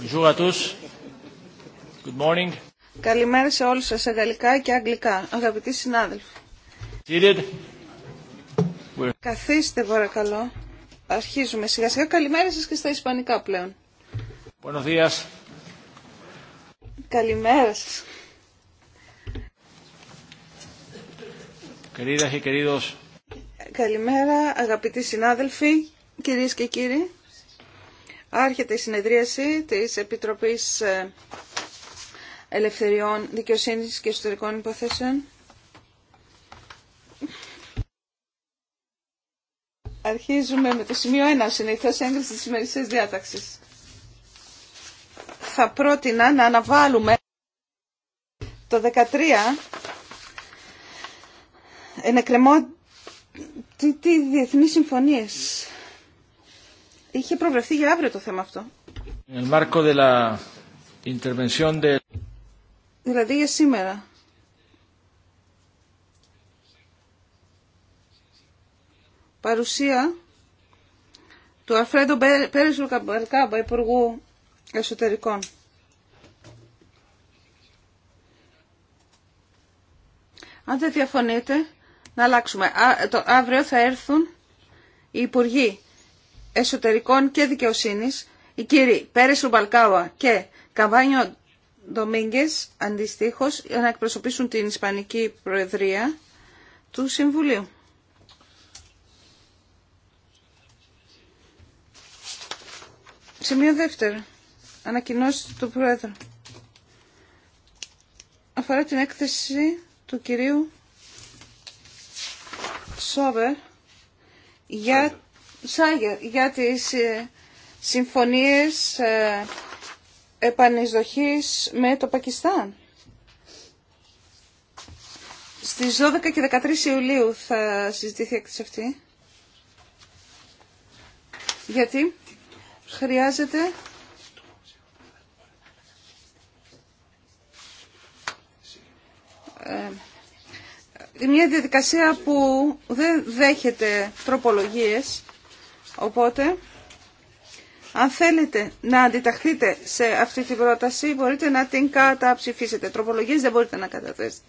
Bonjour à tous. Good morning. Καλημέρα σε όλους σας, γαλλικά και αγγλικά, αγαπητοί συνάδελφοι. Καθίστε παρακαλώ. Αρχίζουμε σιγά σιγά. Καλημέρα σας και στα ισπανικά πλέον. Buenos días. Καλημέρα σας. Queridas y queridos. Καλημέρα αγαπητοί συνάδελφοι, κυρίες και κύριοι. Άρχεται η συνεδρίαση της Επιτροπής ε, Ελευθεριών Δικαιοσύνης και Εσωτερικών Υποθέσεων. Αρχίζουμε με το σημείο 1 συνήθως έγκριση της σημερισής διάταξης. Θα πρότεινα να αναβάλουμε το 13 τι διεθνείς συμφωνίες. Είχε προβλεφθεί για αύριο το θέμα αυτό. Δηλαδή για σήμερα. Παρουσία του Αλφρέντο Πέρισου Καμπαρκάμπα, Υπουργού Εσωτερικών. Αν δεν διαφωνείτε, να αλλάξουμε. το, αύριο θα έρθουν οι Υπουργοί Εσωτερικών και Δικαιοσύνης, οι κύριοι Πέρες Ρουμπαλκάουα και Καβάνιο Ντομίγκες, αντιστοίχως, για να εκπροσωπήσουν την Ισπανική Προεδρία του Συμβουλίου. Σημείο δεύτερο. Ανακοινώσει του Πρόεδρου. Αφορά την έκθεση του κυρίου Σόβερ για Σάγερ για τις ε, συμφωνίες ε, επανεισδοχής με το Πακιστάν. Στις 12 και 13 Ιουλίου θα συζητηθεί εκτός αυτή. Γιατί χρειάζεται ε, μια διαδικασία που δεν δέχεται τροπολογίες Οπότε, αν θέλετε να αντιταχθείτε σε αυτή την πρόταση, μπορείτε να την καταψηφίσετε. Τροπολογίες δεν μπορείτε να καταθέσετε.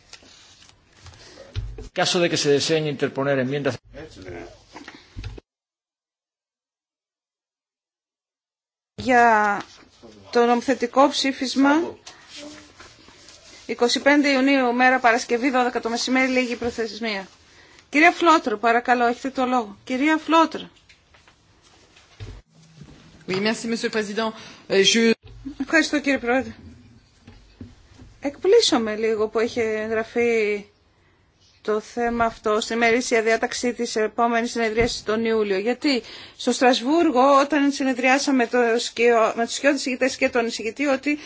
Ναι. Για το νομοθετικό ψήφισμα, 25 Ιουνίου, μέρα Παρασκευή, 12 το μεσημέρι, λίγη προθεσμία. Κυρία Φλότρο, παρακαλώ, έχετε το λόγο. Κυρία Φλότρο. Euh, Ευχαριστώ κύριε Πρόεδρε. Εκπλήσωμαι λίγο που έχει εγγραφεί το θέμα αυτό στη μερίσια διάταξη τη επόμενη συνεδρίαση τον Ιούλιο. Γιατί στο Στρασβούργο, όταν συνεδριάσαμε το σκιο, με του σκιώδει και τον εισηγητή, ότι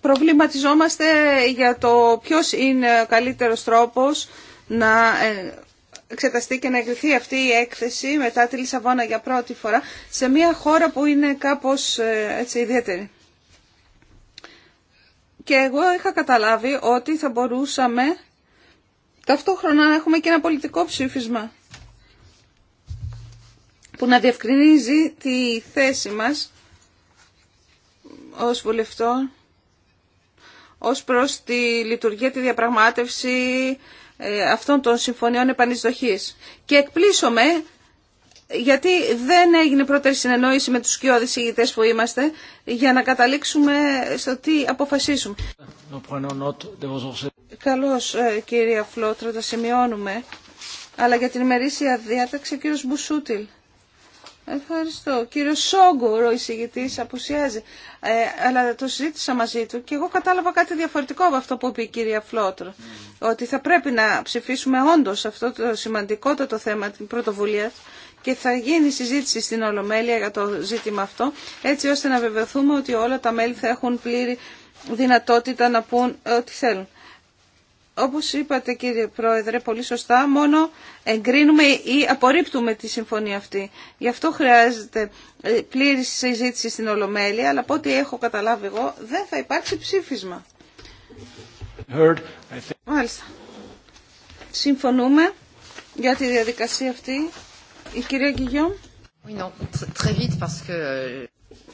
προβληματιζόμαστε για το ποιο είναι ο καλύτερο τρόπο να ε, εξεταστεί και να εγκριθεί αυτή η έκθεση μετά τη Λισαβόνα για πρώτη φορά σε μια χώρα που είναι κάπως ε, έτσι, ιδιαίτερη. Και εγώ είχα καταλάβει ότι θα μπορούσαμε ταυτόχρονα να έχουμε και ένα πολιτικό ψήφισμα που να διευκρινίζει τη θέση μας ως βουλευτών ως προς τη λειτουργία, τη διαπραγμάτευση, ε, αυτών των συμφωνιών επανεισδοχής. Και εκπλήσωμαι γιατί δεν έγινε πρώτερη συνεννόηση με τους σκιώδεις ηγητές που είμαστε για να καταλήξουμε στο τι αποφασίσουμε. Καλώς κύριε Φλότρο, το σημειώνουμε. Αλλά για την ημερήσια διάταξη ο κύριος Μπουσούτιλ. Ευχαριστώ. Κύριο Σόγκουρο, ο εισηγητή, απουσιάζει. Ε, αλλά το συζήτησα μαζί του και εγώ κατάλαβα κάτι διαφορετικό από αυτό που είπε η κυρία Φλότρο. Ότι θα πρέπει να ψηφίσουμε όντως αυτό το σημαντικότατο θέμα, την πρωτοβουλία και θα γίνει συζήτηση στην Ολομέλεια για το ζήτημα αυτό, έτσι ώστε να βεβαιωθούμε ότι όλα τα μέλη θα έχουν πλήρη δυνατότητα να πούν ό,τι θέλουν όπως είπατε κύριε Πρόεδρε πολύ σωστά, μόνο εγκρίνουμε ή απορρίπτουμε τη συμφωνία αυτή. Γι' αυτό χρειάζεται ε, πλήρη συζήτηση στην Ολομέλεια, αλλά από ό,τι έχω καταλάβει εγώ δεν θα υπάρξει ψήφισμα. Μάλιστα. Συμφωνούμε για τη διαδικασία αυτή. Η κυρία Γκυγιόμ. Oui, non. Euh,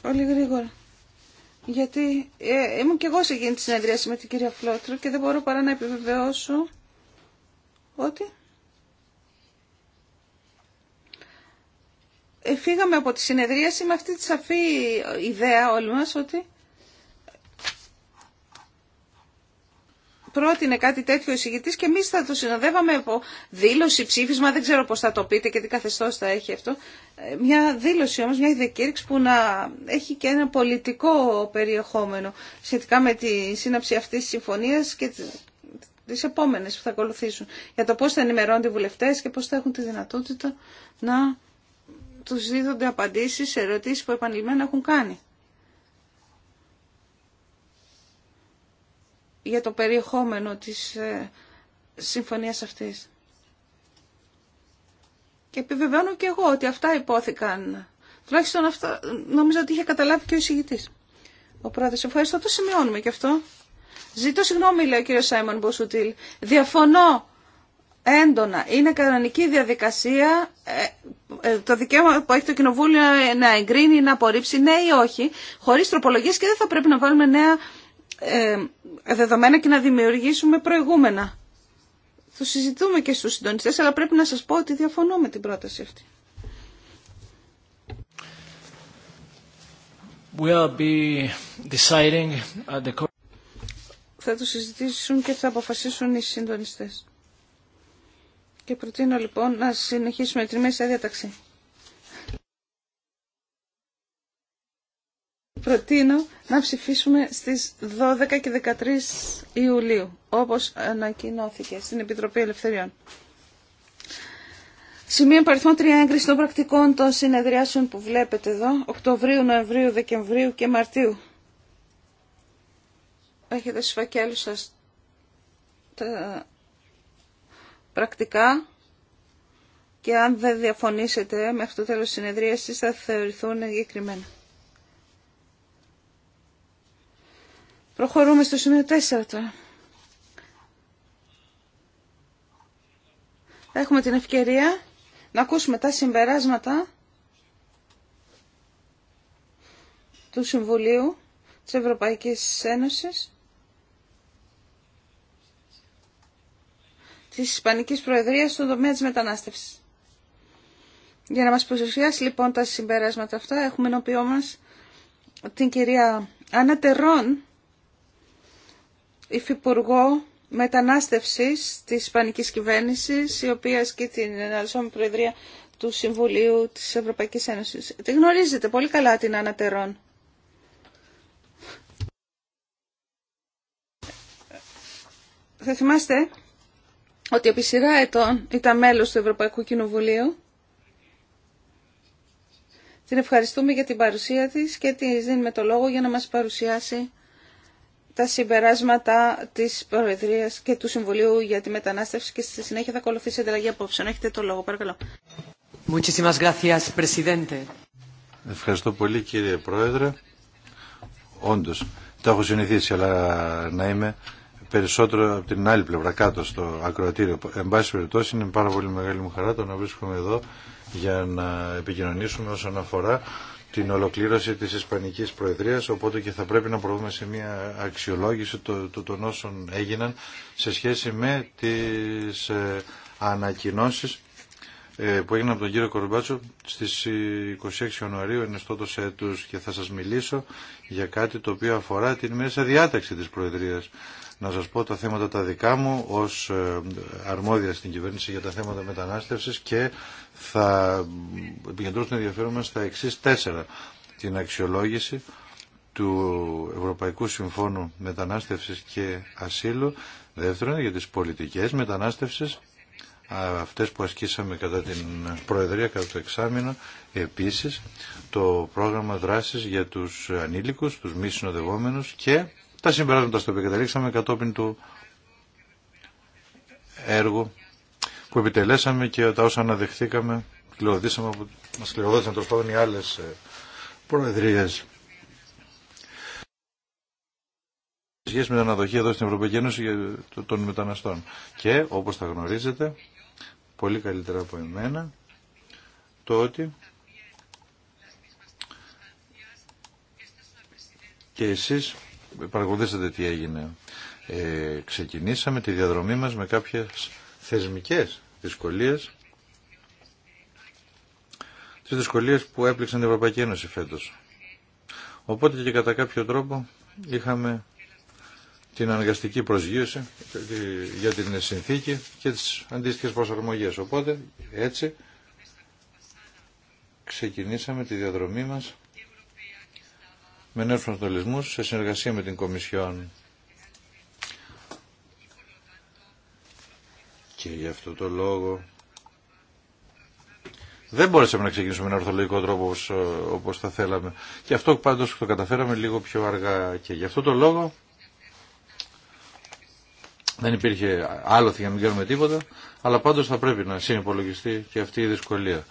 πολύ γρήγορα γιατί ε, ήμουν και εγώ σε εκείνη τη συνεδρίαση με την κυρία Φλότρο και δεν μπορώ παρά να επιβεβαιώσω ότι ε, φύγαμε από τη συνεδρίαση με αυτή τη σαφή ιδέα όλοι μας ότι πρότεινε κάτι τέτοιο εισηγητή και εμεί θα το συνοδεύαμε από δήλωση, ψήφισμα, δεν ξέρω πώ θα το πείτε και τι καθεστώ θα έχει αυτό. Ε, μια δήλωση όμω, μια ιδεκήρυξη που να έχει και ένα πολιτικό περιεχόμενο σχετικά με τη σύναψη αυτή τη συμφωνία και τι επόμενε που θα ακολουθήσουν. Για το πώ θα ενημερώνονται οι βουλευτέ και πώ θα έχουν τη δυνατότητα να του δίδονται απαντήσει σε ερωτήσει που επανειλημμένα έχουν κάνει. για το περιεχόμενο της ε, συμφωνίας αυτής. Και επιβεβαιώνω και εγώ ότι αυτά υπόθηκαν. Τουλάχιστον αυτό νομίζω ότι είχε καταλάβει και ο εισηγητής. Ο πρόεδρος ευχαριστώ. Το σημειώνουμε και αυτό. Ζήτω συγγνώμη, λέει ο κύριο Σάιμον Μποσουτήλ. Διαφωνώ έντονα. Είναι κανονική διαδικασία. Ε, ε, το δικαίωμα που έχει το Κοινοβούλιο να εγκρίνει, να απορρίψει, ναι ή όχι, χωρίς τροπολογίες και δεν θα πρέπει να βάλουμε νέα ε, δεδομένα και να δημιουργήσουμε προηγούμενα. Θα συζητούμε και στους συντονιστές, αλλά πρέπει να σας πω ότι διαφωνώ με την πρόταση αυτή. be deciding at the... Θα το συζητήσουν και θα αποφασίσουν οι συντονιστές. Και προτείνω λοιπόν να συνεχίσουμε τη μέση διάταξη. προτείνω να ψηφίσουμε στις 12 και 13 Ιουλίου, όπως ανακοινώθηκε στην Επιτροπή Ελευθεριών. Σημείο παριθμό 3 έγκριση των πρακτικών των συνεδριάσεων που βλέπετε εδώ, Οκτωβρίου, Νοεμβρίου, Δεκεμβρίου και Μαρτίου. Έχετε στους σας τα πρακτικά και αν δεν διαφωνήσετε μέχρι το τέλος της συνεδρίασης θα θεωρηθούν εγκεκριμένα. Προχωρούμε στο σημείο 4 Έχουμε την ευκαιρία να ακούσουμε τα συμπεράσματα του Συμβουλίου της Ευρωπαϊκής Ένωσης της Ισπανικής Προεδρίας στον τομέα της μετανάστευσης. Για να μας προσευχιάσει λοιπόν τα συμπεράσματα αυτά έχουμε ενώπιό μας την κυρία Άννα υφυπουργό μετανάστευσης της Ισπανικής Κυβέρνησης, η οποία ασκεί την εναλλασσόμενη Προεδρία του Συμβουλίου της Ευρωπαϊκής Ένωσης. Τη γνωρίζετε πολύ καλά την Ανατερών. Θα θυμάστε ότι επί σειρά ετών ήταν μέλος του Ευρωπαϊκού Κοινοβουλίου. Την ευχαριστούμε για την παρουσία της και της δίνουμε το λόγο για να μας παρουσιάσει τα συμπεράσματα της Προεδρίας και του Συμβουλίου για τη Μετανάστευση και στη συνέχεια θα ακολουθήσει η ανταλλαγή απόψεων. Έχετε το λόγο, παρακαλώ. Ευχαριστώ πολύ κύριε Πρόεδρε. Όντως, το έχω συνηθίσει, αλλά να είμαι περισσότερο από την άλλη πλευρά, κάτω στο ακροατήριο. Εν πάση περιπτώσει, είναι πάρα πολύ μεγάλη μου χαρά το να βρίσκομαι εδώ για να επικοινωνήσουμε όσον αφορά την ολοκλήρωση της Ισπανικής Προεδρίας, οπότε και θα πρέπει να προβούμε σε μια αξιολόγηση των όσων έγιναν σε σχέση με τις ε, ανακοινώσεις ε, που έγιναν από τον κύριο Κορμπάτσο στις 26 Ιανουαρίου ενεστώτος τους και θα σας μιλήσω για κάτι το οποίο αφορά την μέσα διάταξη της Προεδρίας να σας πω τα θέματα τα δικά μου ως ε, αρμόδια στην κυβέρνηση για τα θέματα μετανάστευσης και θα επικεντρώσω την ενδιαφέρον μας στα εξής τέσσερα. Την αξιολόγηση του Ευρωπαϊκού Συμφώνου Μετανάστευσης και Ασύλου, δεύτερον για τις πολιτικές μετανάστευσης, αυτές που ασκήσαμε κατά την Προεδρία, κατά το εξάμεινο, επίσης το πρόγραμμα δράσης για τους ανήλικους, τους μη συνοδευόμενους και τα συμπεράσματα στο οποίο καταλήξαμε κατόπιν του έργου που επιτελέσαμε και τα όσα αναδεχθήκαμε, κληροδίσαμε, μας κληροδότησαν τόσο πάντων οι άλλες ε, προεδρίες. Σχέση με την αναδοχή εδώ στην Ευρωπαϊκή Ένωση των μεταναστών. Και όπως τα γνωρίζετε, πολύ καλύτερα από εμένα, το ότι και εσείς παρακολουθήσατε τι έγινε. Ε, ξεκινήσαμε τη διαδρομή μας με κάποιες θεσμικές δυσκολίες. Τις δυσκολίες που έπληξαν την Ευρωπαϊκή Ένωση φέτος. Οπότε και κατά κάποιο τρόπο είχαμε την αναγκαστική προσγείωση για την συνθήκη και τις αντίστοιχες προσαρμογές. Οπότε έτσι ξεκινήσαμε τη διαδρομή μας με νέους προσανατολισμού σε συνεργασία με την Κομισιόν. Και γι' αυτό το λόγο δεν μπόρεσαμε να ξεκινήσουμε με ένα ορθολογικό τρόπο όπως, όπως θα θέλαμε. Και αυτό πάντως το καταφέραμε λίγο πιο αργά και γι' αυτό το λόγο δεν υπήρχε άλλο για να μην κάνουμε τίποτα, αλλά πάντως θα πρέπει να συνυπολογιστεί και αυτή η δυσκολία.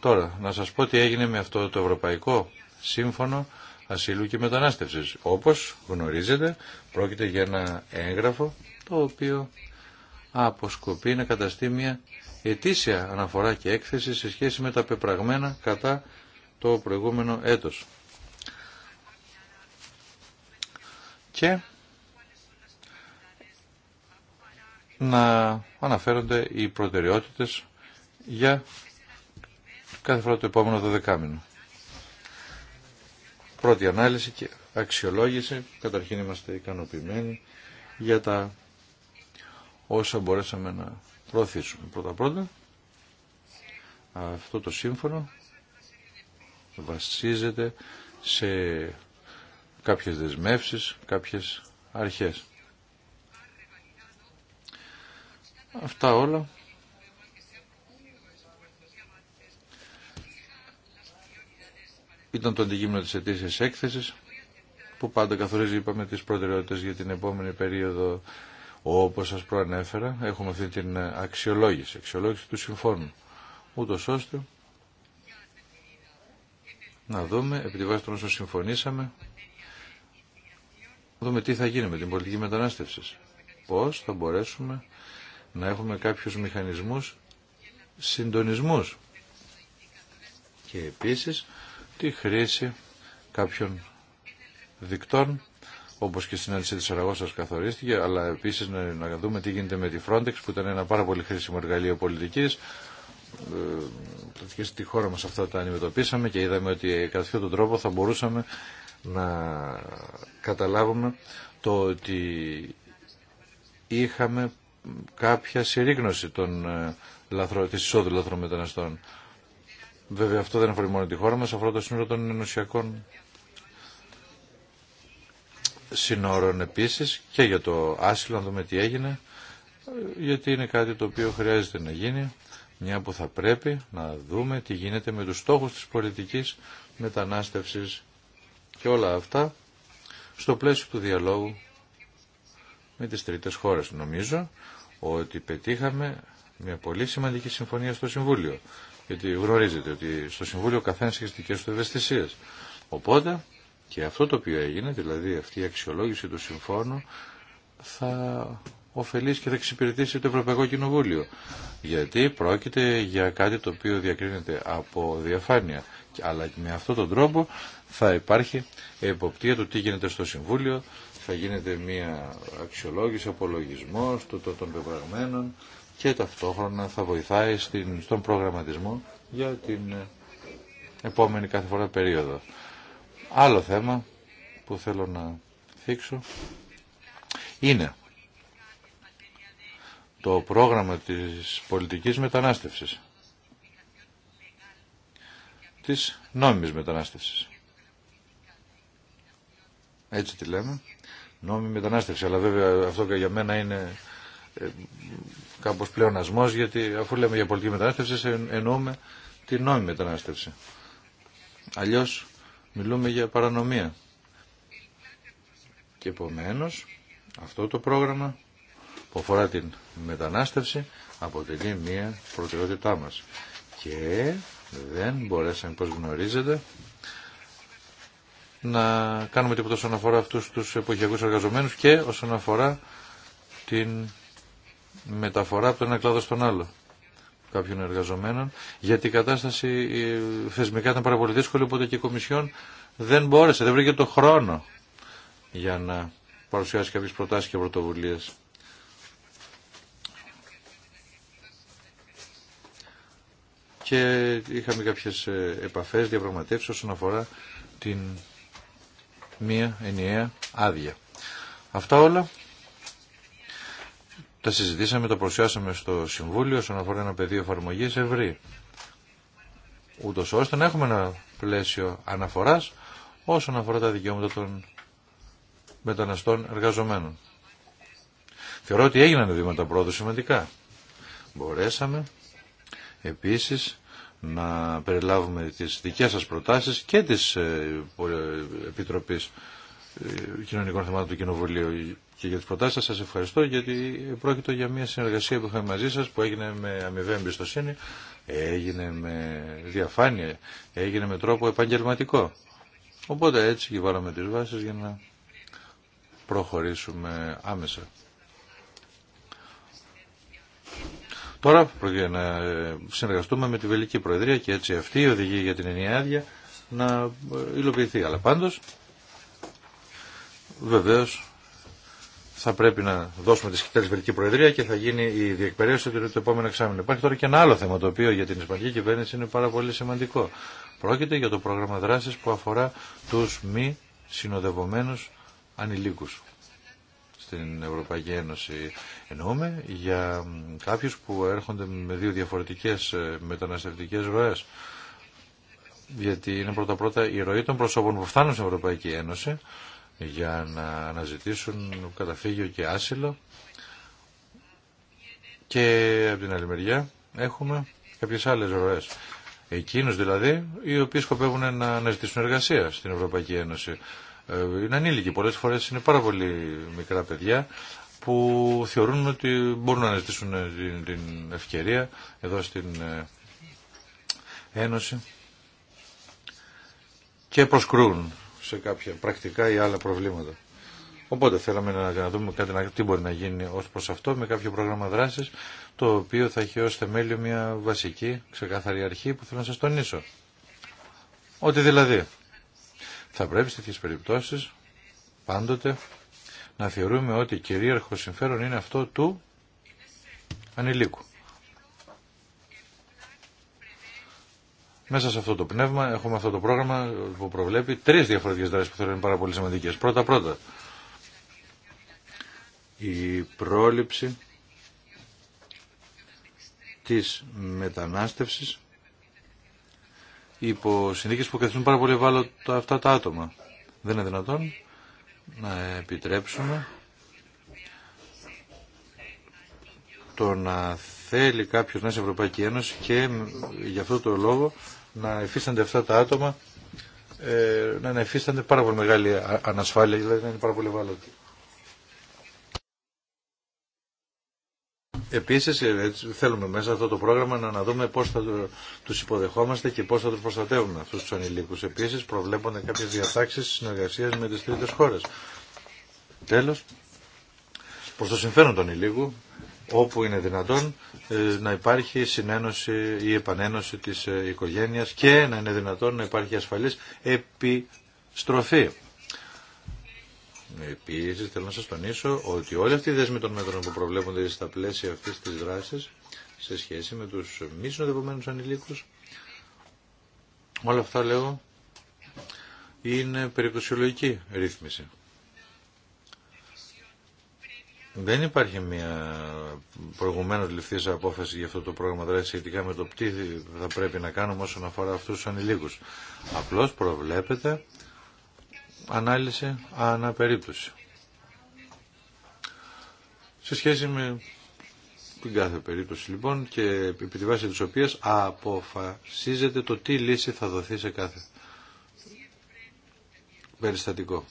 Τώρα, να σας πω τι έγινε με αυτό το Ευρωπαϊκό Σύμφωνο ασύλου και μετανάστευσης. Όπως γνωρίζετε πρόκειται για ένα έγγραφο το οποίο αποσκοπεί να καταστεί μια ετήσια αναφορά και έκθεση σε σχέση με τα πεπραγμένα κατά το προηγούμενο έτος. Και να αναφέρονται οι προτεραιότητες για κάθε φορά το επόμενο δωδεκάμινο πρώτη ανάλυση και αξιολόγηση. Καταρχήν είμαστε ικανοποιημένοι για τα όσα μπορέσαμε να προωθήσουμε. Πρώτα-πρώτα, αυτό το σύμφωνο βασίζεται σε κάποιες δεσμεύσεις, κάποιες αρχές. Αυτά όλα ήταν το αντικείμενο της ετήσιας έκθεσης που πάντα καθορίζει είπαμε τις προτεραιότητες για την επόμενη περίοδο όπως σας προανέφερα έχουμε αυτή την αξιολόγηση, αξιολόγηση του συμφώνου ούτως ώστε να δούμε, επί τη βάση των όσων συμφωνήσαμε, να δούμε τι θα γίνει με την πολιτική μετανάστευση. Πώς θα μπορέσουμε να έχουμε κάποιους μηχανισμούς συντονισμούς. Και επίσης τη χρήση κάποιων δικτών όπως και στην αλυσίδα της Αραγώσας καθορίστηκε, αλλά επίσης να, δούμε τι γίνεται με τη Frontex που ήταν ένα πάρα πολύ χρήσιμο εργαλείο πολιτικής. Ε, και στη χώρα μας αυτά τα αντιμετωπίσαμε και είδαμε ότι κατά αυτόν τον τρόπο θα μπορούσαμε να καταλάβουμε το ότι είχαμε κάποια συρρήγνωση των, ε, της εισόδου λαθρομεταναστών. Βέβαια αυτό δεν αφορεί μόνο τη χώρα μας, αφορά το σύνολο των ενωσιακών σύνορων επίσης και για το άσυλο, να δούμε τι έγινε, γιατί είναι κάτι το οποίο χρειάζεται να γίνει, μια που θα πρέπει να δούμε τι γίνεται με τους στόχους της πολιτικής μετανάστευσης και όλα αυτά στο πλαίσιο του διαλόγου με τις τρίτες χώρες. Νομίζω ότι πετύχαμε μια πολύ σημαντική συμφωνία στο Συμβούλιο γιατί γνωρίζετε ότι στο Συμβούλιο καθένα έχει τι δικέ του ευαισθησίε. Οπότε και αυτό το οποίο έγινε, δηλαδή αυτή η αξιολόγηση του συμφώνου, θα ωφελήσει και θα εξυπηρετήσει το Ευρωπαϊκό Κοινοβούλιο. Γιατί πρόκειται για κάτι το οποίο διακρίνεται από διαφάνεια. Αλλά με αυτόν τον τρόπο θα υπάρχει εποπτεία του τι γίνεται στο Συμβούλιο, θα γίνεται μια αξιολόγηση, απολογισμός των πεπραγμένων, και ταυτόχρονα θα βοηθάει στην, στον προγραμματισμό για την ε, επόμενη κάθε φορά περίοδο. Άλλο θέμα που θέλω να θίξω είναι το πρόγραμμα της πολιτικής μετανάστευσης. Της νόμιμης μετανάστευσης. Έτσι τη λέμε. Νόμιμη μετανάστευση. Αλλά βέβαια αυτό και για μένα είναι ε, κάπως πλεονασμό γιατί αφού λέμε για πολιτική μετανάστευση εννοούμε την νόμιμη μετανάστευση. Αλλιώ μιλούμε για παρανομία. Και επομένω, αυτό το πρόγραμμα που αφορά την μετανάστευση αποτελεί μία προτεραιότητά μας. Και δεν μπορέσαμε, όπω γνωρίζετε, να κάνουμε τίποτα όσον αφορά αυτούς τους εποχιακού εργαζομένου και όσον αφορά την μεταφορά από τον ένα κλάδο στον άλλο κάποιων εργαζομένων, γιατί η κατάσταση ε, θεσμικά ήταν πάρα πολύ δύσκολη, οπότε και η Κομισιόν δεν μπόρεσε, δεν βρήκε το χρόνο για να παρουσιάσει κάποιες προτάσεις και πρωτοβουλίες. Και είχαμε κάποιες ε, επαφές, διαπραγματεύσεις όσον αφορά την μία ενιαία άδεια. Αυτά όλα τα συζητήσαμε, τα προσιάσαμε στο Συμβούλιο όσον αφορά ένα πεδίο εφαρμογή ευρύ. Ούτω ώστε να έχουμε ένα πλαίσιο αναφορά όσον αφορά τα δικαιώματα των μεταναστών εργαζομένων. Θεωρώ ότι έγιναν βήματα πρόοδου σημαντικά. Μπορέσαμε επίσης να περιλάβουμε τις δικές σας προτάσεις και της ε, ε, Επιτροπής ε, Κοινωνικών Θεμάτων του Κοινοβουλίου και για τις προτάσεις σας. Σας ευχαριστώ γιατί πρόκειται για μια συνεργασία που είχαμε μαζί σας που έγινε με αμοιβή εμπιστοσύνη, έγινε με διαφάνεια, έγινε με τρόπο επαγγελματικό. Οπότε έτσι και βάλαμε τις βάσεις για να προχωρήσουμε άμεσα. Τώρα προκειμένου να ε, συνεργαστούμε με τη Βελική Προεδρία και έτσι αυτή η οδηγία για την ενιαία άδεια να ε, υλοποιηθεί. Αλλά πάντως βεβαίως θα πρέπει να δώσουμε τη σκητάλη στην Βελική Προεδρία και θα γίνει η διεκπαιρέωση του το επόμενο εξάμεινο. Υπάρχει τώρα και ένα άλλο θέμα το οποίο για την Ισπανική κυβέρνηση είναι πάρα πολύ σημαντικό. Πρόκειται για το πρόγραμμα δράση που αφορά τους μη συνοδευομένους ανηλίκους στην Ευρωπαϊκή Ένωση. Εννοούμε για κάποιου που έρχονται με δύο διαφορετικές ροέ. Ε, ροές. Γιατί είναι πρώτα-πρώτα η ροή των προσώπων που φτάνουν στην Ευρωπαϊκή Ένωση για να αναζητήσουν καταφύγιο και άσυλο και από την άλλη μεριά έχουμε κάποιες άλλες ροές. Εκείνους δηλαδή οι οποίοι σκοπεύουν να αναζητήσουν εργασία στην Ευρωπαϊκή Ένωση. Ε, είναι ανήλικοι, πολλές φορές είναι πάρα πολύ μικρά παιδιά που θεωρούν ότι μπορούν να αναζητήσουν την, την ευκαιρία εδώ στην ε, Ένωση και προσκρούν σε κάποια πρακτικά ή άλλα προβλήματα. Οπότε θέλαμε να, δούμε κάτι, να, τι μπορεί να γίνει ως προς αυτό με κάποιο πρόγραμμα δράσης το οποίο θα έχει ως θεμέλιο μια βασική ξεκάθαρη αρχή που θέλω να σας τονίσω. Ότι δηλαδή θα πρέπει σε τέτοιες περιπτώσεις πάντοτε να θεωρούμε ότι κυρίαρχο συμφέρον είναι αυτό του ανηλίκου. Μέσα σε αυτό το πνεύμα έχουμε αυτό το πρόγραμμα που προβλέπει τρεις διαφορετικές δράσεις που θεωρώ είναι πάρα πολύ σημαντικές. Πρώτα πρώτα η πρόληψη της μετανάστευσης υπό συνθήκες που καθιστούν πάρα πολύ ευάλωτα αυτά τα άτομα. Δεν είναι δυνατόν να επιτρέψουμε το να θέλει κάποιος να είναι σε Ευρωπαϊκή Ένωση και γι' αυτό το λόγο να υφίστανται αυτά τα άτομα ε, να υφίστανται πάρα πολύ μεγάλη ανασφάλεια, δηλαδή να είναι πάρα πολύ ευάλωτοι. Επίσης ε, έτσι, θέλουμε μέσα αυτό το πρόγραμμα να, να δούμε πώς θα τους υποδεχόμαστε και πώς θα τους προστατεύουμε αυτούς τους ανηλίκους. Επίσης προβλέπονται κάποιες διατάξεις συνεργασίας με τις τρίτες χώρες. Τέλος, προς το συμφέρον των ανηλίκων όπου είναι δυνατόν ε, να υπάρχει συνένωση ή επανένωση της ε, οικογένειας και να είναι δυνατόν να υπάρχει ασφαλής επιστροφή. Επίση, θέλω να σα τονίσω ότι όλοι αυτοί οι δέσμοι των μέτρων που προβλέπονται στα πλαίσια αυτή τη δράση σε σχέση με του μη συνοδευμένου ανηλίκου, όλα αυτά λέω είναι περιπτωσιολογική ρύθμιση. Δεν υπάρχει μια προηγουμένω ληφθή απόφαση για αυτό το πρόγραμμα δράση σχετικά με το τι θα πρέπει να κάνουμε όσον αφορά αυτού του ανηλίκου. Απλώ προβλέπεται ανάλυση αναπερίπτωση. Σε σχέση με την κάθε περίπτωση λοιπόν και επί τη βάση της οποίας αποφασίζεται το τι λύση θα δοθεί σε κάθε περιστατικό.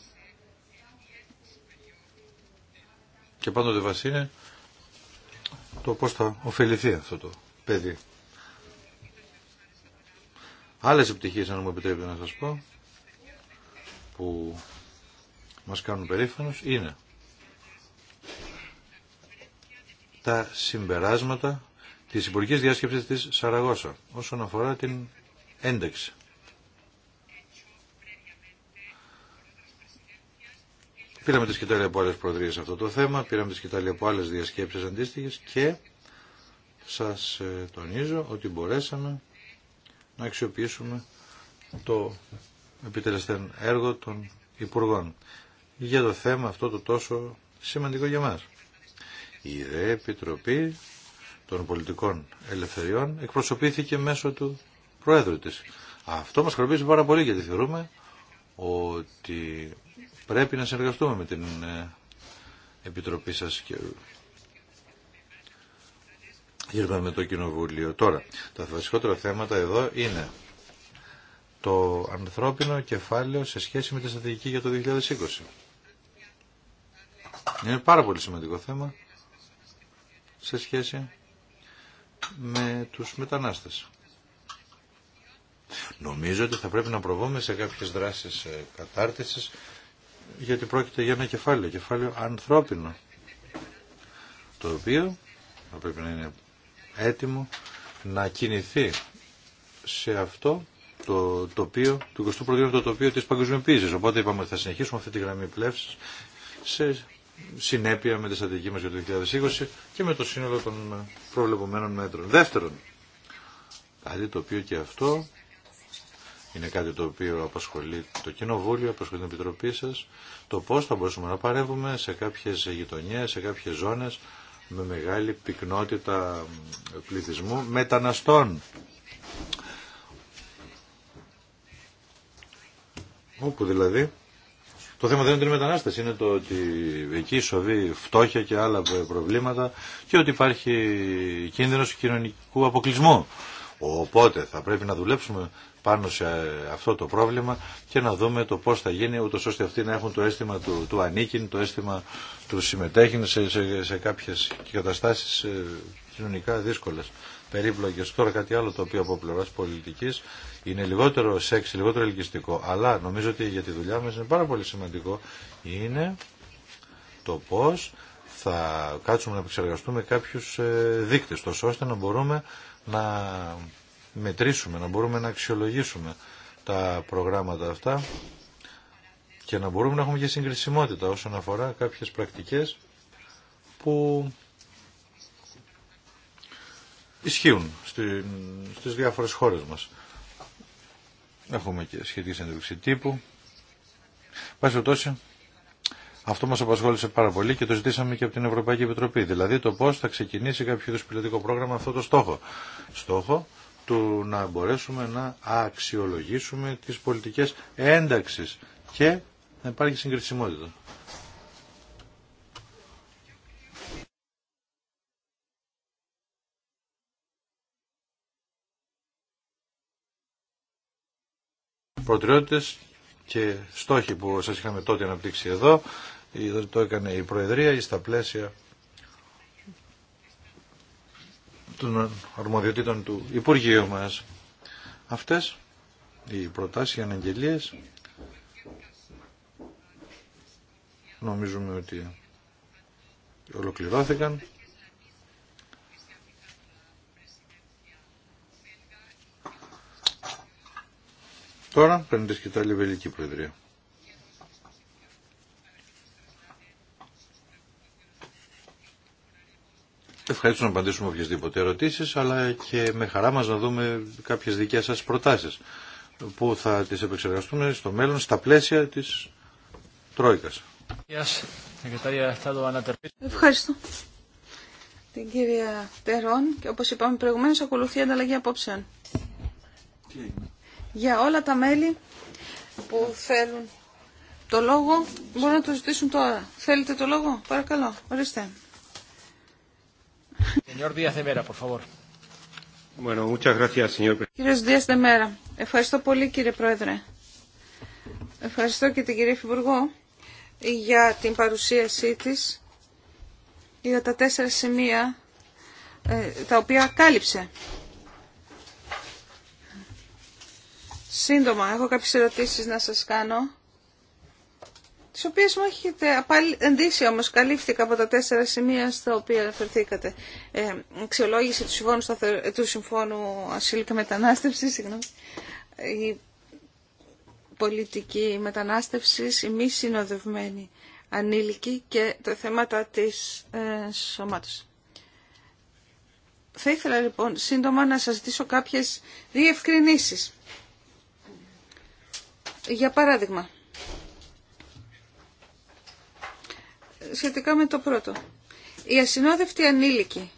Και πάντοτε βασί το πώς θα ωφεληθεί αυτό το παιδί. Άλλες επιτυχίες, αν μου επιτρέπετε να σας πω, που μας κάνουν περήφανος, είναι τα συμπεράσματα της υπουργικής διάσκεψης της Σαραγώσα όσον αφορά την ένταξη. Πήραμε τη σκητάλη από άλλε σε αυτό το θέμα, πήραμε τη σκητάλη από άλλε διασκέψει αντίστοιχε και σα ε, τονίζω ότι μπορέσαμε να αξιοποιήσουμε το επιτελεστέν έργο των Υπουργών για το θέμα αυτό το τόσο σημαντικό για μας. Η ΔΕ Επιτροπή των Πολιτικών Ελευθεριών εκπροσωπήθηκε μέσω του Προέδρου της. Αυτό μας χαροποιήσει πάρα πολύ γιατί θεωρούμε ότι Πρέπει να συνεργαστούμε με την ε, Επιτροπή σας και Γύρω με το Κοινοβούλιο. Τώρα, τα βασικότερα θέματα εδώ είναι το ανθρώπινο κεφάλαιο σε σχέση με τη στρατηγική για το 2020. Είναι πάρα πολύ σημαντικό θέμα σε σχέση με τους μετανάστες. Νομίζω ότι θα πρέπει να προβούμε σε κάποιες δράσεις ε, κατάρτισης γιατί πρόκειται για ένα κεφάλαιο, κεφάλαιο ανθρώπινο, το οποίο θα πρέπει να είναι έτοιμο να κινηθεί σε αυτό το τοπίο του 21ου αιώνα, το τοπίο της παγκοσμιοποίησης. Οπότε είπαμε ότι θα συνεχίσουμε αυτή τη γραμμή πλεύσης σε συνέπεια με τη στρατηγική μας για το 2020 και με το σύνολο των προβλεπωμένων μέτρων. Δεύτερον, κάτι το οποίο και αυτό είναι κάτι το οποίο απασχολεί το Κοινοβούλιο, απασχολεί την Επιτροπή σας, το πώς θα μπορούσαμε να παρεύουμε σε κάποιες γειτονίε, σε κάποιες ζώνες με μεγάλη πυκνότητα πληθυσμού μεταναστών. Όπου δηλαδή το θέμα δεν είναι την μετανάστευση, είναι το ότι εκεί σοβεί φτώχεια και άλλα προβλήματα και ότι υπάρχει κίνδυνος κοινωνικού αποκλεισμού. Οπότε θα πρέπει να δουλέψουμε πάνω σε αυτό το πρόβλημα και να δούμε το πώς θα γίνει ούτως ώστε αυτοί να έχουν το αίσθημα του, του ανήκειν, το αίσθημα του συμμετέχειν σε, σε, σε κάποιες καταστάσεις ε, κοινωνικά δύσκολες περίπλοκες. Τώρα κάτι άλλο το οποίο από πλευρά πολιτική είναι λιγότερο σεξ, λιγότερο ελκυστικό, αλλά νομίζω ότι για τη δουλειά μας είναι πάρα πολύ σημαντικό, είναι το πώς θα κάτσουμε να επεξεργαστούμε κάποιους ε, δείκτες, τόσο ώστε να μπορούμε να μετρήσουμε, να μπορούμε να αξιολογήσουμε τα προγράμματα αυτά και να μπορούμε να έχουμε και συγκρισιμότητα όσον αφορά κάποιες πρακτικές που ισχύουν στις διάφορες χώρες μας. Έχουμε και σχετική συνέντευξη τύπου. Πάση τόσο, αυτό μας απασχόλησε πάρα πολύ και το ζητήσαμε και από την Ευρωπαϊκή Επιτροπή. Δηλαδή το πώς θα ξεκινήσει κάποιο είδους πιλωτικό πρόγραμμα αυτό το στόχο. Στόχο του να μπορέσουμε να αξιολογήσουμε τις πολιτικές ένταξης και να υπάρχει συγκρισιμότητα. Προτεραιότητες και στόχοι που σας είχαμε τότε αναπτύξει εδώ, το έκανε η Προεδρία στα πλαίσια των αρμοδιοτήτων του Υπουργείου μας. Αυτές οι προτάσεις, οι αναγγελίες νομίζουμε ότι ολοκληρώθηκαν. Τώρα παίρνει τη σκητάλη Βελική Προεδρία. Ευχαριστώ να απαντήσουμε οποιασδήποτε ερωτήσει, αλλά και με χαρά μα να δούμε κάποιε δικέ σα προτάσει που θα τι επεξεργαστούμε στο μέλλον στα πλαίσια τη τροϊκα. Ευχαριστώ. Την κυρία Τερών και όπως είπαμε προηγουμένως ακολουθεί η ανταλλαγή απόψεων. Για όλα τα μέλη που θέλουν το λόγο μπορούν να το ζητήσουν τώρα. Θέλετε το λόγο, παρακαλώ, ορίστε. Κύριε Δίας Δεμέρα, ευχαριστώ πολύ κύριε Πρόεδρε. Ευχαριστώ και την κυρία Υφυπουργό για την παρουσίασή της για τα τέσσερα σημεία ε, τα οποία κάλυψε. Σύντομα, έχω κάποιες ερωτήσεις να σας κάνω τις οποίες μου έχετε ενδύσει όμως, καλύφθηκα από τα τέσσερα σημεία στα οποία αναφερθήκατε. Ε, του συμφώνου, ε, του συμφώνου ασύλου και μετανάστευσης, συγγνώμη. Η πολιτική μετανάστευση, η μη συνοδευμένη ανήλικη και τα θέματα της ε, Θα ήθελα λοιπόν σύντομα να σας ζητήσω κάποιες διευκρινήσεις. Για παράδειγμα, σχετικά με το πρώτο. Η ασυνόδευτη ανήλικη.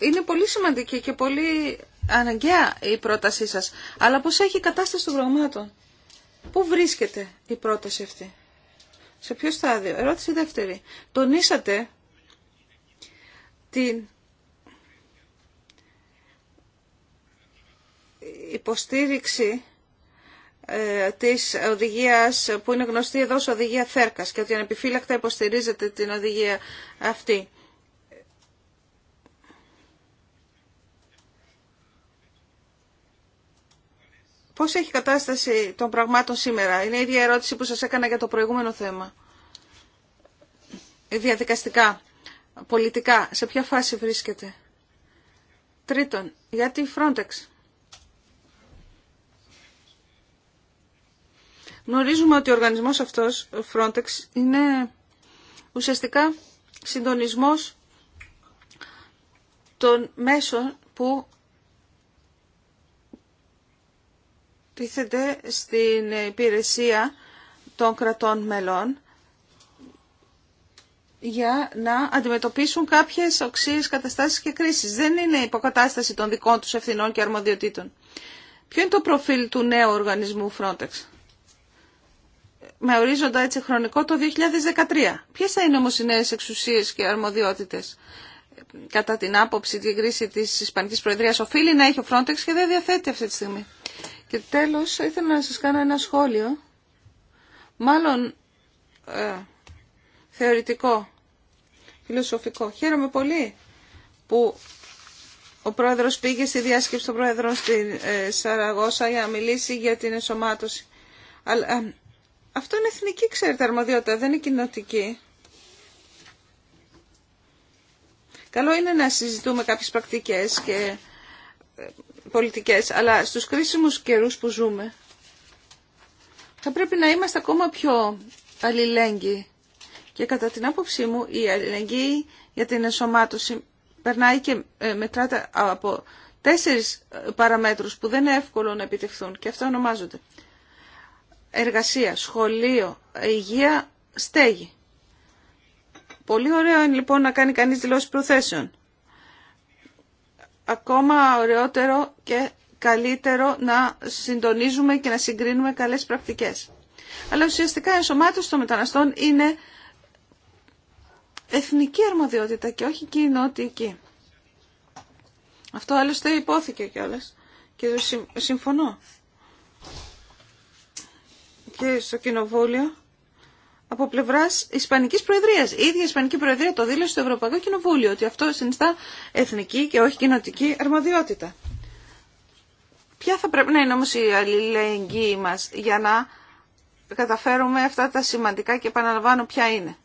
Είναι πολύ σημαντική και πολύ αναγκαία η πρότασή σας. Αλλά πώς έχει η κατάσταση των πραγμάτων. Πού βρίσκεται η πρόταση αυτή. Σε ποιο στάδιο. Ερώτηση δεύτερη. Τονίσατε την υποστήριξη ε, της οδηγίας που είναι γνωστή εδώ ως οδηγία Θέρκας και ότι ανεπιφύλακτα υποστηρίζεται την οδηγία αυτή. Πώς έχει κατάσταση των πραγμάτων σήμερα. Είναι η ίδια ερώτηση που σας έκανα για το προηγούμενο θέμα. Διαδικαστικά, πολιτικά, σε ποια φάση βρίσκεται. Τρίτον, γιατί Frontex. Γνωρίζουμε ότι ο οργανισμός αυτός, Frontex, είναι ουσιαστικά συντονισμός των μέσων που τίθεται στην υπηρεσία των κρατών μελών για να αντιμετωπίσουν κάποιες οξύες καταστάσεις και κρίσεις. Δεν είναι υποκατάσταση των δικών τους ευθυνών και αρμοδιοτήτων. Ποιο είναι το προφίλ του νέου οργανισμού Frontex με ορίζοντα έτσι χρονικό το 2013. Ποιες θα είναι όμως οι νέες εξουσίες και αρμοδιότητες. Κατά την άποψη την κρίση της Ισπανικής Προεδρίας οφείλει να έχει ο Frontex και δεν διαθέτει αυτή τη στιγμή. Και τέλος ήθελα να σας κάνω ένα σχόλιο, μάλλον ε, θεωρητικό, φιλοσοφικό. Χαίρομαι πολύ που ο πρόεδρος πήγε στη διάσκεψη των πρόεδρων στη ε, Σαραγώσα για να μιλήσει για την ενσωμάτωση. Αλλά αυτό είναι εθνική, ξέρετε, αρμοδιότητα, δεν είναι κοινοτική. Καλό είναι να συζητούμε κάποιες πρακτικές και ε, πολιτικές, αλλά στους κρίσιμους καιρούς που ζούμε θα πρέπει να είμαστε ακόμα πιο αλληλέγγυοι. Και κατά την άποψή μου η αλληλεγγύη για την ενσωμάτωση περνάει και ε, μετράται από τέσσερις ε, παραμέτρους που δεν είναι εύκολο να επιτευχθούν και αυτά ονομάζονται εργασία, σχολείο, υγεία, στέγη. Πολύ ωραίο είναι λοιπόν να κάνει κανείς δηλώσεις προθέσεων. Ακόμα ωραιότερο και καλύτερο να συντονίζουμε και να συγκρίνουμε καλές πρακτικές. Αλλά ουσιαστικά η ενσωμάτωση των μεταναστών είναι εθνική αρμοδιότητα και όχι κοινότική. Αυτό άλλωστε υπόθηκε κιόλας και συμφωνώ και στο Κοινοβούλιο από πλευρά Ισπανική Προεδρία. Η ίδια Ισπανική Προεδρία το δήλωσε στο Ευρωπαϊκό Κοινοβούλιο ότι αυτό συνιστά εθνική και όχι κοινοτική αρμοδιότητα. Ποια θα πρέπει να είναι όμω η αλληλεγγύη μα για να καταφέρουμε αυτά τα σημαντικά και επαναλαμβάνω ποια είναι.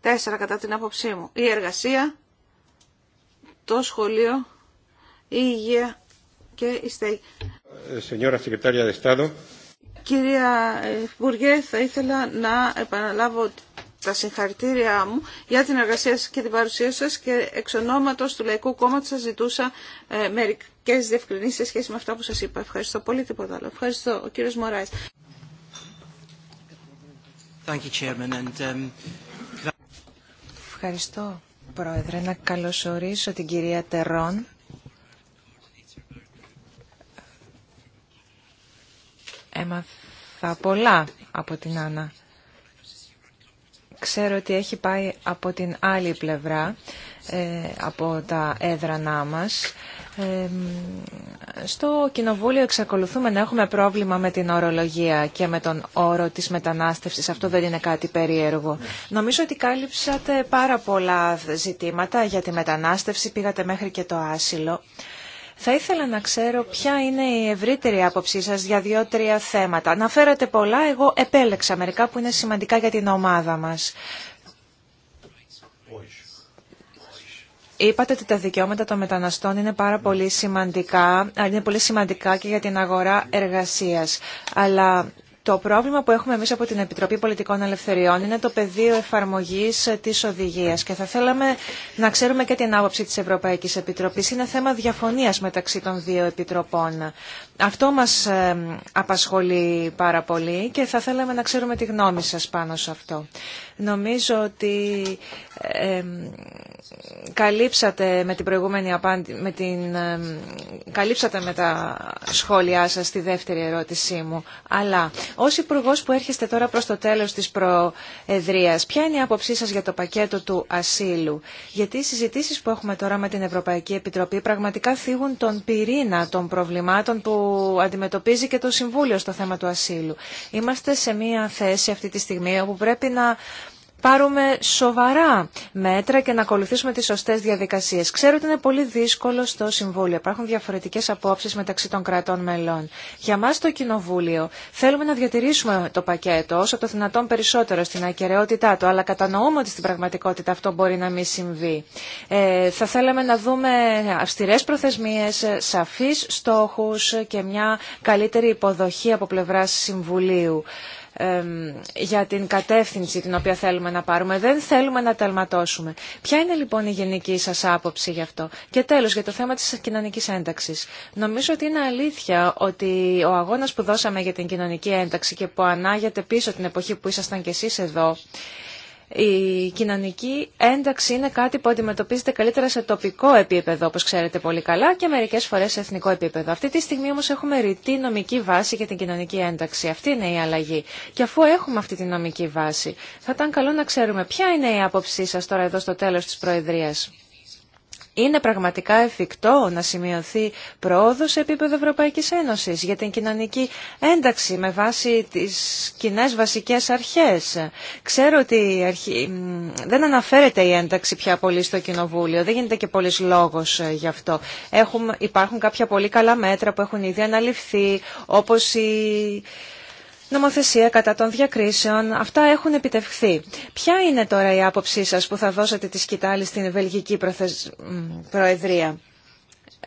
Τέσσερα κατά την άποψή μου. Η εργασία, το σχολείο, η υγεία και η στέγη. Ε, Κυρία Υπουργέ, θα ήθελα να επαναλάβω τα συγχαρητήριά μου για την εργασία σας και την παρουσία σας και εξ ονόματος του Λαϊκού Κόμματος σας ζητούσα ε, μερικές διευκρινήσεις σε σχέση με αυτά που σας είπα. Ευχαριστώ πολύ, τίποτα άλλο. Ευχαριστώ, ο κύριος Μωράης. Um, Ευχαριστώ, Πρόεδρε. Να καλωσορίσω την κυρία Τερών Έμαθα πολλά από την Άννα. Ξέρω ότι έχει πάει από την άλλη πλευρά, ε, από τα έδρανά μας. Ε, στο Κοινοβούλιο εξακολουθούμε να έχουμε πρόβλημα με την ορολογία και με τον όρο της μετανάστευσης. Αυτό δεν είναι κάτι περίεργο. Νομίζω ότι κάλυψατε πάρα πολλά ζητήματα για τη μετανάστευση. Πήγατε μέχρι και το άσυλο. Θα ήθελα να ξέρω ποια είναι η ευρύτερη άποψή σα για δύο-τρία θέματα. Αναφέρατε πολλά, εγώ επέλεξα μερικά που είναι σημαντικά για την ομάδα μας. Είπατε ότι τα δικαιώματα των μεταναστών είναι πάρα πολύ σημαντικά, είναι πολύ σημαντικά και για την αγορά εργασίας. Αλλά το πρόβλημα που έχουμε εμείς από την Επιτροπή Πολιτικών Ελευθεριών είναι το πεδίο εφαρμογής ε, της οδηγίας και θα θέλαμε να ξέρουμε και την άποψη της Ευρωπαϊκής Επιτροπής. Είναι θέμα διαφωνίας μεταξύ των δύο επιτροπών. Αυτό μας ε, απασχολεί πάρα πολύ και θα θέλαμε να ξέρουμε τη γνώμη σας πάνω σε αυτό. Νομίζω ότι ε, ε, καλύψατε με την προηγούμενη απάντη, με την, καλύψατε με τα σχόλιά σας τη δεύτερη ερώτησή μου. Αλλά ως υπουργό που έρχεστε τώρα προς το τέλος της προεδρίας, ποια είναι η άποψή σας για το πακέτο του ασύλου. Γιατί οι συζητήσεις που έχουμε τώρα με την Ευρωπαϊκή Επιτροπή πραγματικά θίγουν τον πυρήνα των προβλημάτων που αντιμετωπίζει και το Συμβούλιο στο θέμα του ασύλου. Είμαστε σε μια θέση αυτή τη στιγμή όπου πρέπει να πάρουμε σοβαρά μέτρα και να ακολουθήσουμε τις σωστές διαδικασίες. Ξέρω ότι είναι πολύ δύσκολο στο Συμβούλιο. Υπάρχουν διαφορετικές απόψεις μεταξύ των κρατών μελών. Για μας το Κοινοβούλιο θέλουμε να διατηρήσουμε το πακέτο όσο το δυνατόν περισσότερο στην ακαιρεότητά του, αλλά κατανοούμε ότι στην πραγματικότητα αυτό μπορεί να μην συμβεί. Ε, θα θέλαμε να δούμε αυστηρές προθεσμίες, σαφείς στόχους και μια καλύτερη υποδοχή από πλευράς Συμβουλίου για την κατεύθυνση την οποία θέλουμε να πάρουμε. Δεν θέλουμε να ταλματώσουμε. Ποια είναι λοιπόν η γενική σας άποψη γι' αυτό. Και τέλος για το θέμα της κοινωνικής ένταξης. Νομίζω ότι είναι αλήθεια ότι ο αγώνας που δώσαμε για την κοινωνική ένταξη και που ανάγεται πίσω την εποχή που ήσασταν κι εσείς εδώ η κοινωνική ένταξη είναι κάτι που αντιμετωπίζεται καλύτερα σε τοπικό επίπεδο, όπως ξέρετε πολύ καλά, και μερικές φορές σε εθνικό επίπεδο. Αυτή τη στιγμή όμως έχουμε ρητή νομική βάση για την κοινωνική ένταξη. Αυτή είναι η αλλαγή. Και αφού έχουμε αυτή τη νομική βάση, θα ήταν καλό να ξέρουμε ποια είναι η άποψή σας τώρα εδώ στο τέλος της Προεδρίας είναι πραγματικά εφικτό να σημειωθεί πρόοδο σε επίπεδο Ευρωπαϊκής Ένωσης για την κοινωνική ένταξη με βάση τις κοινέ βασικές αρχές. Ξέρω ότι δεν αναφέρεται η ένταξη πια πολύ στο Κοινοβούλιο, δεν γίνεται και πολλής λόγος ε, γι' αυτό. υπάρχουν κάποια πολύ καλά μέτρα που έχουν ήδη αναλυφθεί, όπως η νομοθεσία κατά των διακρίσεων. Αυτά έχουν επιτευχθεί. Ποια είναι τώρα η άποψή σας που θα δώσετε τη σκητάλη στην Βελγική Προεδρία.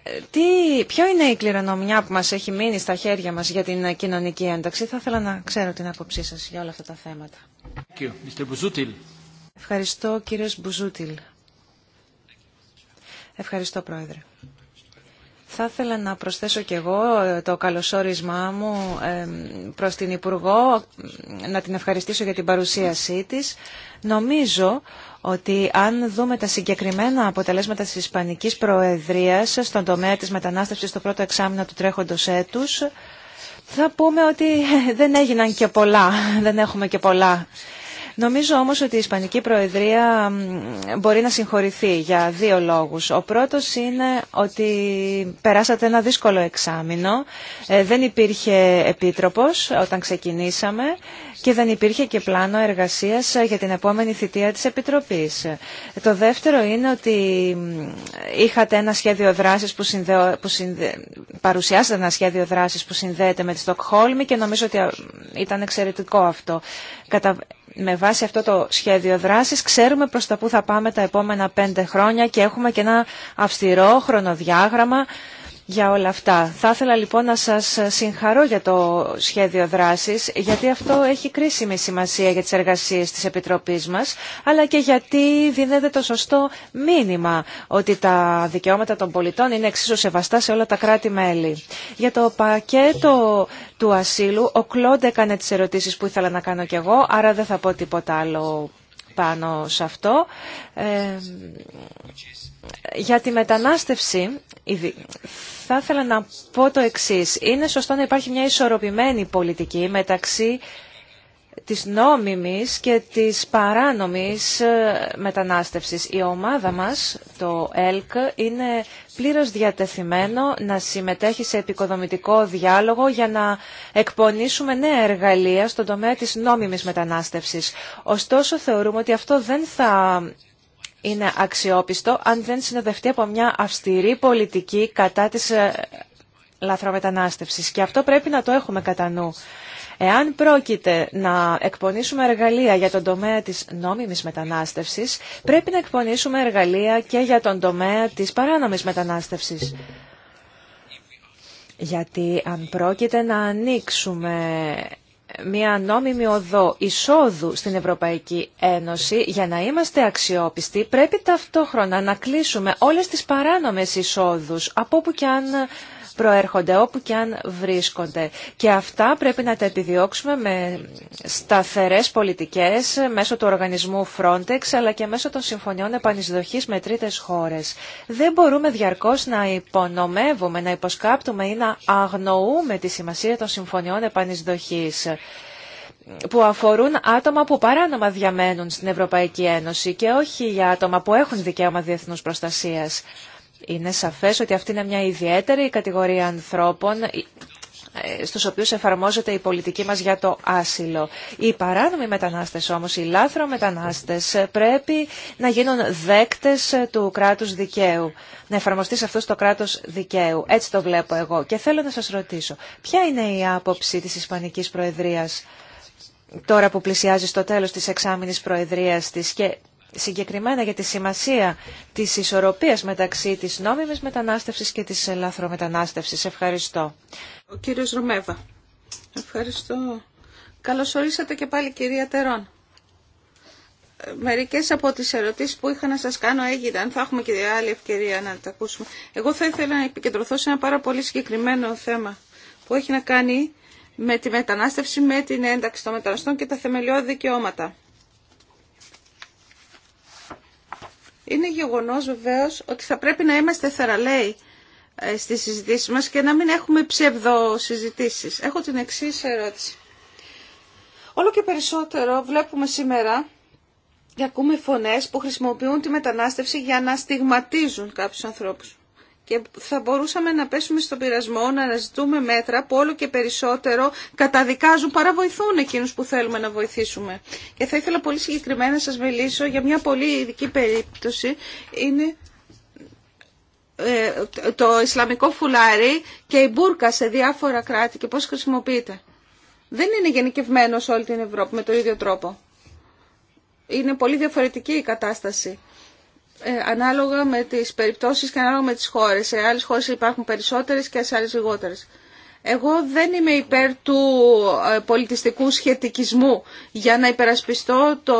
Ε, τι, ποιο είναι η κληρονομιά που μας έχει μείνει στα χέρια μας για την κοινωνική ένταξη. Θα ήθελα να ξέρω την άποψή σας για όλα αυτά τα θέματα. Ευχαριστώ κύριος Μπουζούτιλ. Ευχαριστώ πρόεδρε. Θα ήθελα να προσθέσω και εγώ ε, το καλωσόρισμά μου ε, προς την Υπουργό, ε, να την ευχαριστήσω για την παρουσίασή της. Νομίζω ότι αν δούμε τα συγκεκριμένα αποτελέσματα της Ισπανικής Προεδρίας στον τομέα της μετανάστευσης στο πρώτο εξάμεινο του τρέχοντος έτους, θα πούμε ότι δεν έγιναν και πολλά, δεν έχουμε και πολλά Νομίζω όμω ότι η Ισπανική Προεδρία μπορεί να συγχωρηθεί για δύο λόγου. Ο πρώτο είναι ότι περάσατε ένα δύσκολο εξάμεινο. Ε, δεν υπήρχε επίτροπο όταν ξεκινήσαμε και δεν υπήρχε και πλάνο εργασία για την επόμενη θητεία της Επιτροπής. Το δεύτερο είναι ότι είχατε ένα σχέδιο δράση που, παρουσιάσατε ένα σχέδιο δράση που συνδέεται με τη Στοκχόλμη και νομίζω ότι ήταν εξαιρετικό αυτό. Κατα με βάση αυτό το σχέδιο δράσης ξέρουμε προς τα που θα πάμε τα επόμενα πέντε χρόνια και έχουμε και ένα αυστηρό χρονοδιάγραμμα για όλα αυτά. Θα ήθελα λοιπόν να σας συγχαρώ για το σχέδιο δράσης, γιατί αυτό έχει κρίσιμη σημασία για τις εργασίες της Επιτροπής μας, αλλά και γιατί δίνεται το σωστό μήνυμα ότι τα δικαιώματα των πολιτών είναι εξίσου σεβαστά σε όλα τα κράτη-μέλη. Για το πακέτο του ασύλου, ο Κλόντ έκανε τις ερωτήσεις που ήθελα να κάνω κι εγώ, άρα δεν θα πω τίποτα άλλο πάνω σε αυτό. Ε, για τη μετανάστευση θα ήθελα να πω το εξή: Είναι σωστό να υπάρχει μια ισορροπημένη πολιτική μεταξύ της νόμιμης και της παράνομης ε, μετανάστευσης. Η ομάδα μας, το ΕΛΚ, είναι πλήρως διατεθειμένο να συμμετέχει σε επικοδομητικό διάλογο για να εκπονήσουμε νέα εργαλεία στον τομέα της νόμιμης μετανάστευσης. Ωστόσο, θεωρούμε ότι αυτό δεν θα είναι αξιόπιστο αν δεν συνοδευτεί από μια αυστηρή πολιτική κατά της ε, λαθρομετανάστευσης. Και αυτό πρέπει να το έχουμε κατά νου. Εάν πρόκειται να εκπονήσουμε εργαλεία για τον τομέα της νόμιμης μετανάστευσης, πρέπει να εκπονήσουμε εργαλεία και για τον τομέα της παράνομης μετανάστευσης. Γιατί αν πρόκειται να ανοίξουμε μια νόμιμη οδό εισόδου στην Ευρωπαϊκή Ένωση, για να είμαστε αξιόπιστοι πρέπει ταυτόχρονα να κλείσουμε όλες τις παράνομες εισόδους από όπου και αν προέρχονται, όπου και αν βρίσκονται. Και αυτά πρέπει να τα επιδιώξουμε με σταθερές πολιτικές μέσω του οργανισμού Frontex αλλά και μέσω των συμφωνιών επανεισδοχής με τρίτες χώρες. Δεν μπορούμε διαρκώς να υπονομεύουμε, να υποσκάπτουμε ή να αγνοούμε τη σημασία των συμφωνιών επανεισδοχής που αφορούν άτομα που παράνομα διαμένουν στην Ευρωπαϊκή Ένωση και όχι για άτομα που έχουν δικαίωμα διεθνούς προστασίας. Είναι σαφές ότι αυτή είναι μια ιδιαίτερη κατηγορία ανθρώπων ε, στους οποίους εφαρμόζεται η πολιτική μας για το άσυλο. Οι παράνομοι μετανάστες όμως, οι λάθρο μετανάστες, ε, πρέπει να γίνουν δέκτες ε, του κράτους δικαίου. Να εφαρμοστεί σε αυτούς το κράτος δικαίου. Έτσι το βλέπω εγώ. Και θέλω να σας ρωτήσω, ποια είναι η άποψη της Ισπανικής Προεδρίας τώρα που πλησιάζει στο τέλος της εξάμηνης προεδρίας της και συγκεκριμένα για τη σημασία της ισορροπίας μεταξύ της νόμιμης μετανάστευσης και της λαθρομετανάστευσης. Ευχαριστώ. Ο κύριος Ρωμέβα. Ευχαριστώ. Καλώς ορίσατε και πάλι κυρία Τερών. Ε, μερικές από τις ερωτήσεις που είχα να σας κάνω έγιναν. Θα έχουμε και άλλη ευκαιρία να τα ακούσουμε. Εγώ θα ήθελα να επικεντρωθώ σε ένα πάρα πολύ συγκεκριμένο θέμα που έχει να κάνει με τη μετανάστευση, με την ένταξη των μεταναστών και τα θεμελιώδη δικαιώματα. Είναι γεγονός βεβαίως ότι θα πρέπει να είμαστε θεραλέοι ε, στις συζητήσεις μας και να μην έχουμε ψευδο Έχω την εξή ερώτηση. Όλο και περισσότερο βλέπουμε σήμερα και ακούμε φωνές που χρησιμοποιούν τη μετανάστευση για να στιγματίζουν κάποιους ανθρώπους και θα μπορούσαμε να πέσουμε στον πειρασμό να αναζητούμε μέτρα που όλο και περισσότερο καταδικάζουν παρά βοηθούν εκείνους που θέλουμε να βοηθήσουμε. Και θα ήθελα πολύ συγκεκριμένα να σας μιλήσω για μια πολύ ειδική περίπτωση. Είναι ε, το Ισλαμικό φουλάρι και η μπουρκα σε διάφορα κράτη και πώς χρησιμοποιείται. Δεν είναι γενικευμένο σε όλη την Ευρώπη με το ίδιο τρόπο. Είναι πολύ διαφορετική η κατάσταση. Ε, ανάλογα με τις περιπτώσεις και ανάλογα με τις χώρες. Σε άλλες χώρες υπάρχουν περισσότερες και σε άλλες λιγότερες. Εγώ δεν είμαι υπέρ του ε, πολιτιστικού σχετικισμού για να υπερασπιστώ το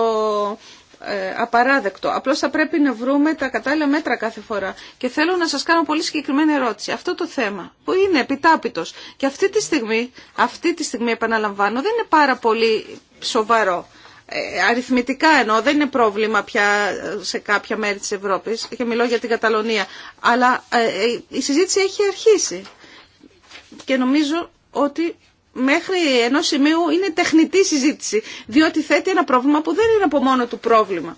ε, απαράδεκτο. Απλώς θα πρέπει να βρούμε τα κατάλληλα μέτρα κάθε φορά. Και θέλω να σας κάνω πολύ συγκεκριμένη ερώτηση. Αυτό το θέμα που είναι επιτάπητος και αυτή τη στιγμή, αυτή τη στιγμή επαναλαμβάνω, δεν είναι πάρα πολύ σοβαρό. Ε, αριθμητικά ενώ δεν είναι πρόβλημα πια σε κάποια μέρη της Ευρώπης και μιλώ για την Καταλωνία αλλά ε, ε, η συζήτηση έχει αρχίσει και νομίζω ότι μέχρι ενό σημείου είναι τεχνητή συζήτηση διότι θέτει ένα πρόβλημα που δεν είναι από μόνο του πρόβλημα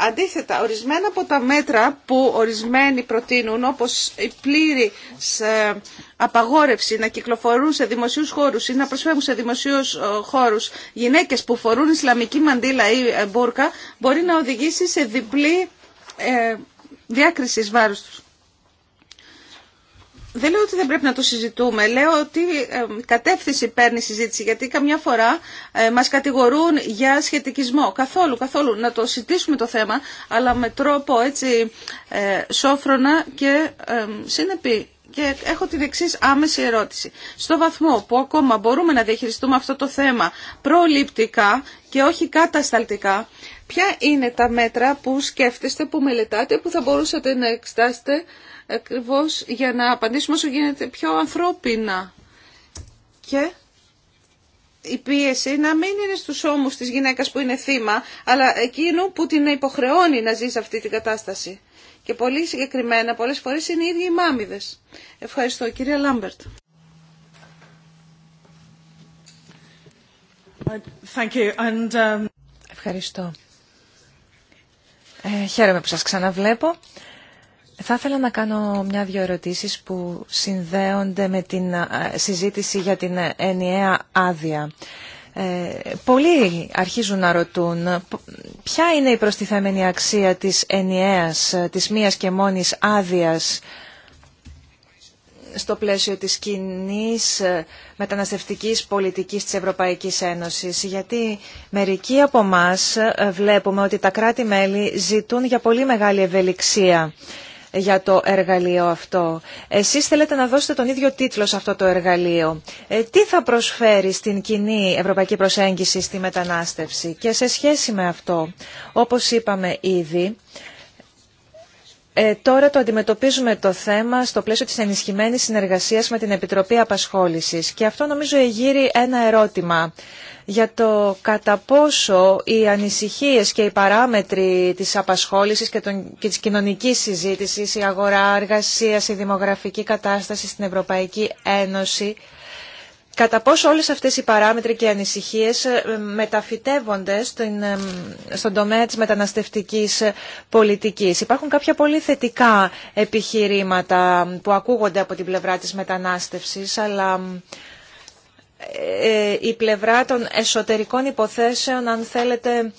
Αντίθετα, ορισμένα από τα μέτρα που ορισμένοι προτείνουν, όπως η πλήρη ε, απαγόρευση να κυκλοφορούν σε δημοσίους χώρους ή να προσφέρουν σε δημοσίους ε, χώρους γυναίκες που φορούν Ισλαμική μαντήλα ή ε, μπουρκα, μπορεί να οδηγήσει σε διπλή διάκριση βάρους τους δεν λέω ότι δεν πρέπει να το συζητούμε, λέω ότι ε, κατεύθυνση παίρνει η συζήτηση, γιατί καμιά φορά ε, μα κατηγορούν για σχετικισμό. Καθόλου, καθόλου. Να το συζητήσουμε το θέμα, αλλά με τρόπο έτσι ε, σόφρονα και συνεπή. Και έχω την εξή άμεση ερώτηση. Στο βαθμό που ακόμα μπορούμε να διαχειριστούμε αυτό το θέμα προληπτικά και όχι κατασταλτικά, ποια είναι τα μέτρα που σκέφτεστε, που μελετάτε, που θα μπορούσατε να εξετάσετε ακριβώς για να απαντήσουμε όσο γίνεται πιο ανθρώπινα. Και η πίεση να μην είναι στους ώμους της γυναίκας που είναι θύμα, αλλά εκείνου που την υποχρεώνει να ζει σε αυτή την κατάσταση. Και πολύ συγκεκριμένα, πολλές φορές είναι οι ίδιοι οι μάμιδες. Ευχαριστώ, κυρία Λάμπερτ. Ε, thank you. And, um... Ευχαριστώ. Ε, χαίρομαι που σας ξαναβλέπω. Θα ήθελα να κάνω μια-δυο ερωτήσεις που συνδέονται με την ε, συζήτηση για την ε, ενιαία άδεια. Ε, πολλοί αρχίζουν να ρωτούν ποια είναι η προστιθέμενη αξία της ενιαίας, ε, της μίας και μόνης άδειας στο πλαίσιο της κοινή μεταναστευτικής πολιτικής της Ευρωπαϊκής Ένωσης. Γιατί μερικοί από εμά βλέπουμε ότι τα κράτη-μέλη ζητούν για πολύ μεγάλη ευελιξία για το εργαλείο αυτό. Εσείς θέλετε να δώσετε τον ίδιο τίτλο σε αυτό το εργαλείο. Ε, τι θα προσφέρει στην κοινή ευρωπαϊκή προσέγγιση στη μετανάστευση και σε σχέση με αυτό, όπως είπαμε ήδη, ε, τώρα το αντιμετωπίζουμε το θέμα στο πλαίσιο της ενισχυμένης συνεργασίας με την Επιτροπή Απασχόλησης και αυτό νομίζω εγείρει ένα ερώτημα για το κατά πόσο οι ανησυχίες και οι παράμετροι της απασχόλησης και, και της κοινωνικής συζήτησης, η αγορά εργασίας, η δημογραφική κατάσταση στην Ευρωπαϊκή Ένωση κατά πόσο όλες αυτές οι παράμετροι και οι ανησυχίες ε, μεταφυτεύονται ε, στον τομέα της μεταναστευτικής ε, πολιτικής. Υπάρχουν κάποια πολύ θετικά επιχειρήματα που ακούγονται από την πλευρά της μετανάστευσης, αλλά η πλευρά των εσωτερικών υποθέσεων, αν θέλετε,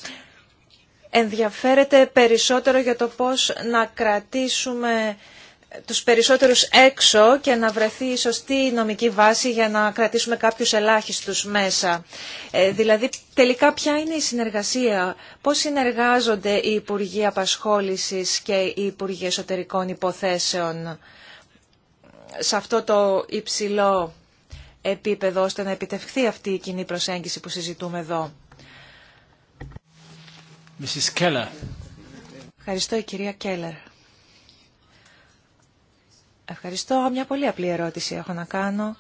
ενδιαφέρεται περισσότερο για το πώς να κρατήσουμε τους περισσότερους έξω και να βρεθεί η σωστή νομική βάση για να κρατήσουμε κάποιους ελάχιστους μέσα. Ε, δηλαδή τελικά ποια είναι η συνεργασία, πώς συνεργάζονται οι Υπουργοί Απασχόλησης και οι Υπουργοί Εσωτερικών Υποθέσεων σε αυτό το υψηλό επίπεδο ώστε να επιτευχθεί αυτή η κοινή προσέγγιση που συζητούμε εδώ. Ευχαριστώ η κυρία Κέλλερ. Ευχαριστώ. Μια πολύ απλή ερώτηση έχω να κάνω.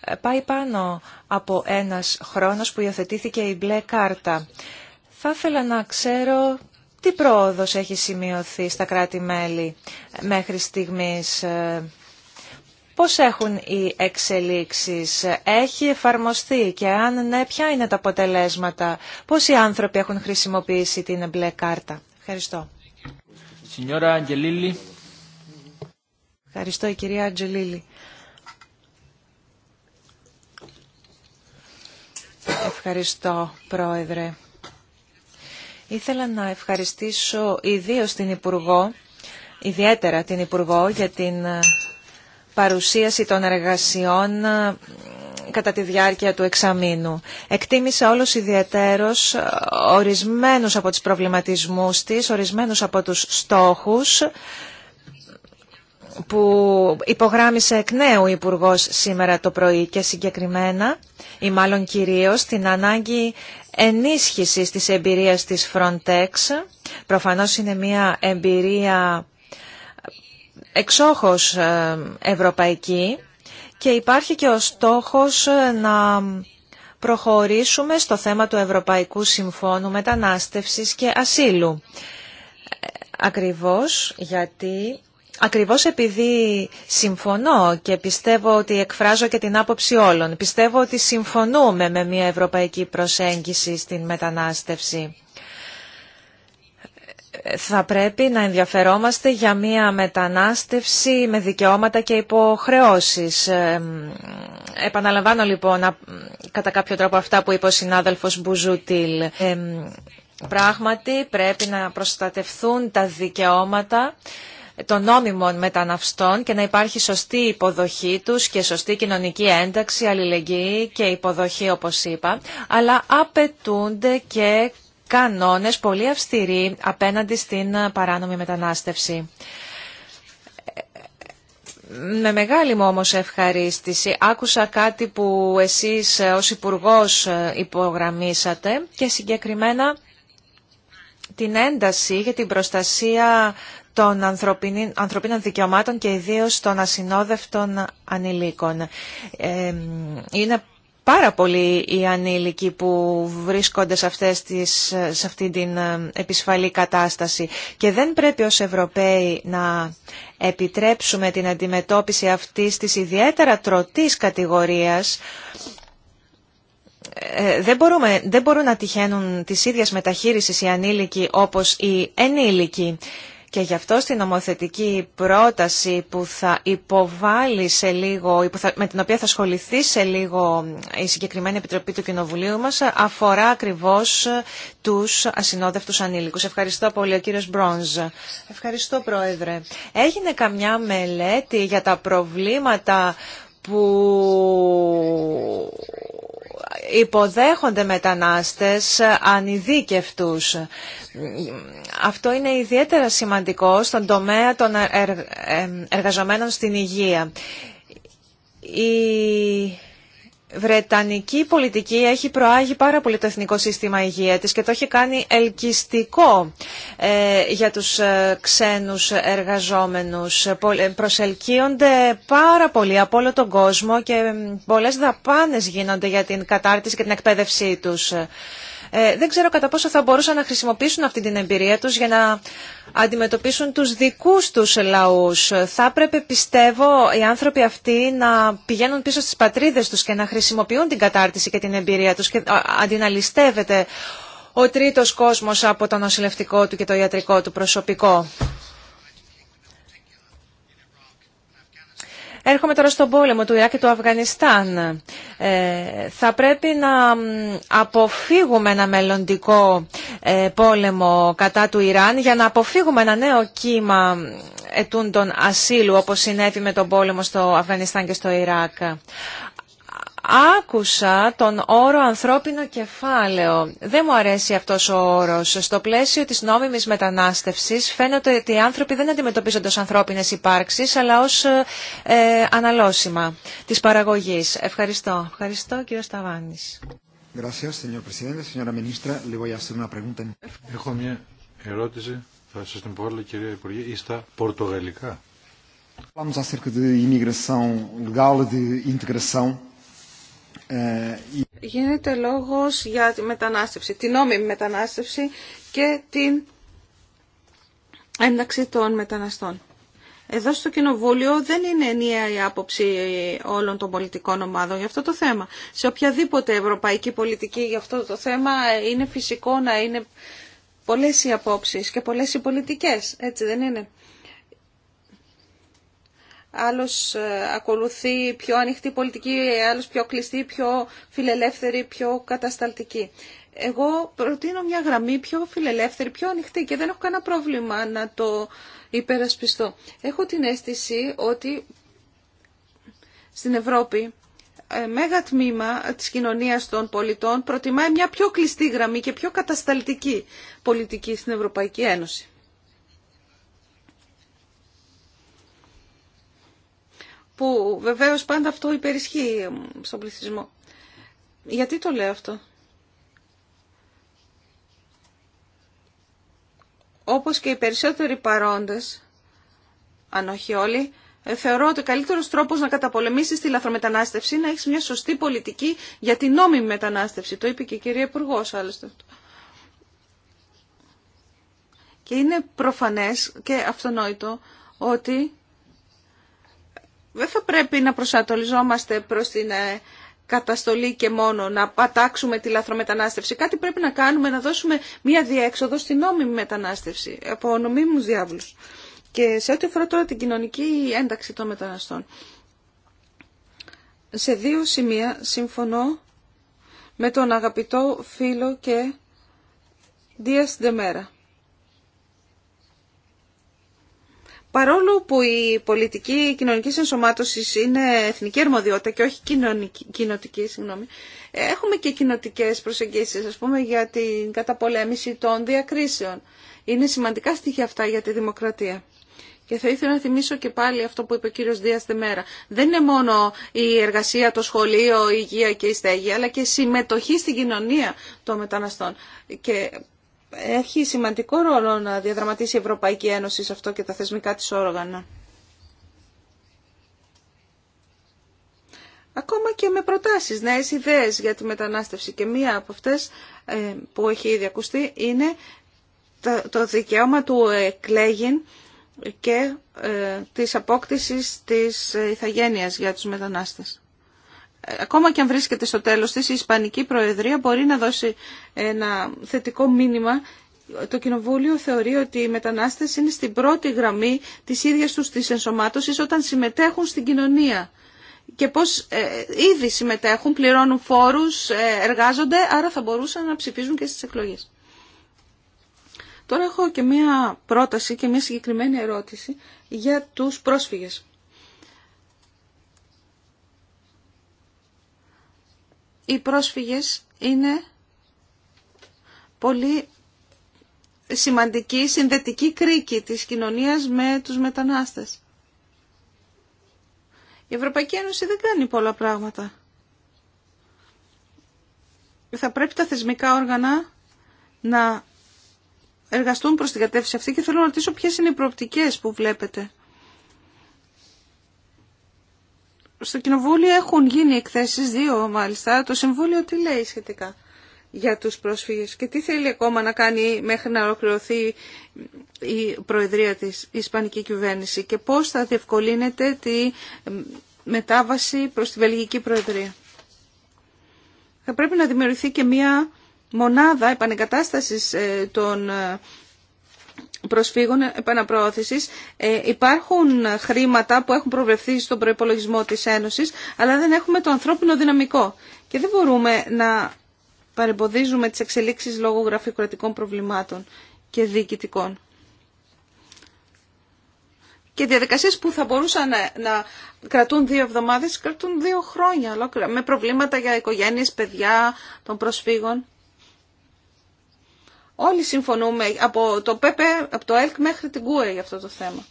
Ε, πάει πάνω από ένας χρόνος που υιοθετήθηκε η μπλε κάρτα. Θα ήθελα να ξέρω τι πρόοδος έχει σημειωθεί στα κράτη-μέλη μέχρι στιγμής. Ε, πώς έχουν οι εξελίξεις, έχει εφαρμοστεί και αν ναι, ποια είναι τα αποτελέσματα, πώς οι άνθρωποι έχουν χρησιμοποιήσει την μπλε κάρτα. Ευχαριστώ. Ευχαριστώ η κυρία Αντζελίλη. Ευχαριστώ, Πρόεδρε. Ήθελα να ευχαριστήσω ιδίως την Υπουργό, ιδιαίτερα την Υπουργό για την ε, παρουσίαση των εργασιών ε, κατά τη διάρκεια του εξαμήνου. Εκτίμησα όλος ιδιαίτερος ε, ορισμένους από τις προβληματισμούς της, ορισμένους από τους στόχους που υπογράμμισε εκ νέου ο Υπουργός σήμερα το πρωί και συγκεκριμένα ή μάλλον κυρίως την ανάγκη ενίσχυσης της εμπειρίας της Frontex. Προφανώς είναι μια εμπειρία εξόχως ε, ευρωπαϊκή και υπάρχει και ο στόχος ε, να προχωρήσουμε στο θέμα του Ευρωπαϊκού Συμφώνου Μετανάστευσης και Ασύλου. Ε, ακριβώς γιατί Ακριβώς επειδή συμφωνώ και πιστεύω ότι εκφράζω και την άποψη όλων, πιστεύω ότι συμφωνούμε με μια ευρωπαϊκή προσέγγιση στην μετανάστευση. Θα πρέπει να ενδιαφερόμαστε για μια μετανάστευση με δικαιώματα και υποχρεώσεις. Επαναλαμβάνω λοιπόν κατά κάποιο τρόπο αυτά που είπε ο συνάδελφος Μπουζούτιλ. πράγματι πρέπει να προστατευθούν τα δικαιώματα των νόμιμων μεταναυστών και να υπάρχει σωστή υποδοχή τους και σωστή κοινωνική ένταξη, αλληλεγγύη και υποδοχή όπως είπα, αλλά απαιτούνται και κανόνες πολύ αυστηροί απέναντι στην παράνομη μετανάστευση. Με μεγάλη μου όμως ευχαρίστηση άκουσα κάτι που εσείς ως υπουργός υπογραμμίσατε και συγκεκριμένα την ένταση για την προστασία των ανθρωπίνων δικαιωμάτων και ιδίως των ασυνόδευτων ανηλίκων. Είναι πάρα πολλοί οι ανήλικοι που βρίσκονται σε, αυτές τις, σε αυτή την επισφαλή κατάσταση και δεν πρέπει ως Ευρωπαίοι να επιτρέψουμε την αντιμετώπιση αυτής της ιδιαίτερα τροτής κατηγορίας ε, δεν, μπορούμε, δεν μπορούν να τυχαίνουν της ίδιας μεταχείρισης οι ανήλικοι όπως οι ενήλικοι. Και γι' αυτό στην νομοθετική πρόταση που θα υποβάλει σε λίγο, με την οποία θα ασχοληθεί σε λίγο η συγκεκριμένη Επιτροπή του Κοινοβουλίου μας, αφορά ακριβώς τους ασυνόδευτους ανήλικους. Ευχαριστώ πολύ ο κύριος Μπρόνζ. Ευχαριστώ Πρόεδρε. Έγινε καμιά μελέτη για τα προβλήματα που υποδέχονται μετανάστες ε, ανειδίκευτους. Αυτό είναι ιδιαίτερα σημαντικό στον τομέα των ε, ε, εργαζομένων στην υγεία. Βρετανική πολιτική έχει προάγει πάρα πολύ το εθνικό σύστημα υγεία της και το έχει κάνει ελκυστικό ε, για τους ε, ξένους εργαζόμενους. Ε, προσελκύονται πάρα πολύ από όλο τον κόσμο και πολλές δαπάνες γίνονται για την κατάρτιση και την εκπαίδευσή τους. Ε, δεν ξέρω κατά πόσο θα μπορούσαν να χρησιμοποιήσουν αυτή την εμπειρία τους για να αντιμετωπίσουν τους δικούς τους λαούς. Θα έπρεπε πιστεύω οι άνθρωποι αυτοί να πηγαίνουν πίσω στις πατρίδες τους και να χρησιμοποιούν την κατάρτιση και την εμπειρία τους και αντί να ληστεύεται ο τρίτος κόσμος από το νοσηλευτικό του και το ιατρικό του προσωπικό. Έρχομαι τώρα στον πόλεμο του Ιράκ και του Αφγανιστάν. Ε, θα πρέπει να αποφύγουμε ένα μελλοντικό ε, πόλεμο κατά του Ιράν για να αποφύγουμε ένα νέο κύμα ετούντων ασύλου όπως συνέβη με τον πόλεμο στο Αφγανιστάν και στο Ιράκ. Άκουσα τον όρο ανθρώπινο κεφάλαιο. Δεν μου αρέσει αυτός ο όρος. Στο πλαίσιο της νόμιμης μετανάστευσης φαίνεται ότι οι άνθρωποι δεν αντιμετωπίζονται ως ανθρώπινες υπάρξεις, αλλά ως ε, ε αναλώσιμα της παραγωγής. Ευχαριστώ. Ευχαριστώ κύριο Σταβάνης. Έχω μια ερώτηση, θα σας την πω κυρία Υπουργέ, ή στα πορτογαλικά. Falamos acerca ε, γίνεται λόγος για τη μετανάστευση, την νόμιμη μετανάστευση και την ένταξη των μεταναστών. Εδώ στο Κοινοβούλιο δεν είναι ενιαία η άποψη όλων των πολιτικών ομάδων για αυτό το θέμα. Σε οποιαδήποτε ευρωπαϊκή πολιτική για αυτό το θέμα ε, είναι φυσικό να είναι πολλές οι απόψεις και πολλές οι πολιτικές. Έτσι δεν είναι άλλος ε, ακολουθεί πιο ανοιχτή πολιτική, άλλος πιο κλειστή, πιο φιλελεύθερη, πιο κατασταλτική. Εγώ προτείνω μια γραμμή πιο φιλελεύθερη, πιο ανοιχτή και δεν έχω κανένα πρόβλημα να το υπερασπιστώ. Έχω την αίσθηση ότι στην Ευρώπη ε, μέγα τμήμα της κοινωνίας των πολιτών προτιμάει μια πιο κλειστή γραμμή και πιο κατασταλτική πολιτική στην Ευρωπαϊκή Ένωση. που βεβαίως πάντα αυτό υπερισχύει στον πληθυσμό. Γιατί το λέω αυτό. Όπως και οι περισσότεροι παρόντες, αν όχι όλοι, ε, θεωρώ ότι ο καλύτερος τρόπος να καταπολεμήσεις τη λαθρομετανάστευση είναι να έχεις μια σωστή πολιτική για την νόμιμη μετανάστευση. Το είπε και η κυρία Υπουργό άλλωστε. Και είναι προφανές και αυτονόητο ότι δεν θα πρέπει να προσανατολιζόμαστε προς την ε, καταστολή και μόνο, να πατάξουμε τη λαθρομετανάστευση. Κάτι πρέπει να κάνουμε, να δώσουμε μία διέξοδο στην νόμιμη μετανάστευση, από νομίμους διάβλους. Και σε ό,τι αφορά τώρα την κοινωνική ένταξη των μεταναστών. Σε δύο σημεία συμφωνώ με τον αγαπητό φίλο και Δίας Ντεμέρα. Παρόλο που η πολιτική κοινωνική ενσωμάτωση είναι εθνική αρμοδιότητα και όχι κοινωνική, κοινοτική, συγγνώμη, έχουμε και κοινοτικέ προσεγγίσεις, ας πούμε, για την καταπολέμηση των διακρίσεων. Είναι σημαντικά στοιχεία αυτά για τη δημοκρατία. Και θα ήθελα να θυμίσω και πάλι αυτό που είπε ο κύριο Δία μέρα. Δεν είναι μόνο η εργασία, το σχολείο, η υγεία και η στέγη, αλλά και η συμμετοχή στην κοινωνία των μεταναστών. Και έχει σημαντικό ρόλο να διαδραματίσει η Ευρωπαϊκή Ένωση σε αυτό και τα θεσμικά της όργανα. Ακόμα και με προτάσεις, νέες ιδέες για τη μετανάστευση και μία από αυτές ε, που έχει ήδη ακουστεί είναι το δικαίωμα του εκλέγην και ε, της απόκτησης της ε, ηθαγένειας για τους μετανάστες ακόμα και αν βρίσκεται στο τέλος της, η Ισπανική Προεδρία μπορεί να δώσει ένα θετικό μήνυμα. Το Κοινοβούλιο θεωρεί ότι οι μετανάστες είναι στην πρώτη γραμμή της ίδιας τους της ενσωμάτωσης όταν συμμετέχουν στην κοινωνία. Και πώς ε, ήδη συμμετέχουν, πληρώνουν φόρους, ε, εργάζονται, άρα θα μπορούσαν να ψηφίζουν και στις εκλογές. Τώρα έχω και μία πρόταση και μία συγκεκριμένη ερώτηση για τους πρόσφυγες. οι πρόσφυγες είναι πολύ σημαντική συνδετική κρίκη της κοινωνίας με τους μετανάστες. Η Ευρωπαϊκή Ένωση δεν κάνει πολλά πράγματα. Θα πρέπει τα θεσμικά όργανα να εργαστούν προς την κατεύθυνση αυτή και θέλω να ρωτήσω ποιες είναι οι προοπτικές που βλέπετε. στο Κοινοβούλιο έχουν γίνει εκθέσεις, δύο μάλιστα. Το Συμβούλιο τι λέει σχετικά για τους πρόσφυγες και τι θέλει ακόμα να κάνει μέχρι να ολοκληρωθεί η Προεδρία της, η Ισπανική Κυβέρνηση και πώς θα διευκολύνεται τη μετάβαση προς τη Βελγική Προεδρία. Θα πρέπει να δημιουργηθεί και μία μονάδα επανεγκατάστασης ε, των ε, προσφύγων επαναπροώθησης ε, υπάρχουν χρήματα που έχουν προβλεφθεί στον προϋπολογισμό της Ένωσης αλλά δεν έχουμε το ανθρώπινο δυναμικό και δεν μπορούμε να παρεμποδίζουμε τις εξελίξεις λόγω γραφειοκρατικών προβλημάτων και διοικητικών και διαδικασίες που θα μπορούσαν να, κρατούν δύο εβδομάδες, κρατούν δύο χρόνια ολόκληρα, με προβλήματα για οικογένειες, παιδιά των προσφύγων. Όλοι συμφωνούμε από το ΠΕΠΕ, από το ΕΛΚ μέχρι την ΚΟΕ για αυτό το θέμα.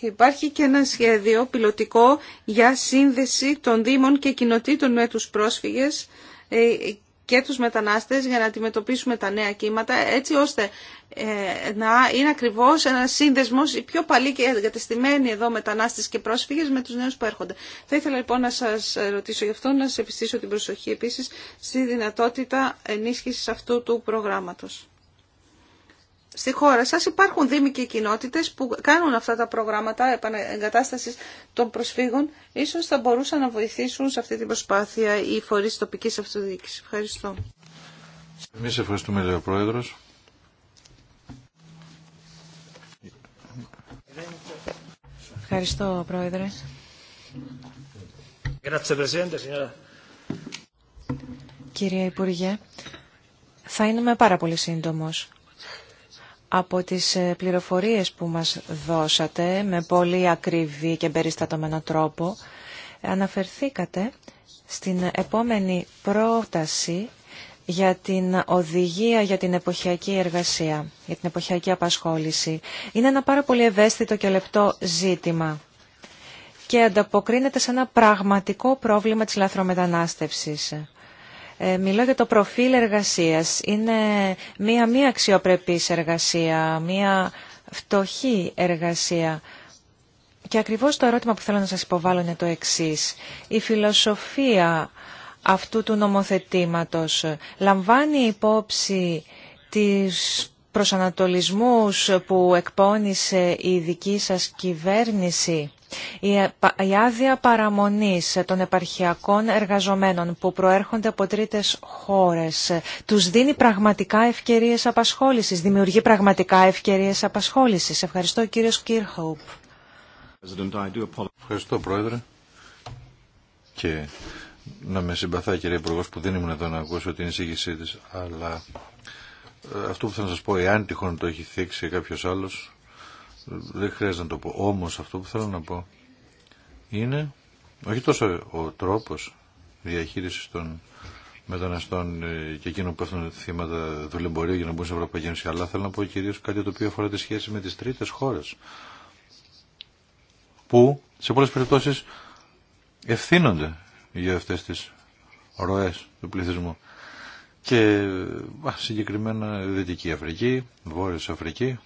Υπάρχει και ένα σχέδιο πιλωτικό για σύνδεση των Δήμων και κοινοτήτων με τους πρόσφυγες ε, και τους μετανάστες για να αντιμετωπίσουμε τα νέα κύματα έτσι ώστε ε, να είναι ακριβώς ένα σύνδεσμος οι πιο παλιοί και εγκατεστημένοι εδώ μετανάστες και πρόσφυγες με τους νέους που έρχονται. Θα ήθελα λοιπόν να σας ρωτήσω γι' αυτό, να σας επιστήσω την προσοχή επίσης στη δυνατότητα ενίσχυσης αυτού του προγράμματος στη χώρα σας υπάρχουν δήμοι και κοινότητες που κάνουν αυτά τα προγράμματα επαναγκατάστασης των προσφύγων. Ίσως θα μπορούσαν να βοηθήσουν σε αυτή την προσπάθεια οι φορείς τοπικής αυτοδιοίκησης. Ευχαριστώ. Εμείς ευχαριστούμε, λέει ο Πρόεδρος. Ευχαριστώ, Πρόεδρε. Κύριε Υπουργέ, θα είμαι πάρα πολύ σύντομος από τις ε, πληροφορίες που μας δώσατε με πολύ ακριβή και περιστατωμένο τρόπο αναφερθήκατε στην επόμενη πρόταση για την οδηγία για την εποχιακή εργασία, για την εποχιακή απασχόληση. Είναι ένα πάρα πολύ ευαίσθητο και λεπτό ζήτημα και ανταποκρίνεται σε ένα πραγματικό πρόβλημα της λαθρομετανάστευσης. Ε, μιλώ για το προφίλ εργασίας. Είναι μία μη αξιοπρεπής εργασία, μία φτωχή εργασία. Και ακριβώς το ερώτημα που θέλω να σας υποβάλω είναι το εξής. Η φιλοσοφία αυτού του νομοθετήματος λαμβάνει υπόψη τις προσανατολισμούς που εκπώνησε η δική σας κυβέρνηση η άδεια παραμονής των επαρχιακών εργαζομένων που προέρχονται από τρίτες χώρες τους δίνει πραγματικά ευκαιρίες απασχόλησης, δημιουργεί πραγματικά ευκαιρίες απασχόλησης. Ευχαριστώ κύριο Κίρχοπ. Ευχαριστώ πρόεδρε και να με συμπαθά κύριε Υπουργό που δεν ήμουν εδώ να ακούσω την εισήγησή της αλλά ε, αυτό που θα σας πω εάν τυχόν το έχει θίξει κάποιος άλλος δεν χρειάζεται να το πω. Όμως αυτό που θέλω να πω είναι όχι τόσο ο τρόπος διαχείρισης των μεταναστών ε, και εκείνων που έχουν θύματα δουλεμπορίου για να μπουν σε Ευρωπαϊκή Ένωση, αλλά θέλω να πω κυρίως κάτι το οποίο αφορά τη σχέση με τις τρίτες χώρες που σε πολλές περιπτώσεις ευθύνονται για αυτές τις ροές του πληθυσμού. Και ε, α, συγκεκριμένα Δυτική Αφρική, Βόρειος Αφρική,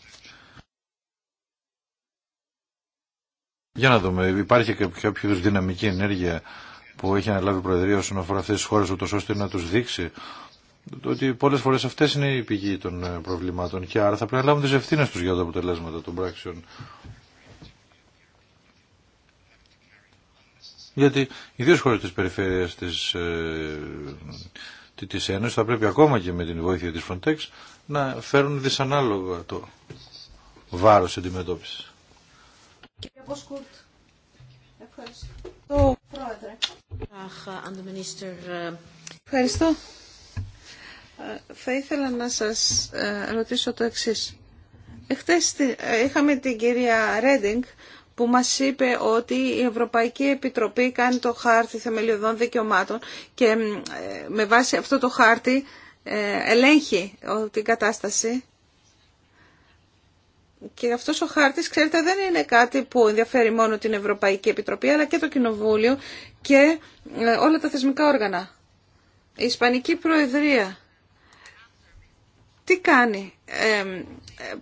Για να δούμε, υπάρχει και κάποιο είδου δυναμική ενέργεια που έχει αναλάβει η Προεδρία όσον αφορά αυτέ τι χώρε, ούτω ώστε να του δείξει ότι πολλέ φορέ αυτέ είναι η πηγή των ε, προβλημάτων και άρα θα πρέπει να λάβουν τι ευθύνε του για τα αποτελέσματα των πράξεων. Γιατί οι δύο χώρε τη περιφέρεια ε, τη της Ένωση θα πρέπει ακόμα και με την βοήθεια τη Frontex να φέρουν δυσανάλογα το βάρο αντιμετώπιση. Ευχαριστώ. Ε, Ευχαριστώ. Ε, θα ήθελα να σας ε, ρωτήσω το εξής. Εχθές είχαμε την κυρία Ρέντινγκ που μας είπε ότι η Ευρωπαϊκή Επιτροπή κάνει το χάρτη θεμελιωδών δικαιωμάτων και με βάση αυτό το χάρτη ελέγχει την κατάσταση και αυτός ο χάρτης, ξέρετε, δεν είναι κάτι που ενδιαφέρει μόνο την Ευρωπαϊκή Επιτροπή, αλλά και το Κοινοβούλιο και ε, όλα τα θεσμικά όργανα. Η Ισπανική Προεδρία, τι κάνει, ε,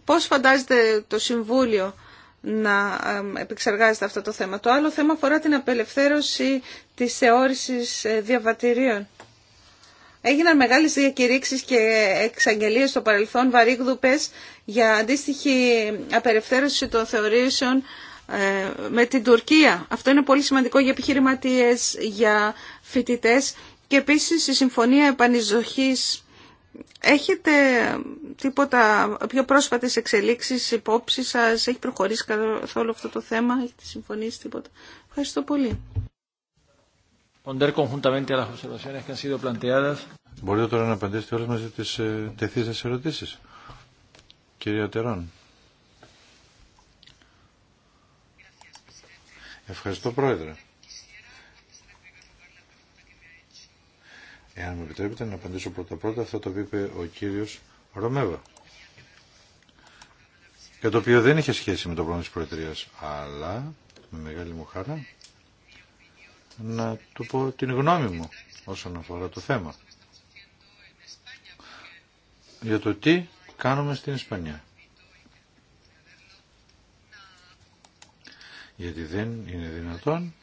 πώς φαντάζεται το Συμβούλιο να επεξεργάζεται αυτό το θέμα. Το άλλο θέμα αφορά την απελευθέρωση της θεώρησης ε, διαβατηρίων. Έγιναν μεγάλες διακηρύξεις και εξαγγελίες στο παρελθόν βαρύγδουπες για αντίστοιχη απελευθέρωση των θεωρήσεων ε, με την Τουρκία. Αυτό είναι πολύ σημαντικό για επιχειρηματίες, για φοιτητές και επίσης η Συμφωνία Επανιζωχής. Έχετε τίποτα πιο πρόσφατες εξελίξεις υπόψη σας, έχει προχωρήσει καθόλου αυτό το θέμα, έχετε συμφωνήσει τίποτα. Ευχαριστώ πολύ. Μπορείτε τώρα να απαντήσετε όλες μαζί τις ε, τεθείς σας ερωτήσεις. Κυρία Τερών. Ευχαριστώ Πρόεδρε. Εάν μου επιτρέπετε να απαντήσω πρώτα πρώτα αυτό το είπε ο κύριος Ρωμέβα. Για το οποίο δεν είχε σχέση με το πρόβλημα της Προεδρίας, αλλά με μεγάλη μου χαρά να του πω την γνώμη μου όσον αφορά το θέμα. Για το τι κάνουμε στην Ισπανία. Γιατί δεν είναι δυνατόν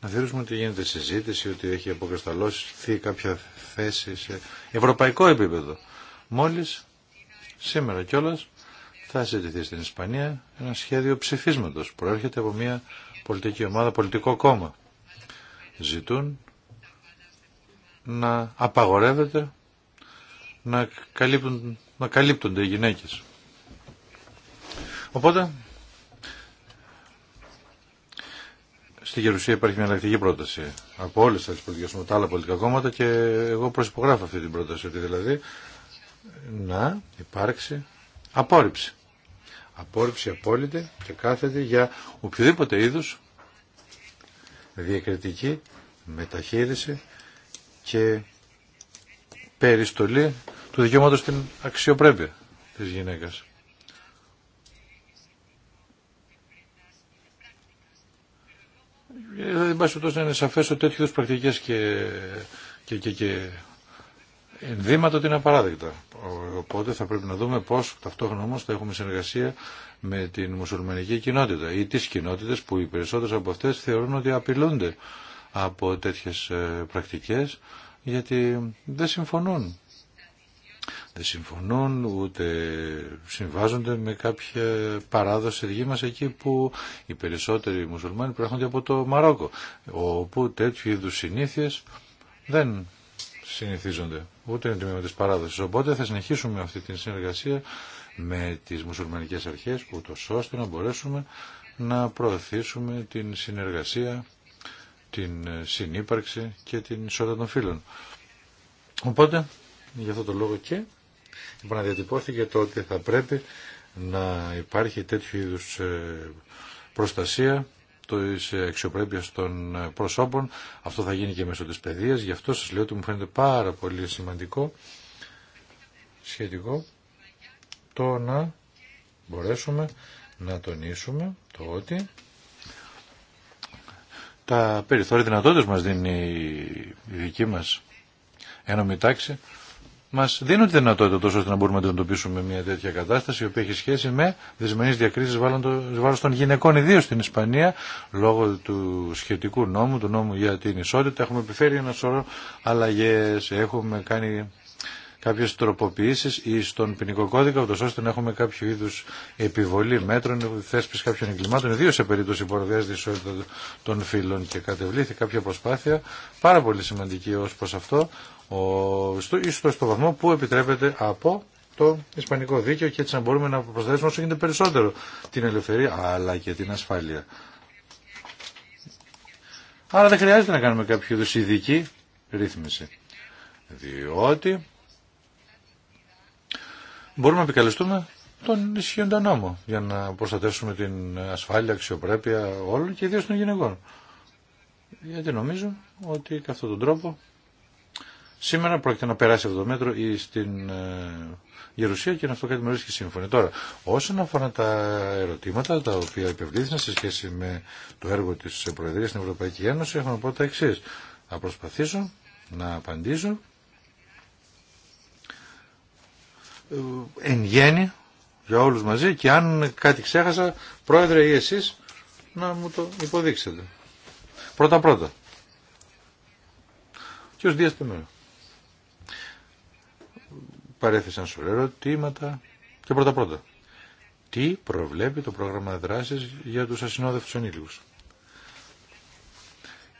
να θεωρήσουμε ότι γίνεται συζήτηση, ότι έχει αποκρισταλώσει κάποια θέση σε ευρωπαϊκό επίπεδο. Μόλις σήμερα κιόλας θα συζητηθεί στην Ισπανία ένα σχέδιο ψηφίσματος. Προέρχεται από μια πολιτική ομάδα, πολιτικό κόμμα ζητούν να απαγορεύεται να, καλύπτουν, να καλύπτονται οι γυναίκες. Οπότε, στη Γερουσία υπάρχει μια αλλακτική πρόταση από όλες τις πολιτικές τα άλλα πολιτικά κόμματα και εγώ προσυπογράφω αυτή την πρόταση, ότι δηλαδή να υπάρξει απόρριψη απόρριψη απόλυτη και κάθεται για οποιοδήποτε είδους διακριτική μεταχείριση και περιστολή του δικαιώματος στην αξιοπρέπεια της γυναίκας. Δεν ε, πάση τόσο να είναι σαφές ότι τέτοιου πρακτικές και, και, και, και Ενδύματο ότι είναι απαράδεκτα. Οπότε θα πρέπει να δούμε πώς ταυτόχρονα όμω θα έχουμε συνεργασία με την μουσουλμανική κοινότητα ή τις κοινότητες που οι περισσότερε από αυτές θεωρούν ότι απειλούνται από τέτοιες ε, πρακτικές γιατί δεν συμφωνούν. Δεν συμφωνούν ούτε συμβάζονται με κάποια παράδοση δική μας εκεί που οι περισσότεροι μουσουλμάνοι προέρχονται από το Μαρόκο όπου τέτοιου είδους συνήθειες δεν συνηθίζονται ούτε είναι τμήμα της παράδοσης. Οπότε θα συνεχίσουμε αυτή τη συνεργασία με τις μουσουλμανικές αρχές, ούτω ώστε να μπορέσουμε να προωθήσουμε την συνεργασία, την συνύπαρξη και την ισότητα των φίλων. Οπότε, για αυτό το λόγο και επαναδιατυπώθηκε το ότι θα πρέπει να υπάρχει τέτοιου είδους ε, προστασία της αξιοπρέπειας των προσώπων. Αυτό θα γίνει και μέσω της παιδείας. Γι' αυτό σας λέω ότι μου φαίνεται πάρα πολύ σημαντικό σχετικό το να μπορέσουμε να τονίσουμε το ότι τα περιθώρια δυνατότητες μας δίνει η δική μας ένωμη τάξη μα δίνουν τη δυνατότητα τόσο ώστε να μπορούμε να αντιμετωπίσουμε μια τέτοια κατάσταση, η οποία έχει σχέση με δυσμενεί διακρίσει βάρο των γυναικών, ιδίω στην Ισπανία, λόγω του σχετικού νόμου, του νόμου για την ισότητα. Έχουμε επιφέρει ένα σωρό αλλαγέ, έχουμε κάνει κάποιες τροποποιήσεις ή στον ποινικό κώδικα, ούτως ώστε να έχουμε κάποιο είδους επιβολή μέτρων, θέσπιση κάποιων εγκλημάτων, ιδίως σε περίπτωση που παραβιάζεται η ισότητα των φύλων και κατεβλήθη κάποια προσπάθεια πάρα πολύ σημαντική ως προς αυτό, ο, στο, βαθμό που επιτρέπεται από το Ισπανικό δίκαιο και έτσι να μπορούμε να προσθέσουμε όσο γίνεται περισσότερο την ελευθερία αλλά και την ασφάλεια. Άρα δεν χρειάζεται να κάνουμε κάποιο είδου ειδική ρύθμιση. Διότι μπορούμε να επικαλεστούμε τον ισχύοντα νόμο για να προστατεύσουμε την ασφάλεια, αξιοπρέπεια όλων και ιδίω των γυναικών. Γιατί νομίζω ότι κατά αυτόν τον τρόπο Σήμερα πρόκειται να περάσει αυτό το μέτρο ή στην ε, Γερουσία και να αυτό κάτι με σύμφωνη. Τώρα, όσον αφορά τα ερωτήματα τα οποία υπευλήθησαν σε σχέση με το έργο τη Προεδρία στην Ευρωπαϊκή Ένωση, έχω να πω τα εξή. Θα προσπαθήσω να απαντήσω ε, εν γέννη για όλους μαζί και αν κάτι ξέχασα πρόεδρε ή εσείς να μου το υποδείξετε πρώτα πρώτα και ως παρέθεσαν σου ερωτήματα και πρώτα πρώτα. Τι προβλέπει το πρόγραμμα δράσης για τους ασυνόδευτους ενήλικους.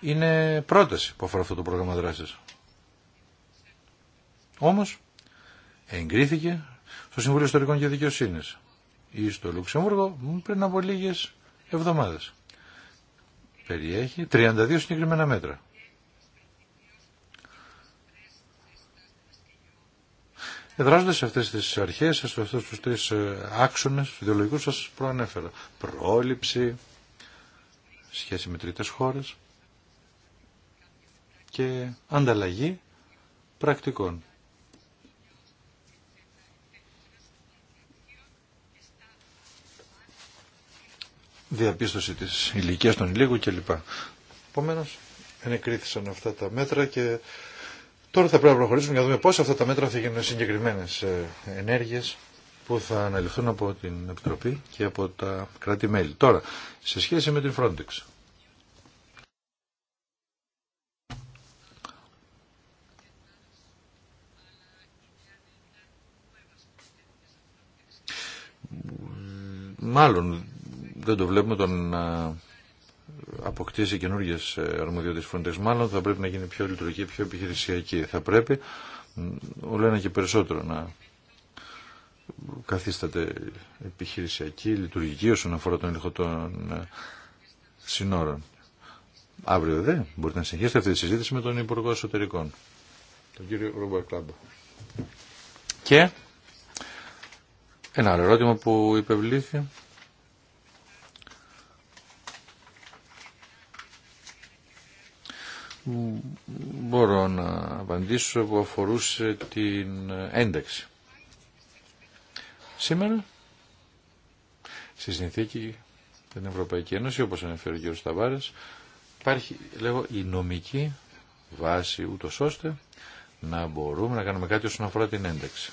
Είναι πρόταση που αφορά αυτό το πρόγραμμα δράσης. Όμως εγκρίθηκε στο Συμβούλιο Ιστορικών και Δικαιοσύνης ή στο Λουξεμβούργο πριν από λίγες εβδομάδες. Περιέχει 32 συγκεκριμένα μέτρα. Εδράζοντα σε αυτέ τι αρχέ, σε αυτού του τρει ε, άξονε, του ιδεολογικού σα προανέφερα. Πρόληψη, σχέση με τρίτε χώρε και ανταλλαγή πρακτικών. Διαπίστωση της ηλικίας των λίγων κλπ. Επομένω, ενεκρίθησαν αυτά τα μέτρα και Τώρα θα πρέπει να προχωρήσουμε για να δούμε πώς αυτά τα μέτρα θα γίνουν συγκεκριμένες ε, ενέργειες που θα αναλυθούν από την Επιτροπή και από τα κράτη-μέλη. Τώρα, σε σχέση με την Frontex. Μάλλον δεν το βλέπουμε τον ε, αποκτήσει καινούργιε αρμοδιότητε Frontex, μάλλον θα πρέπει να γίνει πιο λειτουργική, πιο επιχειρησιακή. Θα πρέπει όλο ένα και περισσότερο να καθίσταται επιχειρησιακή, λειτουργική όσον αφορά τον έλεγχο των ε, συνόρων. Αύριο δε μπορείτε να συνεχίσετε αυτή τη συζήτηση με τον Υπουργό Εσωτερικών, τον κύριο Ρούμπα Κλάμπα. Και ένα άλλο ερώτημα που υπευλήθη μπορώ να απαντήσω που αφορούσε την ένταξη. Σήμερα, στη συνθήκη την Ευρωπαϊκή Ένωση, όπως αναφέρει ο κ. Σταβάρες, υπάρχει, λέγω, η νομική βάση ούτως ώστε να μπορούμε να κάνουμε κάτι όσον αφορά την ένταξη.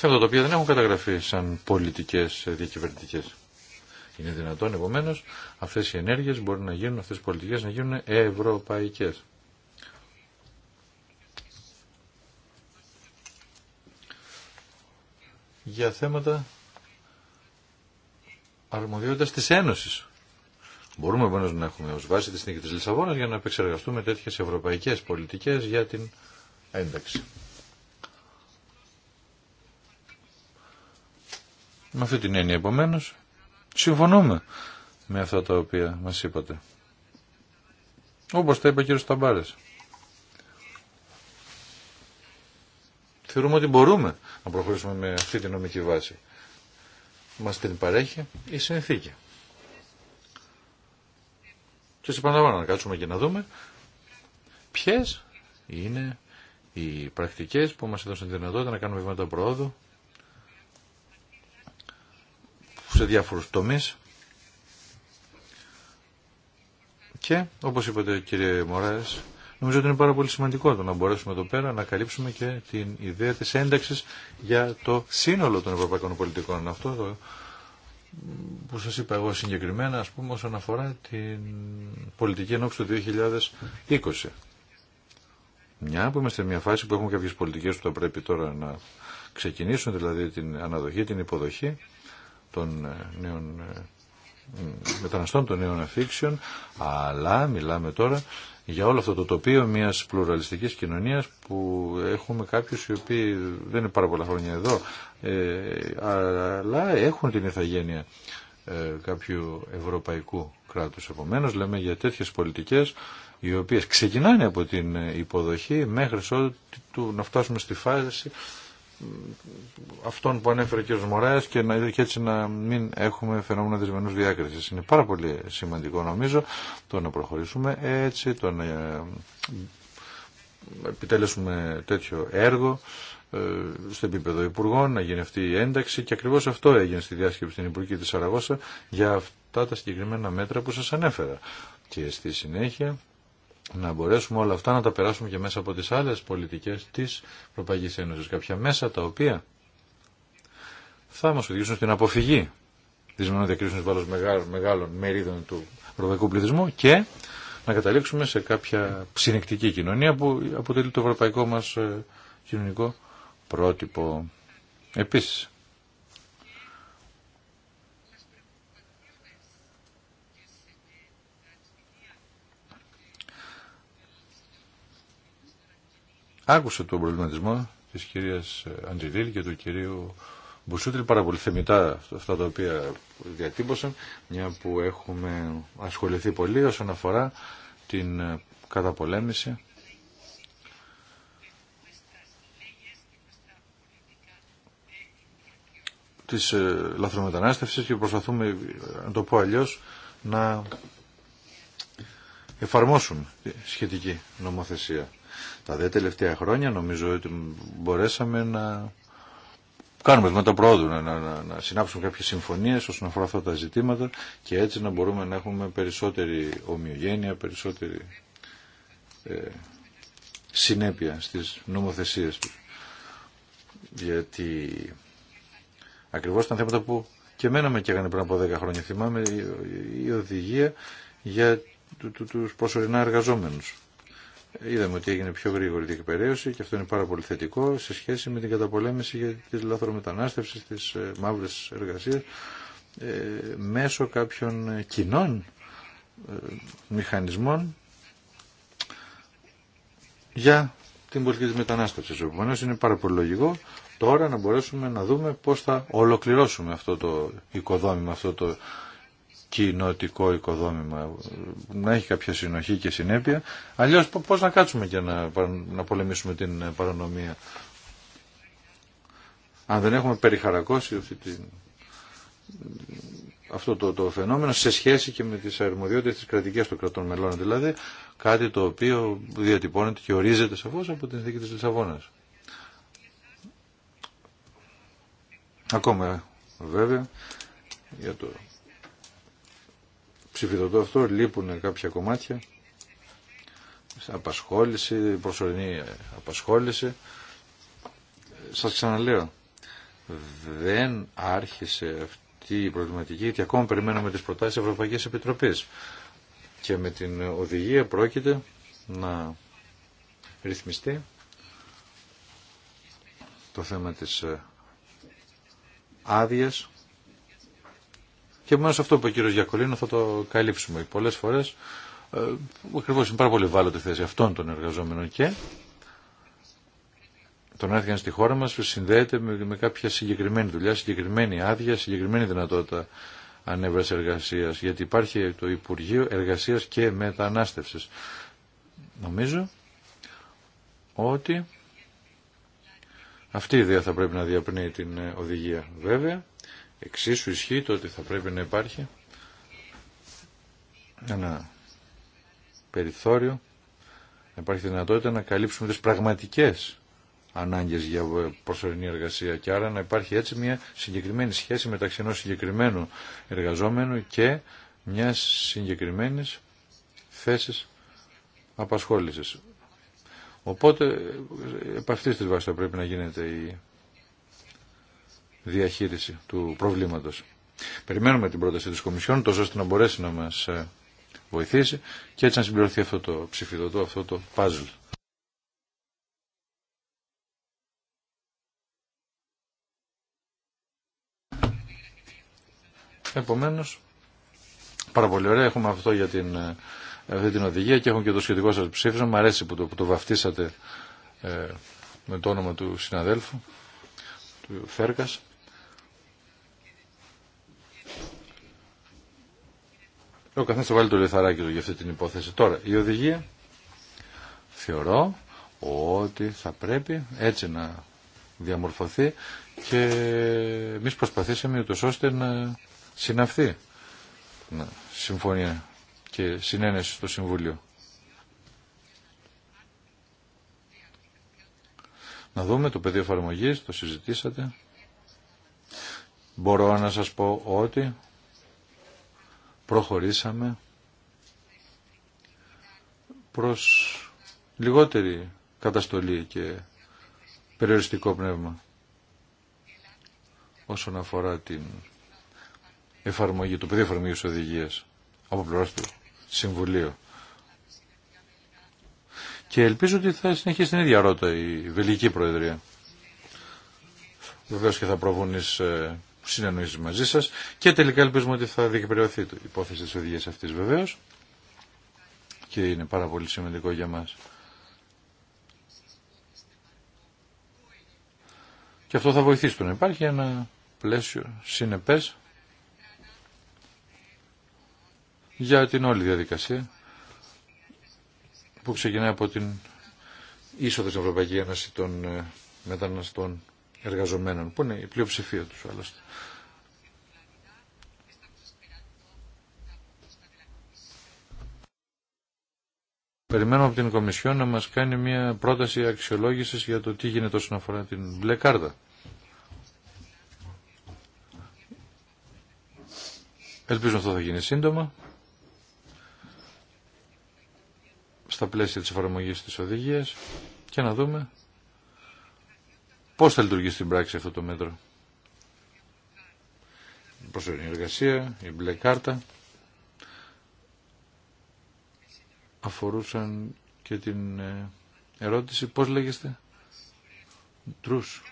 θέματα τα οποία δεν έχουν καταγραφεί σαν πολιτικές διακυβερνητικές. Είναι δυνατόν επομένω αυτές οι ενέργειες μπορεί να γίνουν, αυτές οι πολιτικές να γίνουν ευρωπαϊκές. Για θέματα αρμοδιότητας της Ένωσης. Μπορούμε επομένω να έχουμε ως βάση τη στιγμή της Λισαβόνας για να επεξεργαστούμε τέτοιες ευρωπαϊκές πολιτικές για την ένταξη. Με αυτή την έννοια επομένω, συμφωνούμε με αυτά τα οποία μας είπατε. Όπως τα είπε ο κύριος Θεωρούμε ότι μπορούμε να προχωρήσουμε με αυτή την νομική βάση. Μας την παρέχει η συνθήκη. Και σε να κάτσουμε και να δούμε ποιες είναι οι πρακτικές που μας έδωσαν τη δυνατότητα να κάνουμε βήματα προόδου σε διάφορους τομείς και όπως είπατε κύριε Μωράες νομίζω ότι είναι πάρα πολύ σημαντικό το να μπορέσουμε εδώ πέρα να καλύψουμε και την ιδέα της ένταξης για το σύνολο των ευρωπαϊκών πολιτικών αυτό το που σας είπα εγώ συγκεκριμένα ας πούμε όσον αφορά την πολιτική ενόψη του 2020 μια που είμαστε σε μια φάση που έχουμε κάποιες πολιτικές που θα πρέπει τώρα να ξεκινήσουν δηλαδή την αναδοχή, την υποδοχή των ε, νέων ε, μεταναστών, των νέων αφήξεων, αλλά μιλάμε τώρα για όλο αυτό το τοπίο μιας πλουραλιστικής κοινωνίας που έχουμε κάποιους οι οποίοι δεν είναι πάρα πολλά χρόνια εδώ, ε, αλλά έχουν την ηθαγένεια κάποιου ευρωπαϊκού κράτους. Επομένως λέμε για τέτοιες πολιτικές οι οποίες ξεκινάνε από την υποδοχή μέχρι να φτάσουμε στη φάση αυτών που ανέφερε ο κ. και, να, και έτσι να μην έχουμε φαινόμενα δυσμενούς διάκρισης. Είναι πάρα πολύ σημαντικό νομίζω το να προχωρήσουμε έτσι, το να ε, επιτέλεσουμε τέτοιο έργο ε, στο επίπεδο Υπουργών, να γίνει αυτή η ένταξη και ακριβώς αυτό έγινε στη διάσκεψη στην Υπουργή της Αραγώσα για αυτά τα συγκεκριμένα μέτρα που σας ανέφερα. Και στη συνέχεια να μπορέσουμε όλα αυτά να τα περάσουμε και μέσα από τις άλλες πολιτικές της Ευρωπαϊκής Ένωσης. Κάποια μέσα τα οποία θα μας οδηγήσουν στην αποφυγή της μονοδιακρίσεως βάρος μεγάλων μερίδων του ευρωπαϊκού πληθυσμού και να καταλήξουμε σε κάποια συνεκτική κοινωνία που αποτελεί το ευρωπαϊκό μας ε, κοινωνικό πρότυπο. Επίσης, Άκουσε τον προβληματισμό της κυρίας ε, Αντζιβίλ και του κυρίου Μπουσούτρη πάρα πολύ θεμητά αυτά τα οποία διατύπωσαν, μια που έχουμε ασχοληθεί πολύ όσον αφορά την ε, καταπολέμηση της ε, λαθρομετανάστευσης και προσπαθούμε, να το πω αλλιώς, να εφαρμόσουν τη σχετική νομοθεσία. Τα δε τελευταία χρόνια νομίζω ότι μπορέσαμε να κάνουμε βήματα πρόοδου, να, να, να συνάψουμε κάποιες συμφωνίες όσον αφορά αυτά τα ζητήματα και έτσι να μπορούμε να έχουμε περισσότερη ομοιογένεια, περισσότερη ε, συνέπεια στις νομοθεσίες τους. Γιατί ακριβώς ήταν θέματα που και εμένα με έκανε πριν από 10 χρόνια. Θυμάμαι η οδηγία για τους προσωρινά εργαζόμενους. Είδαμε ότι έγινε πιο γρήγορη η εκπαιδεύση και αυτό είναι πάρα πολύ θετικό σε σχέση με την καταπολέμηση τη λαθρομετανάστευση, τη ε, μαύρη εργασία ε, μέσω κάποιων κοινών ε, μηχανισμών για την πολιτική τη μετανάστευση. Επομένω είναι πάρα πολύ λογικό τώρα να μπορέσουμε να δούμε πώ θα ολοκληρώσουμε αυτό το οικοδόμημα, αυτό το κοινοτικό οικοδόμημα να έχει κάποια συνοχή και συνέπεια αλλιώς πώς να κάτσουμε και να, να πολεμήσουμε την ε, παρανομία αν δεν έχουμε περιχαρακώσει αυτή αυτό το, φαινόμενο σε σχέση και με τις αρμοδιότητες της κρατικής των κρατών μελών δηλαδή κάτι το οποίο διατυπώνεται και ορίζεται σαφώς από την θήκη της Λισαβόνας ακόμα βέβαια για το ψηφιδωτό αυτό, λείπουν κάποια κομμάτια. Απασχόληση, προσωρινή απασχόληση. Σας ξαναλέω, δεν άρχισε αυτή η προβληματική, γιατί ακόμα περιμένουμε τις προτάσεις της Ευρωπαϊκής Επιτροπής. Και με την οδηγία πρόκειται να ρυθμιστεί το θέμα της ε, άδειας και μόνο αυτό που είπε ο κύριο Γιακολίνο θα το καλύψουμε. Πολλέ φορέ ε, ακριβώ είναι πάρα πολύ βάλλοντη θέση αυτών των εργαζόμενων και τον να στη χώρα μα συνδέεται με, κάποια συγκεκριμένη δουλειά, συγκεκριμένη άδεια, συγκεκριμένη δυνατότητα ανέβραση εργασία. Γιατί υπάρχει το Υπουργείο Εργασία και Μετανάστευση. Νομίζω ότι αυτή η ιδέα θα πρέπει να διαπνέει την ε, οδηγία βέβαια Εξίσου ισχύει το ότι θα πρέπει να υπάρχει ένα περιθώριο, να υπάρχει δυνατότητα να καλύψουμε τις πραγματικές ανάγκες για προσωρινή εργασία και άρα να υπάρχει έτσι μια συγκεκριμένη σχέση μεταξύ ενός συγκεκριμένου εργαζόμενου και μιας συγκεκριμένης θέσης απασχόλησης. Οπότε, επ' αυτής της βάσης θα πρέπει να γίνεται η διαχείριση του προβλήματος. Περιμένουμε την πρόταση της Κομισιόν, τόσο ώστε να μπορέσει να μας ε, βοηθήσει και έτσι να συμπληρωθεί αυτό το ψηφιδωτό, αυτό το παζλ. Επομένως, πάρα πολύ ωραία, έχουμε αυτό για την, ε, αυτή την οδηγία και έχουμε και το σχετικό σας ψήφισμα. Μ' αρέσει που το, που το βαφτίσατε ε, με το όνομα του συναδέλφου, του Φέρκας. Ο καθένα θα βάλει το λιθαράκι του για αυτή την υπόθεση. Τώρα, η οδηγία θεωρώ ότι θα πρέπει έτσι να διαμορφωθεί και εμεί προσπαθήσαμε ούτω ώστε να συναυθεί να, συμφωνία και συνένεση στο Συμβούλιο. Να δούμε το πεδίο εφαρμογή, το συζητήσατε. Μπορώ να σας πω ότι προχωρήσαμε προς λιγότερη καταστολή και περιοριστικό πνεύμα όσον αφορά την εφαρμογή, το πεδίο εφαρμογή οδηγία από πλευρά του Συμβουλίου. Και ελπίζω ότι θα συνεχίσει την ίδια ρότα η Βελγική Προεδρία. Βεβαίω και θα προβούν συνεννοήσει μαζί σας και τελικά ελπίζουμε ότι θα διεκπαιρεωθεί η υπόθεση τη οδηγία αυτή βεβαίω. και είναι πάρα πολύ σημαντικό για μα. Και αυτό θα βοηθήσει το να υπάρχει ένα πλαίσιο Συνεπέ για την όλη διαδικασία που ξεκινάει από την είσοδο στην Ευρωπαϊκή Ένωση των ε, μεταναστών εργαζομένων, που είναι η πλειοψηφία τους άλλωστε. Περιμένουμε από την Κομισιόν να μας κάνει μια πρόταση αξιολόγησης για το τι γίνεται όσον αφορά την μπλε κάρτα. Ελπίζω αυτό θα γίνει σύντομα. Στα πλαίσια της εφαρμογής της οδηγίας και να δούμε Πώς θα λειτουργήσει στην πράξη αυτό το μέτρο. Η προσωρινή εργασία, η μπλε κάρτα αφορούσαν και την ε, ερώτηση πώς λέγεστε τρούς.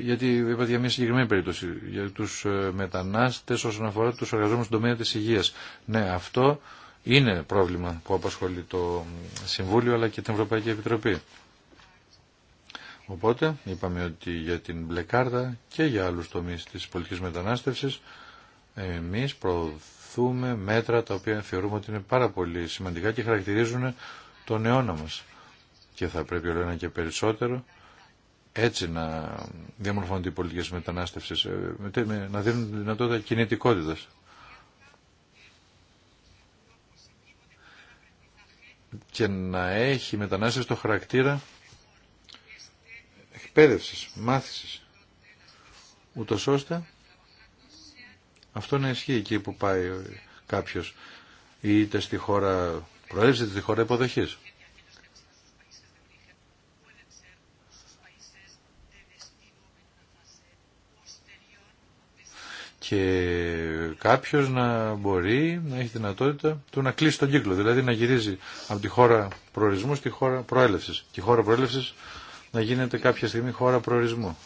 Γιατί είπα για μια συγκεκριμένη περίπτωση, για τους ε, μετανάστες όσον αφορά τους εργαζόμενους στον τομέα της υγείας. Ναι, αυτό είναι πρόβλημα που απασχολεί το Συμβούλιο αλλά και την Ευρωπαϊκή Επιτροπή. Οπότε είπαμε ότι για την μπλε και για άλλους τομείς της πολιτικής μετανάστευσης εμείς προωθούμε μέτρα τα οποία θεωρούμε ότι είναι πάρα πολύ σημαντικά και χαρακτηρίζουν τον αιώνα μας. Και θα πρέπει όλο ένα και περισσότερο έτσι να διαμορφώνονται οι πολιτικές μετανάστευσης, ε, να δίνουν δυνατότητα κινητικότητας. Και να έχει μετανάστευση το χαρακτήρα εκπαίδευσης, μάθησης, ούτως ώστε αυτό να ισχύει εκεί που πάει κάποιος είτε στη χώρα προέλευση είτε στη χώρα υποδοχής. Και κάποιος να μπορεί να έχει δυνατότητα του να κλείσει τον κύκλο, δηλαδή να γυρίζει από τη χώρα προορισμού στη χώρα προέλευσης. Και η χώρα προέλευσης να γίνεται κάποια στιγμή χώρα προορισμού.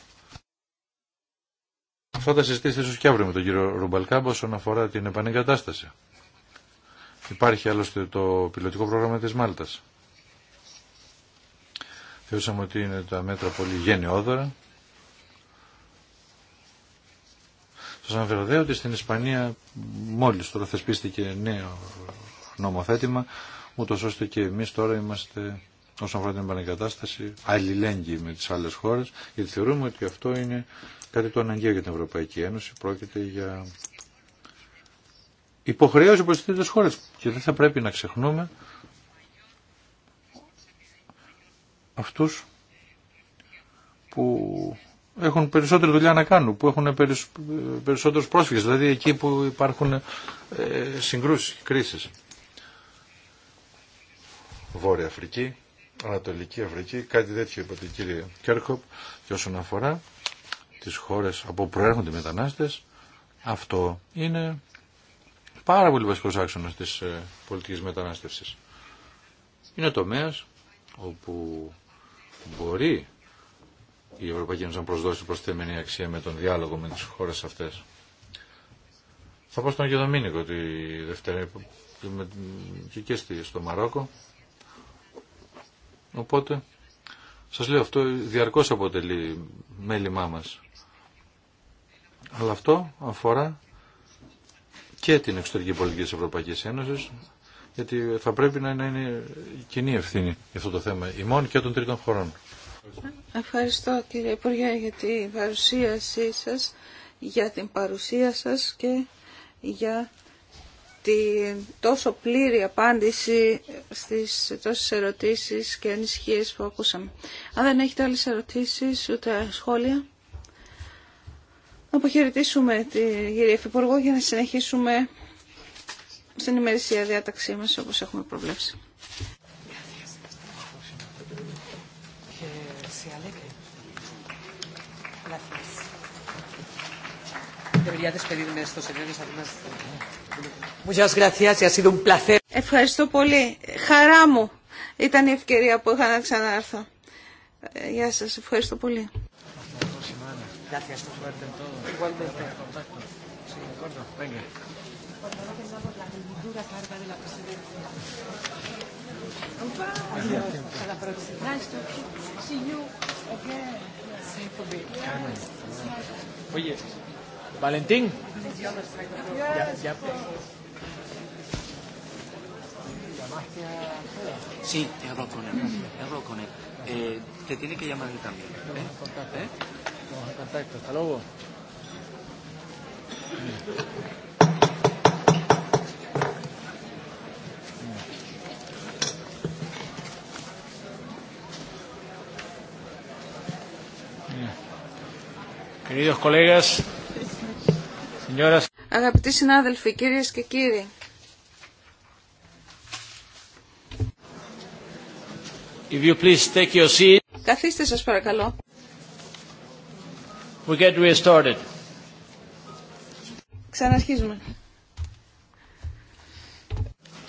Αυτά θα συζητήσει ίσω και αύριο με τον κύριο Ρουμπαλκάμπο όσον αφορά την επανεγκατάσταση. Υπάρχει άλλωστε το πιλωτικό πρόγραμμα της Μάλτας. Θεωρούσαμε ότι είναι τα μέτρα πολύ γενναιόδωρα. Σα αναφέρω δε ότι στην Ισπανία μόλις τώρα θεσπίστηκε νέο νομοθέτημα, ούτω ώστε και εμεί τώρα είμαστε όσον αφορά την επανεκατάσταση. αλληλέγγυη με τις άλλες χώρες γιατί θεωρούμε ότι αυτό είναι κάτι το αναγκαίο για την Ευρωπαϊκή Ένωση πρόκειται για υποχρέωση τι τις χώρες και δεν θα πρέπει να ξεχνούμε αυτούς που έχουν περισσότερη δουλειά να κάνουν, που έχουν περισ... περισσότερους πρόσφυγες, δηλαδή εκεί που υπάρχουν ε, συγκρούσεις, κρίσεις. Βόρεια Αφρική, Ανατολική Αφρική, κάτι τέτοιο είπε την κύριε Κέρκοπ και όσον αφορά τις χώρες από που προέρχονται οι μετανάστες, αυτό είναι πάρα πολύ βασικός άξονας της ε, πολιτικής μετανάστευσης. Είναι τομέας όπου μπορεί η Ευρωπαϊκή Ένωση να προσδώσει προσθέμενη αξία με τον διάλογο με τις χώρες αυτές. Θα πω στον Αγιοδομήνικο τη Δευτέρα και, και στο Μαρόκο Οπότε, σας λέω αυτό διαρκώς αποτελεί μέλημά μας. Αλλά αυτό αφορά και την εξωτερική πολιτική της Ευρωπαϊκής Ένωσης, γιατί θα πρέπει να είναι κοινή ευθύνη για αυτό το θέμα, ημών και των τρίτων χωρών. Ευχαριστώ κύριε Υπουργέ για την παρουσίασή σας, για την παρουσία σας και για την τόσο πλήρη απάντηση στις τόσες ερωτήσεις και ανησυχίες που ακούσαμε. Αν δεν έχετε άλλες ερωτήσεις ούτε σχόλια, να αποχαιρετήσουμε την κυρία Υφυπουργό για να συνεχίσουμε στην ημερησία διάταξή μας όπως έχουμε προβλέψει. Debería despedirme de estos señores, además. Ευχαριστώ πολύ. Χαρά μου ήταν η ευκαιρία που είχα να ξανάρθω. Ε, γεια σας. Ευχαριστώ πολύ. Oye, Valentín. Sí, te hablo con él. Te hablo con él. Eh, te tiene que llamar él también. ¿eh? ¿Eh? Vamos contacto. Hasta luego. Queridos colegas, Αγαπητοί συνάδελφοι, κυρίες και κύριοι. If you please take your seat. Καθίστε σας παρακαλώ. We get restarted. Ξαναρχίζουμε.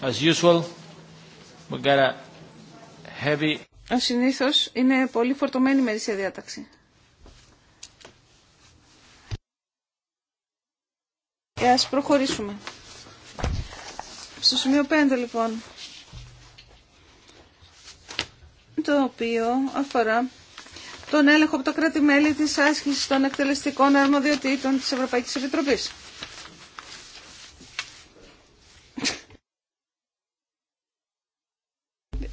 As usual, we got a heavy... Ο συνήθως είναι πολύ φορτωμένη η μερίσια διάταξη. Ε, ας προχωρήσουμε. Στο σημείο 5 λοιπόν, το οποίο αφορά τον έλεγχο από τα κράτη-μέλη της άσκησης των εκτελεστικών αρμοδιοτήτων της Ευρωπαϊκής Επιτροπής.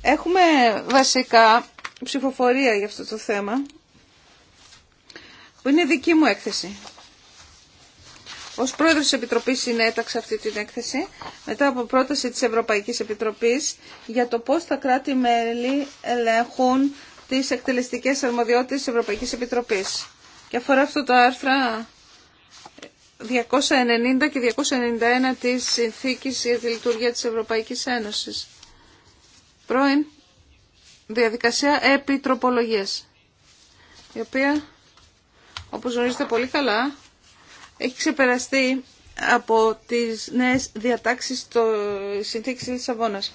Έχουμε βασικά ψηφοφορία για αυτό το θέμα, που είναι δική μου έκθεση. Ως πρόεδρος της Επιτροπής συνέταξα αυτή την έκθεση μετά από πρόταση της Ευρωπαϊκής Επιτροπής για το πώς τα κράτη-μέλη ελέγχουν τις εκτελεστικές αρμοδιότητες της Ευρωπαϊκής Επιτροπής. Και αφορά αυτό το άρθρα 290 και 291 της Συνθήκης για τη Λειτουργία της Ευρωπαϊκής Ένωσης. Πρώην διαδικασία επιτροπολογίας, η οποία, όπως γνωρίζετε πολύ καλά, έχει ξεπεραστεί από τις νέες διατάξεις στο συνθήκη της Αβώνας.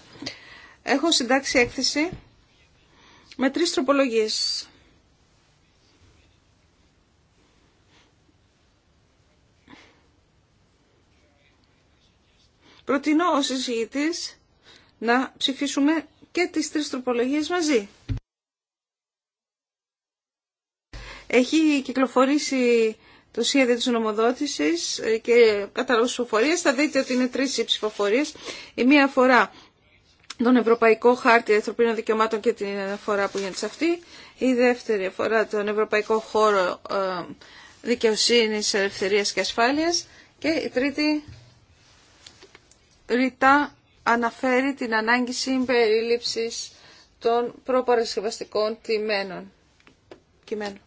Έχω συντάξει έκθεση με τρεις τροπολογίες. Προτείνω ως συζητητής να ψηφίσουμε και τις τρεις τροπολογίες μαζί. Έχει κυκλοφορήσει το σχέδιο της νομοδότησης ε, και καταλόγους ψηφοφορίας. Θα δείτε ότι είναι τρεις ψηφοφορίες. Η μία αφορά τον Ευρωπαϊκό Χάρτη Ανθρωπίνων Δικαιωμάτων και την αναφορά που γίνεται σε αυτή. Η δεύτερη αφορά τον Ευρωπαϊκό Χώρο ε, Δικαιοσύνης, Ελευθερίας και Ασφάλειας. Και η τρίτη ρητά αναφέρει την ανάγκη συμπερίληψης των προπαρασκευαστικών τιμένων. κειμένων.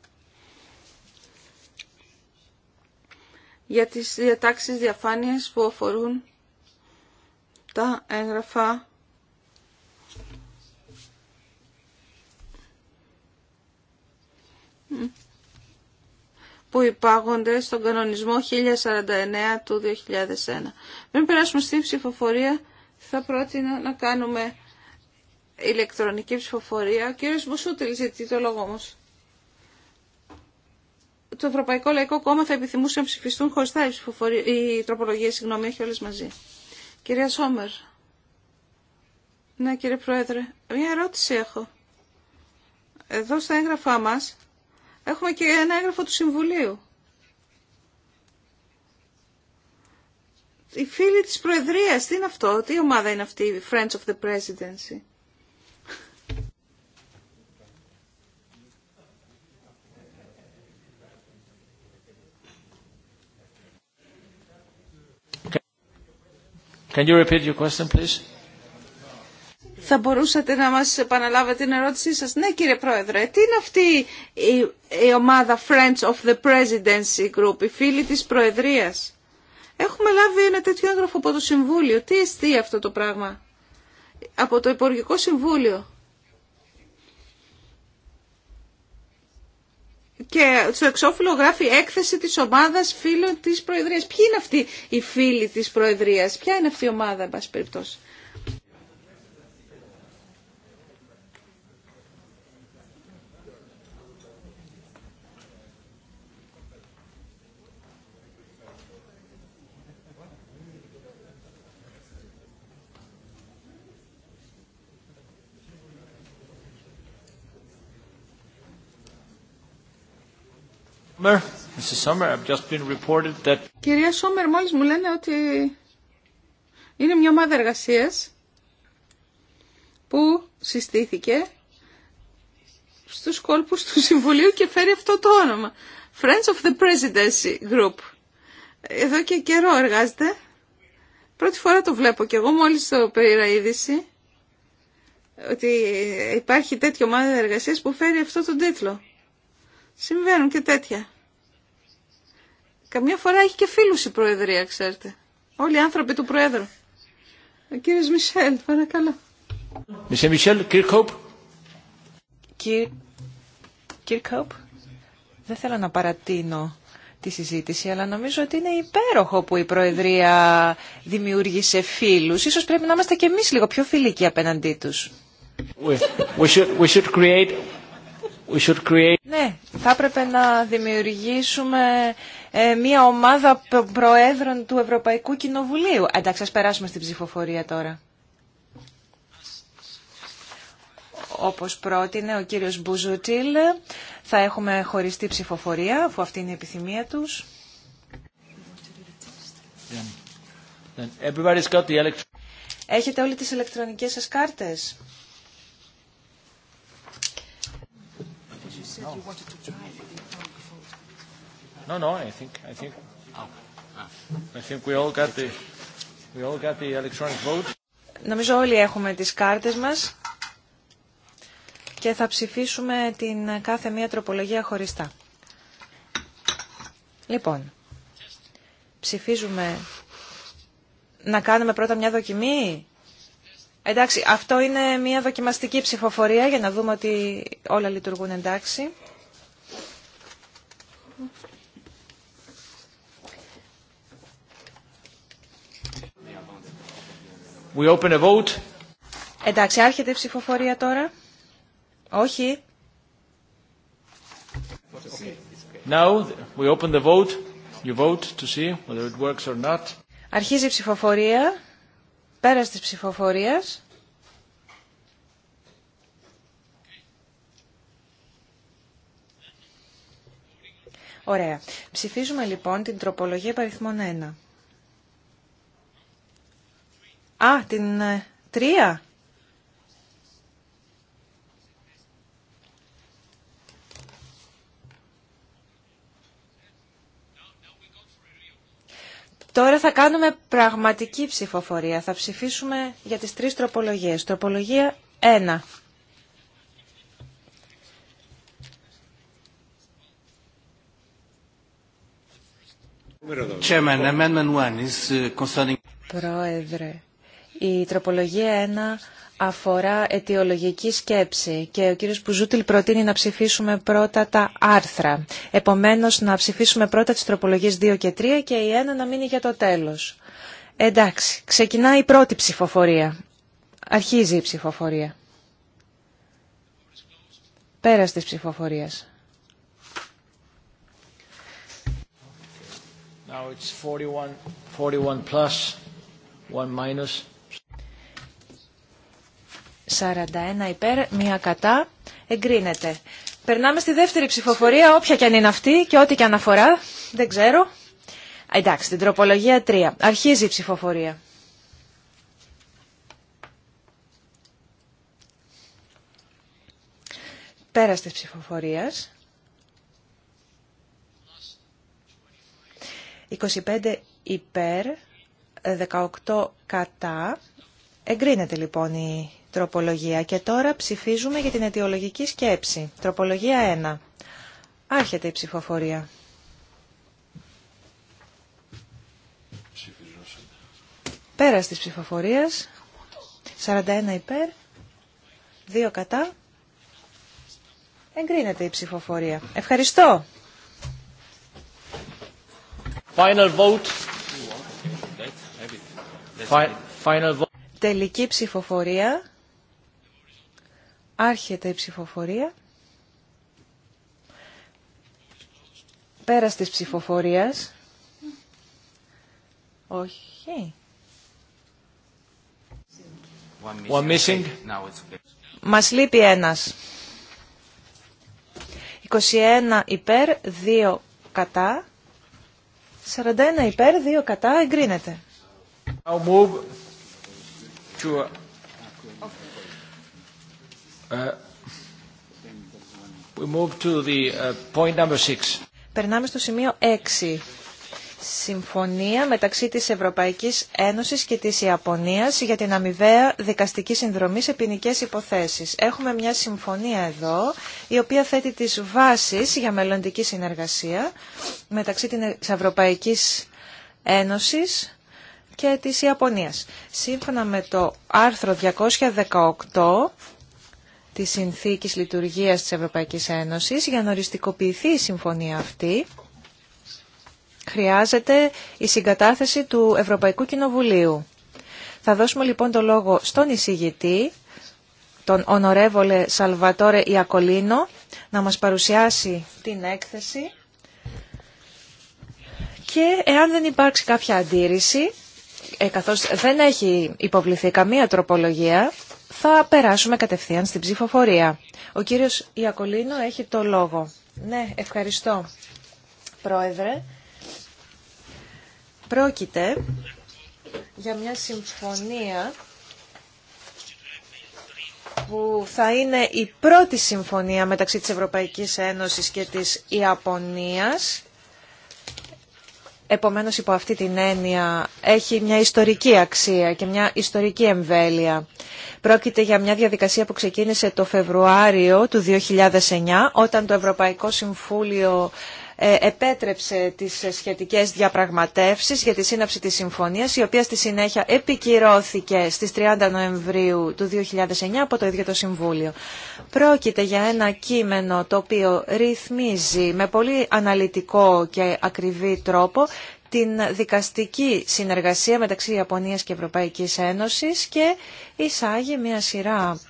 για τις διατάξεις διαφάνειας που αφορούν τα έγγραφα που υπάγονται στον κανονισμό 1049 του 2001. Πριν περάσουμε στη ψηφοφορία, θα πρότεινα να κάνουμε ηλεκτρονική ψηφοφορία. Ο κύριος Μπουσούτηλ ζητεί το λόγο όμως το Ευρωπαϊκό Λαϊκό Κόμμα θα επιθυμούσε να ψηφιστούν χωριστά οι, οι τροπολογίες, συγγνώμη, όχι όλες μαζί. Κυρία Σόμερ. Ναι, κύριε Πρόεδρε. Μια ερώτηση έχω. Εδώ στα έγγραφά μας έχουμε και ένα έγγραφο του Συμβουλίου. Οι φίλοι της Προεδρίας, τι είναι αυτό, τι ομάδα είναι αυτή, Friends of the Presidency. Θα μπορούσατε να μας επαναλάβετε την ερώτησή σας. Ναι κύριε Πρόεδρε, τι είναι αυτή η, ομάδα Friends of the Presidency Group, οι φίλοι της Προεδρίας. Έχουμε λάβει ένα τέτοιο έγγραφο από το Συμβούλιο. Τι εστί αυτό το πράγμα. Από το Υπουργικό Συμβούλιο. και στο εξώφυλλο γράφει έκθεση της ομάδας φίλων της Προεδρίας. Ποιοι είναι αυτοί οι φίλοι της Προεδρίας, ποια είναι αυτή η ομάδα, εν πάση περιπτώσει. Κυρία Σόμερ, μόλις μου λένε ότι είναι μια ομάδα εργασία που συστήθηκε στους κόλπους του Συμβουλίου και φέρει αυτό το όνομα. Friends of the Presidency Group. Εδώ και καιρό εργάζεται. Πρώτη φορά το βλέπω και εγώ μόλις το πήρα είδηση ότι υπάρχει τέτοια ομάδα εργασία που φέρει αυτό το τίτλο. Συμβαίνουν και τέτοια. Καμιά φορά έχει και φίλους η Προεδρία, ξέρετε. Όλοι οι άνθρωποι του Προέδρου. Ο κύριος Μισελ, παρακαλώ. Μισελ Μισελ, κύριε Κόπ. Κύριε Κόπ, δεν θέλω να παρατείνω τη συζήτηση, αλλά νομίζω ότι είναι υπέροχο που η Προεδρία δημιούργησε φίλους. Ίσως πρέπει να είμαστε και εμείς λίγο πιο φιλικοί απέναντί τους. we should, we should create ναι, θα έπρεπε να δημιουργήσουμε ε, μια ομάδα προέδρων του Ευρωπαϊκού Κοινοβουλίου. Εντάξει, ας περάσουμε στην ψηφοφορία τώρα. Όπως πρότεινε ο κύριος Μπουζουτήλ, θα έχουμε χωριστή ψηφοφορία, αφού αυτή είναι η επιθυμία τους. Έχετε όλοι τις ηλεκτρονικές σας κάρτες. said you wanted Νομίζω όλοι έχουμε τις κάρτες μας και θα ψηφίσουμε την κάθε μία τροπολογία χωριστά. Λοιπόν, ψηφίζουμε να κάνουμε πρώτα μια δοκιμή Εντάξει, αυτό είναι μια δοκιμαστική ψηφοφορία για να δούμε ότι όλα λειτουργούν εντάξει. We open a vote. Εντάξει, άρχεται η ψηφοφορία τώρα. Όχι. Now we open Αρχίζει η ψηφοφορία. Πέρας της ψηφοφορίας. Ωραία. Ψηφίζουμε λοιπόν την τροπολογία παριθμών 1. Α, την 3. Ε, Τώρα θα κάνουμε πραγματική ψηφοφορία. Θα ψηφίσουμε για τις τρεις τροπολογίες. Τροπολογία 1. Uh, Πρόεδρε, η τροπολογία 1 αφορά αιτιολογική σκέψη και ο κύριος Πουζούτιλ προτείνει να ψηφίσουμε πρώτα τα άρθρα. Επομένως να ψηφίσουμε πρώτα τις τροπολογίες 2 και 3 και η 1 να μείνει για το τέλος. Εντάξει, ξεκινάει η πρώτη ψηφοφορία. Αρχίζει η ψηφοφορία. Πέρας της ψηφοφορίας. Now it's 41, 41 plus, 1 minus. 41 υπέρ, μία κατά, εγκρίνεται. Περνάμε στη δεύτερη ψηφοφορία, όποια και αν είναι αυτή και ό,τι και αναφορά. δεν ξέρω. Εντάξει, την τροπολογία 3. Αρχίζει η ψηφοφορία. Πέρας της ψηφοφορίας. 25 υπέρ, 18 κατά. Εγκρίνεται λοιπόν η τροπολογία. Και τώρα ψηφίζουμε για την αιτιολογική σκέψη. Τροπολογία 1. Άρχεται η ψηφοφορία. Πέρας της ψηφοφορίας, 41 υπέρ, 2 κατά, εγκρίνεται η ψηφοφορία. Ευχαριστώ. Final vote. Final vote. Τελική ψηφοφορία Άρχεται η ψηφοφορία. Πέρας της ψηφοφορίας. Όχι. One missing. Μας λείπει ένας. 21 υπέρ, 2 κατά. 41 υπέρ, 2 κατά, εγκρίνεται. Uh, uh, Περνάμε στο σημείο 6. Συμφωνία μεταξύ της Ευρωπαϊκής Ένωσης και της Ιαπωνίας για την αμοιβαία δικαστική συνδρομή σε ποινικέ υποθέσεις. Έχουμε μια συμφωνία εδώ, η οποία θέτει τις βάσεις για μελλοντική συνεργασία μεταξύ της Ευρωπαϊκής Ένωσης και της Ιαπωνίας. Σύμφωνα με το άρθρο 218 της Συνθήκης Λειτουργίας της Ευρωπαϊκής Ένωσης για να οριστικοποιηθεί η συμφωνία αυτή χρειάζεται η συγκατάθεση του Ευρωπαϊκού Κοινοβουλίου. Θα δώσουμε λοιπόν το λόγο στον εισηγητή, τον Ονορεύολε Σαλβατόρε Ιακολίνο, να μας παρουσιάσει την έκθεση και εάν δεν υπάρξει κάποια αντίρρηση, ε, καθώς δεν έχει υποβληθεί καμία τροπολογία, θα περάσουμε κατευθείαν στην ψηφοφορία. Ο κύριος Ιακολίνο έχει το λόγο. Ναι, ευχαριστώ. Πρόεδρε, πρόκειται για μια συμφωνία που θα είναι η πρώτη συμφωνία μεταξύ της Ευρωπαϊκής Ένωσης και της Ιαπωνίας Επομένως, υπό αυτή την έννοια, έχει μια ιστορική αξία και μια ιστορική εμβέλεια. Πρόκειται για μια διαδικασία που ξεκίνησε το Φεβρουάριο του 2009, όταν το Ευρωπαϊκό συμφούλιο ε, επέτρεψε τις σχετικές διαπραγματεύσεις για τη σύναψη της συμφωνίας, η οποία στη συνέχεια επικυρώθηκε στις 30 Νοεμβρίου του 2009 από το ίδιο το Συμβούλιο. Πρόκειται για ένα κείμενο το οποίο ρυθμίζει με πολύ αναλυτικό και ακριβή τρόπο την δικαστική συνεργασία μεταξύ Ιαπωνίας και Ευρωπαϊκής Ένωσης και εισάγει μια σειρά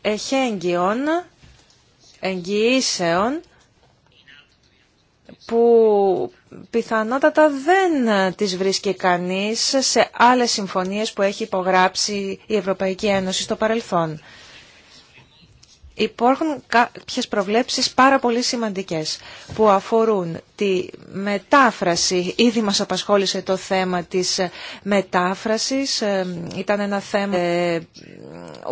εχέγγυων εγγυήσεων που πιθανότατα δεν τις βρίσκει κανείς σε άλλες συμφωνίες που έχει υπογράψει η Ευρωπαϊκή Ένωση στο παρελθόν. Υπάρχουν κάποιε προβλέψεις πάρα πολύ σημαντικές που αφορούν τη μετάφραση. Ήδη μας απασχόλησε το θέμα της μετάφρασης. Ε, ήταν ένα θέμα ε,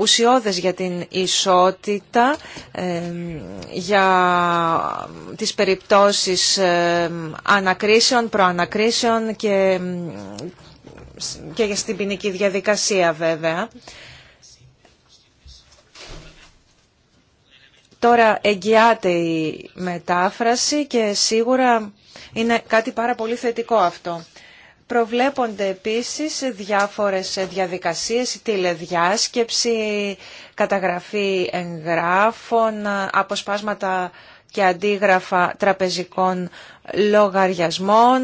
ουσιώδες για την ισότητα, ε, για τις περιπτώσεις ανακρίσεων, προανακρίσεων και και στην ποινική διαδικασία βέβαια. Τώρα εγγυάται η μετάφραση και σίγουρα είναι κάτι πάρα πολύ θετικό αυτό. Προβλέπονται επίσης διάφορες διαδικασίες, τηλεδιάσκεψη, καταγραφή εγγράφων, αποσπάσματα και αντίγραφα τραπεζικών λογαριασμών.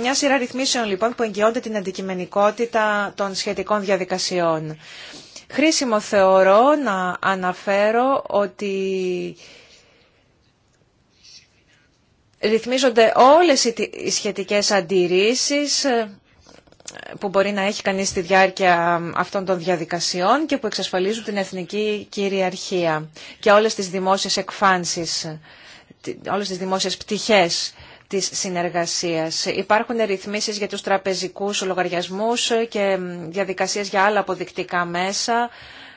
Μια σειρά ρυθμίσεων λοιπόν που εγγυώνται την αντικειμενικότητα των σχετικών διαδικασιών. Χρήσιμο θεωρώ να αναφέρω ότι ρυθμίζονται όλες οι σχετικές αντιρρήσεις ε, που μπορεί να έχει κανείς στη διάρκεια αυτών των διαδικασιών και που εξασφαλίζουν την εθνική κυριαρχία και όλες τις δημόσιες εκφάνσεις, όλες τις δημόσιες πτυχές της συνεργασίας. Υπάρχουν ρυθμίσεις για τους τραπεζικούς λογαριασμούς και διαδικασίες για άλλα αποδεικτικά μέσα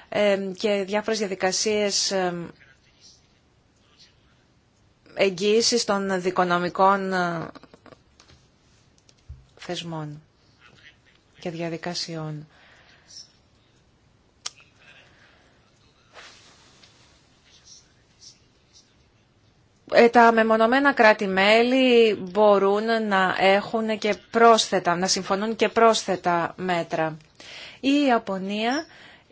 ε, και διάφορες διαδικασίες ε, εγγύησης των δικονομικών ε, θεσμών και διαδικασιών. Ε, τα μεμονωμένα κράτη-μέλη μπορούν να έχουν και πρόσθετα, να συμφωνούν και πρόσθετα μέτρα. Η Ιαπωνία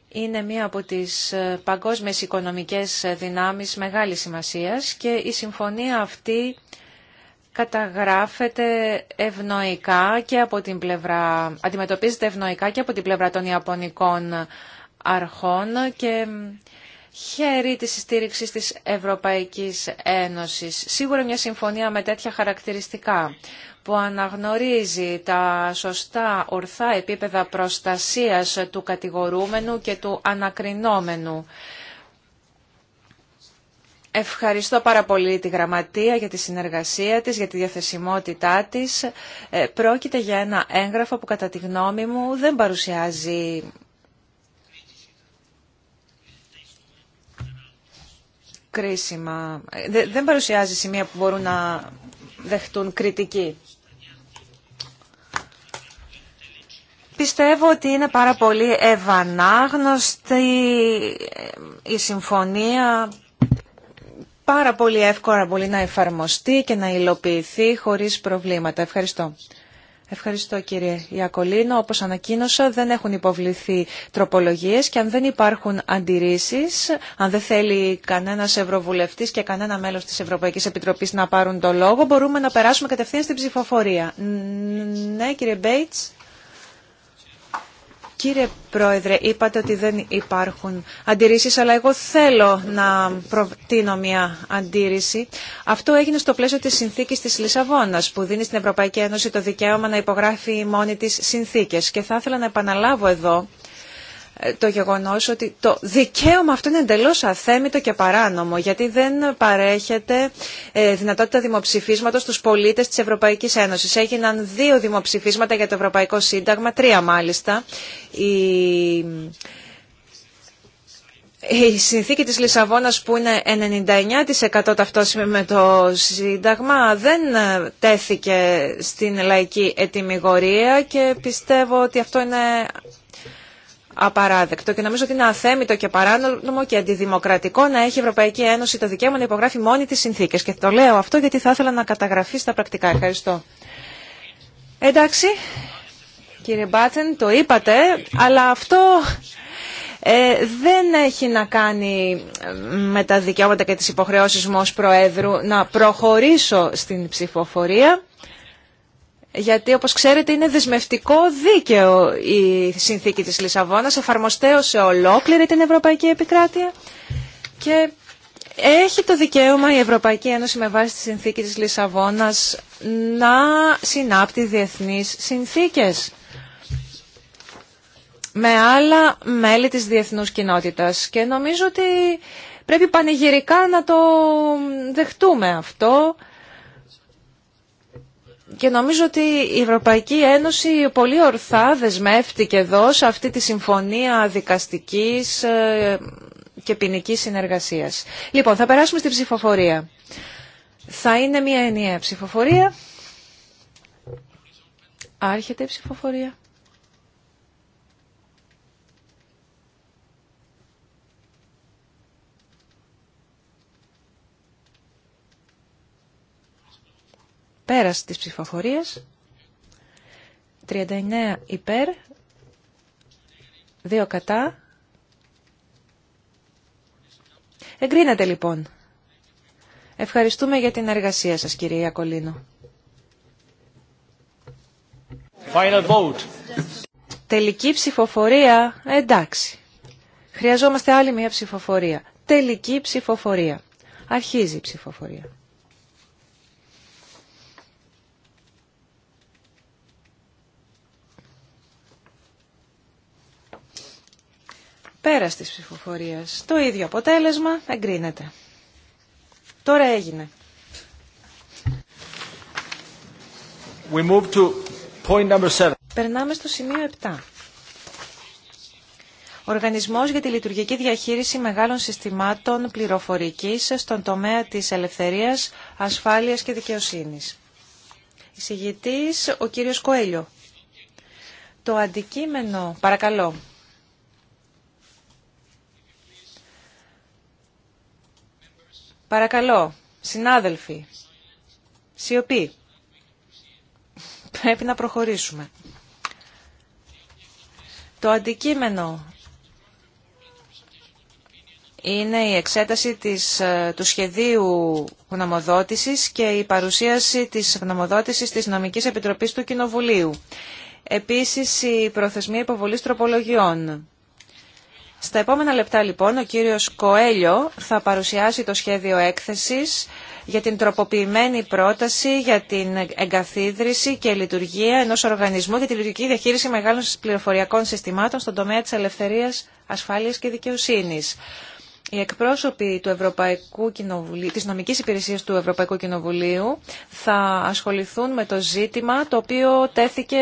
είναι μία από τις ε, παγκόσμιες οικονομικές δυνάμεις μεγάλης σημασίας και η συμφωνία αυτή καταγράφεται ευνοϊκά και από την πλευρά, αντιμετωπίζεται ευνοϊκά και από την πλευρά των Ιαπωνικών αρχών και Χέρι τη στήριξης της Ευρωπαϊκής Ένωσης. Σίγουρα μια συμφωνία με τέτοια χαρακτηριστικά που αναγνωρίζει τα σωστά ορθά επίπεδα προστασίας του κατηγορούμενου και του ανακρινόμενου. Ευχαριστώ πάρα πολύ τη Γραμματεία για τη συνεργασία της, για τη διαθεσιμότητά της. Ε, πρόκειται για ένα έγγραφο που κατά τη γνώμη μου δεν παρουσιάζει Ε, δεν παρουσιάζει σημεία που μπορούν να δεχτούν κριτική. Πιστεύω ότι είναι πάρα πολύ ευανάγνωστη ε, η συμφωνία. Πάρα πολύ εύκολα μπορεί να εφαρμοστεί και να υλοποιηθεί χωρίς προβλήματα. Ευχαριστώ. Ευχαριστώ κύριε Ιακολίνο. Όπως ανακοίνωσα δεν έχουν υποβληθεί τροπολογίες και αν δεν υπάρχουν αντιρρήσεις, αν δεν θέλει κανένας ευρωβουλευτής και κανένα μέλος της Ευρωπαϊκής Επιτροπής να πάρουν το λόγο, μπορούμε να περάσουμε κατευθείαν στην ψηφοφορία. Ναι κύριε Μπέιτς. Κύριε Πρόεδρε, είπατε ότι δεν υπάρχουν αντιρρήσεις, αλλά εγώ θέλω να προτείνω μια αντίρρηση. Αυτό έγινε στο πλαίσιο της συνθήκης της Λισαβόνας, που δίνει στην Ευρωπαϊκή Ένωση το δικαίωμα να υπογράφει μόνη της συνθήκες. Και θα ήθελα να επαναλάβω εδώ ε, το γεγονός ότι το δικαίωμα αυτό είναι εντελώς αθέμητο και παράνομο γιατί δεν παρέχεται ε, δυνατότητα δημοψηφίσματος στους πολίτες της Ευρωπαϊκής Ένωσης. Έγιναν δύο δημοψηφίσματα για το Ευρωπαϊκό Σύνταγμα, τρία μάλιστα. Η... συνθήκη της Λισαβόνας που είναι 99% ταυτόσιμη με το Σύνταγμα δεν ε, τέθηκε στην λαϊκή ετοιμιγορία και πιστεύω ότι αυτό είναι απαράδεκτο και νομίζω ότι είναι αθέμητο και παράνομο και αντιδημοκρατικό να έχει η Ευρωπαϊκή Ένωση το δικαίωμα να υπογράφει μόνη τη συνθήκε. Και το λέω αυτό γιατί θα ήθελα να καταγραφεί στα πρακτικά. Ευχαριστώ. Εντάξει, κύριε Μπάτεν, το είπατε, αλλά αυτό ε, δεν έχει να κάνει με τα δικαιώματα και τις υποχρεώσεις μου ως Προέδρου να προχωρήσω στην ψηφοφορία γιατί όπως ξέρετε είναι δεσμευτικό δίκαιο η συνθήκη της Λισαβόνας, εφαρμοστέως σε ολόκληρη την Ευρωπαϊκή Επικράτεια και έχει το δικαίωμα η Ευρωπαϊκή Ένωση με βάση τη συνθήκη της Λισαβόνας να συνάπτει διεθνείς συνθήκες με άλλα μέλη της διεθνούς κοινότητας και νομίζω ότι πρέπει πανηγυρικά να το δεχτούμε αυτό και νομίζω ότι η Ευρωπαϊκή Ένωση πολύ ορθά δεσμεύτηκε εδώ σε αυτή τη συμφωνία δικαστικής ε, και ποινική συνεργασίας. Λοιπόν, θα περάσουμε στην ψηφοφορία. Θα είναι μια ενιαία ψηφοφορία. Άρχεται η ψηφοφορία. Πέρας της ψηφοφορίας. 39 υπέρ, 2 κατά. Εγκρίνατε λοιπόν. Ευχαριστούμε για την εργασία σας κυρία Ιακολίνο. Final vote. Τελική ψηφοφορία, εντάξει. Χρειαζόμαστε άλλη μια ψηφοφορία. Τελική ψηφοφορία. Αρχίζει η ψηφοφορία. Πέρας της ψηφοφορίας. Το ίδιο αποτέλεσμα εγκρίνεται. Τώρα έγινε. We move to point number Περνάμε στο σημείο 7. Οργανισμός για τη λειτουργική διαχείριση μεγάλων συστημάτων πληροφορικής στον τομέα της ελευθερίας, ασφάλειας και δικαιοσύνης. Εισηγητής ο κύριος Κοέλιο. Το αντικείμενο, παρακαλώ, Παρακαλώ, συνάδελφοι, σιωπή. Πρέπει να προχωρήσουμε. Το αντικείμενο είναι η εξέταση της, ε, του σχεδίου γνωμοδότησης και η παρουσίαση της γνωμοδότησης της Νομικής Επιτροπής του Κοινοβουλίου. Επίσης, η προθεσμία υποβολής τροπολογιών. Στα επόμενα λεπτά λοιπόν ο κύριος Κοέλιο θα παρουσιάσει το σχέδιο έκθεσης για την τροποποιημένη πρόταση για την εγκαθίδρυση και λειτουργία ενός οργανισμού για τη λειτουργική διαχείριση μεγάλων πληροφοριακών συστημάτων στον τομέα της ελευθερίας, ασφάλειας και δικαιοσύνης. Οι εκπρόσωποι του Ευρωπαϊκού Κοινοβουλίου, της νομικής υπηρεσίας του Ευρωπαϊκού Κοινοβουλίου θα ασχοληθούν με το ζήτημα το οποίο τέθηκε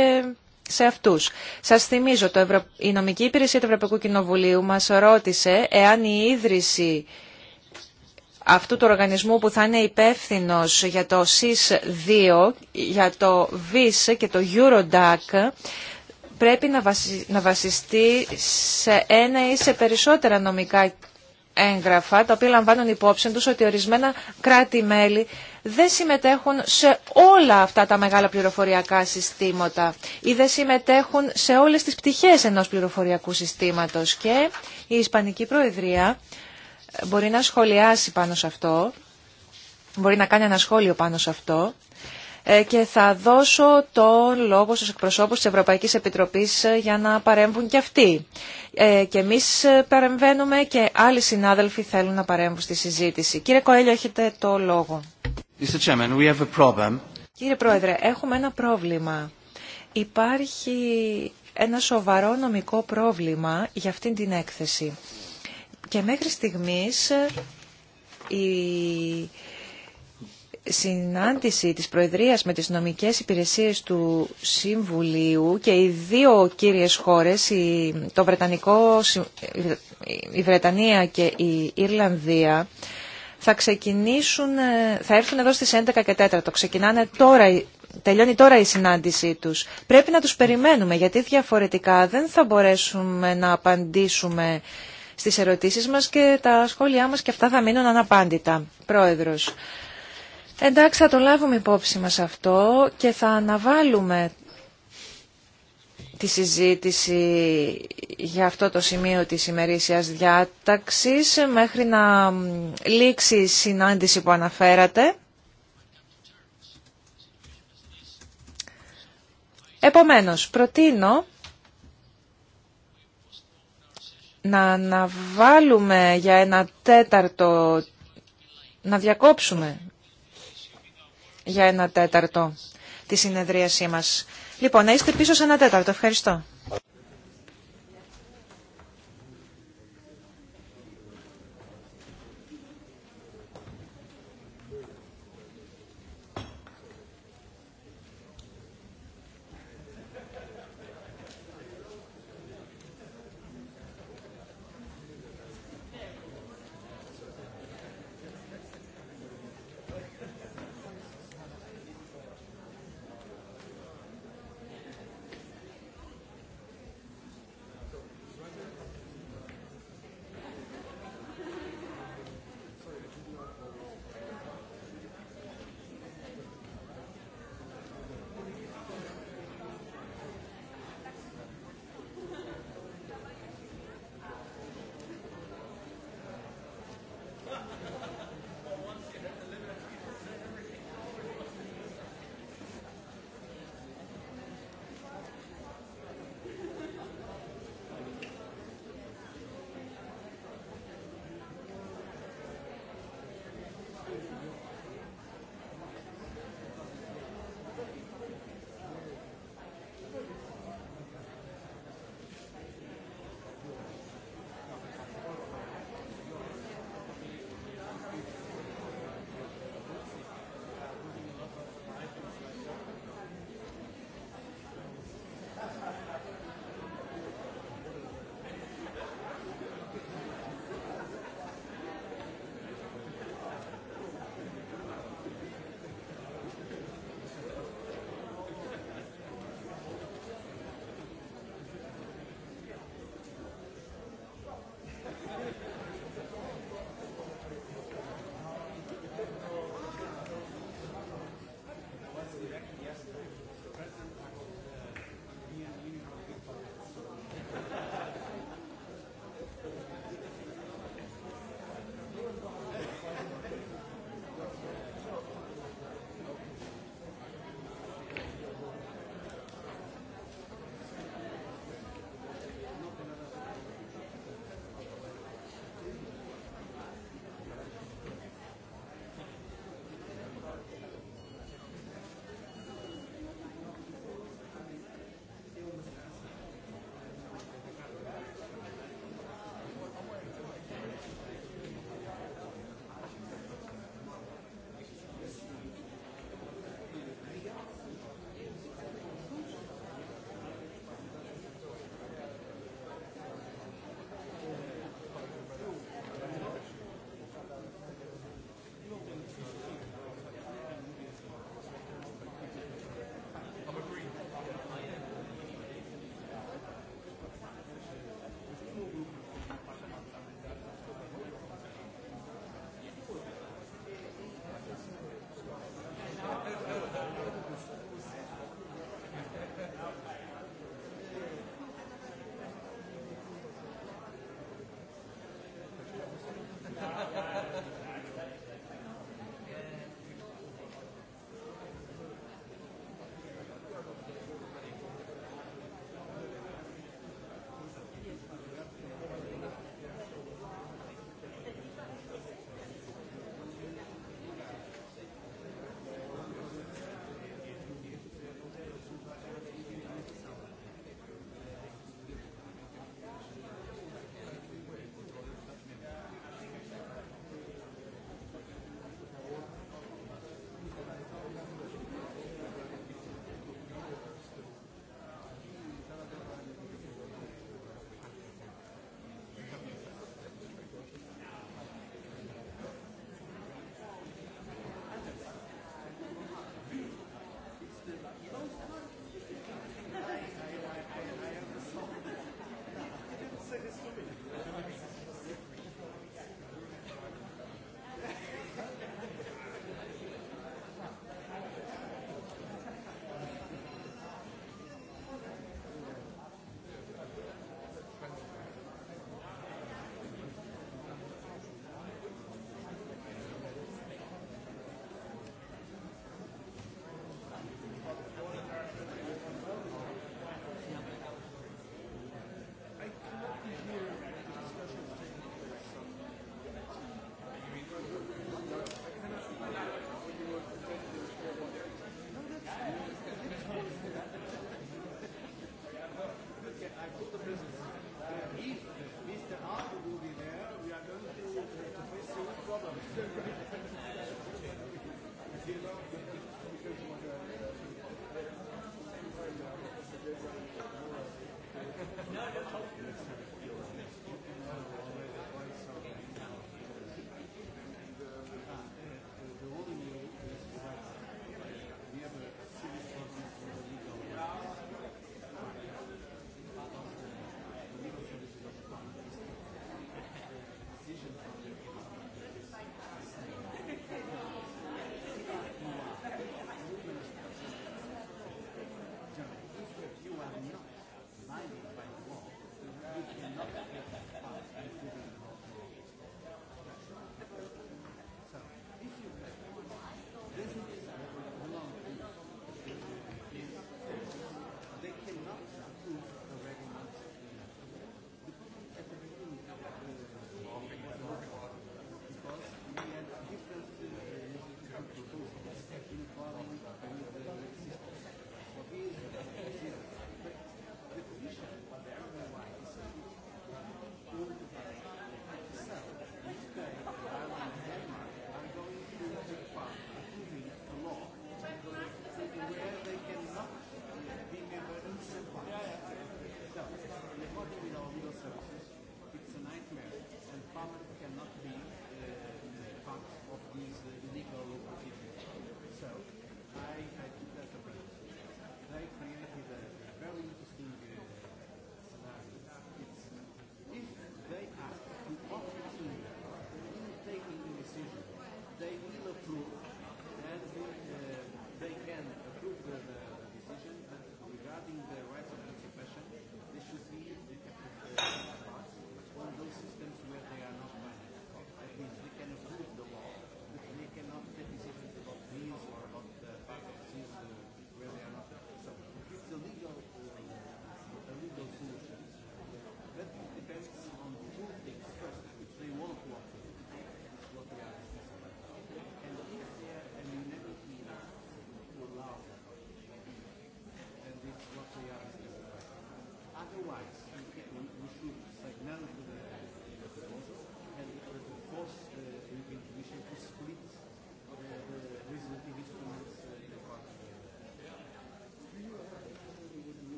σε αυτού. Σας θυμίζω, το Ευρω... η νομική υπηρεσία του Ευρωπαϊκού Κοινοβουλίου μας ρώτησε εάν η ίδρυση αυτού του οργανισμού που θα είναι υπεύθυνο για το SIS-2, για το VIS και το Eurodac, πρέπει να βασιστεί σε ένα ή σε περισσότερα νομικά έγγραφα, τα οποία λαμβάνουν υπόψη τους ότι ορισμένα κράτη-μέλη δεν συμμετέχουν σε όλα αυτά τα μεγάλα πληροφοριακά συστήματα ή δεν συμμετέχουν σε όλες τις πτυχές ενός πληροφοριακού συστήματος και η Ισπανική Προεδρία ε, μπορεί να σχολιάσει πάνω σε αυτό, μπορεί να κάνει ένα σχόλιο πάνω σε αυτό ε, και θα δώσω το λόγο στους εκπροσώπους της Ευρωπαϊκής Επιτροπής ε, για να παρέμβουν και αυτοί. και εμείς παρεμβαίνουμε και άλλοι συνάδελφοι θέλουν να παρέμβουν στη συζήτηση. Κύριε Κοέλιο, έχετε το λόγο. Κύριε Πρόεδρε, έχουμε ένα πρόβλημα. Υπάρχει ένα σοβαρό νομικό πρόβλημα για αυτήν την έκθεση. Και μέχρι στιγμής ε, η συνάντηση της Προεδρίας με τις νομικές υπηρεσίες του Συμβουλίου και οι δύο κύριες χώρες, το Βρετανικό, η Βρετανία και η Ιρλανδία, θα ξεκινήσουν, ε, θα έρθουν εδώ στις 11 και 4. Το ξεκινάνε τώρα, τελειώνει τώρα η συνάντησή τους. Πρέπει να τους περιμένουμε γιατί διαφορετικά δεν θα μπορέσουμε να απαντήσουμε στις ερωτήσεις μας και τα σχόλιά μας και αυτά θα μείνουν αναπάντητα. Πρόεδρος. Εντάξει, θα το λάβουμε υπόψη μας αυτό και θα αναβάλουμε τη συζήτηση για αυτό το σημείο της ημερήσιας διάταξης μέχρι να λήξει η συνάντηση που αναφέρατε. Επομένως, προτείνω να αναβάλουμε για ένα τέταρτο, να διακόψουμε για ένα τέταρτο τη συνεδρίασή μας. Λοιπόν, να είστε πίσω σε ένα τέταρτο. Ευχαριστώ.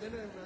δεν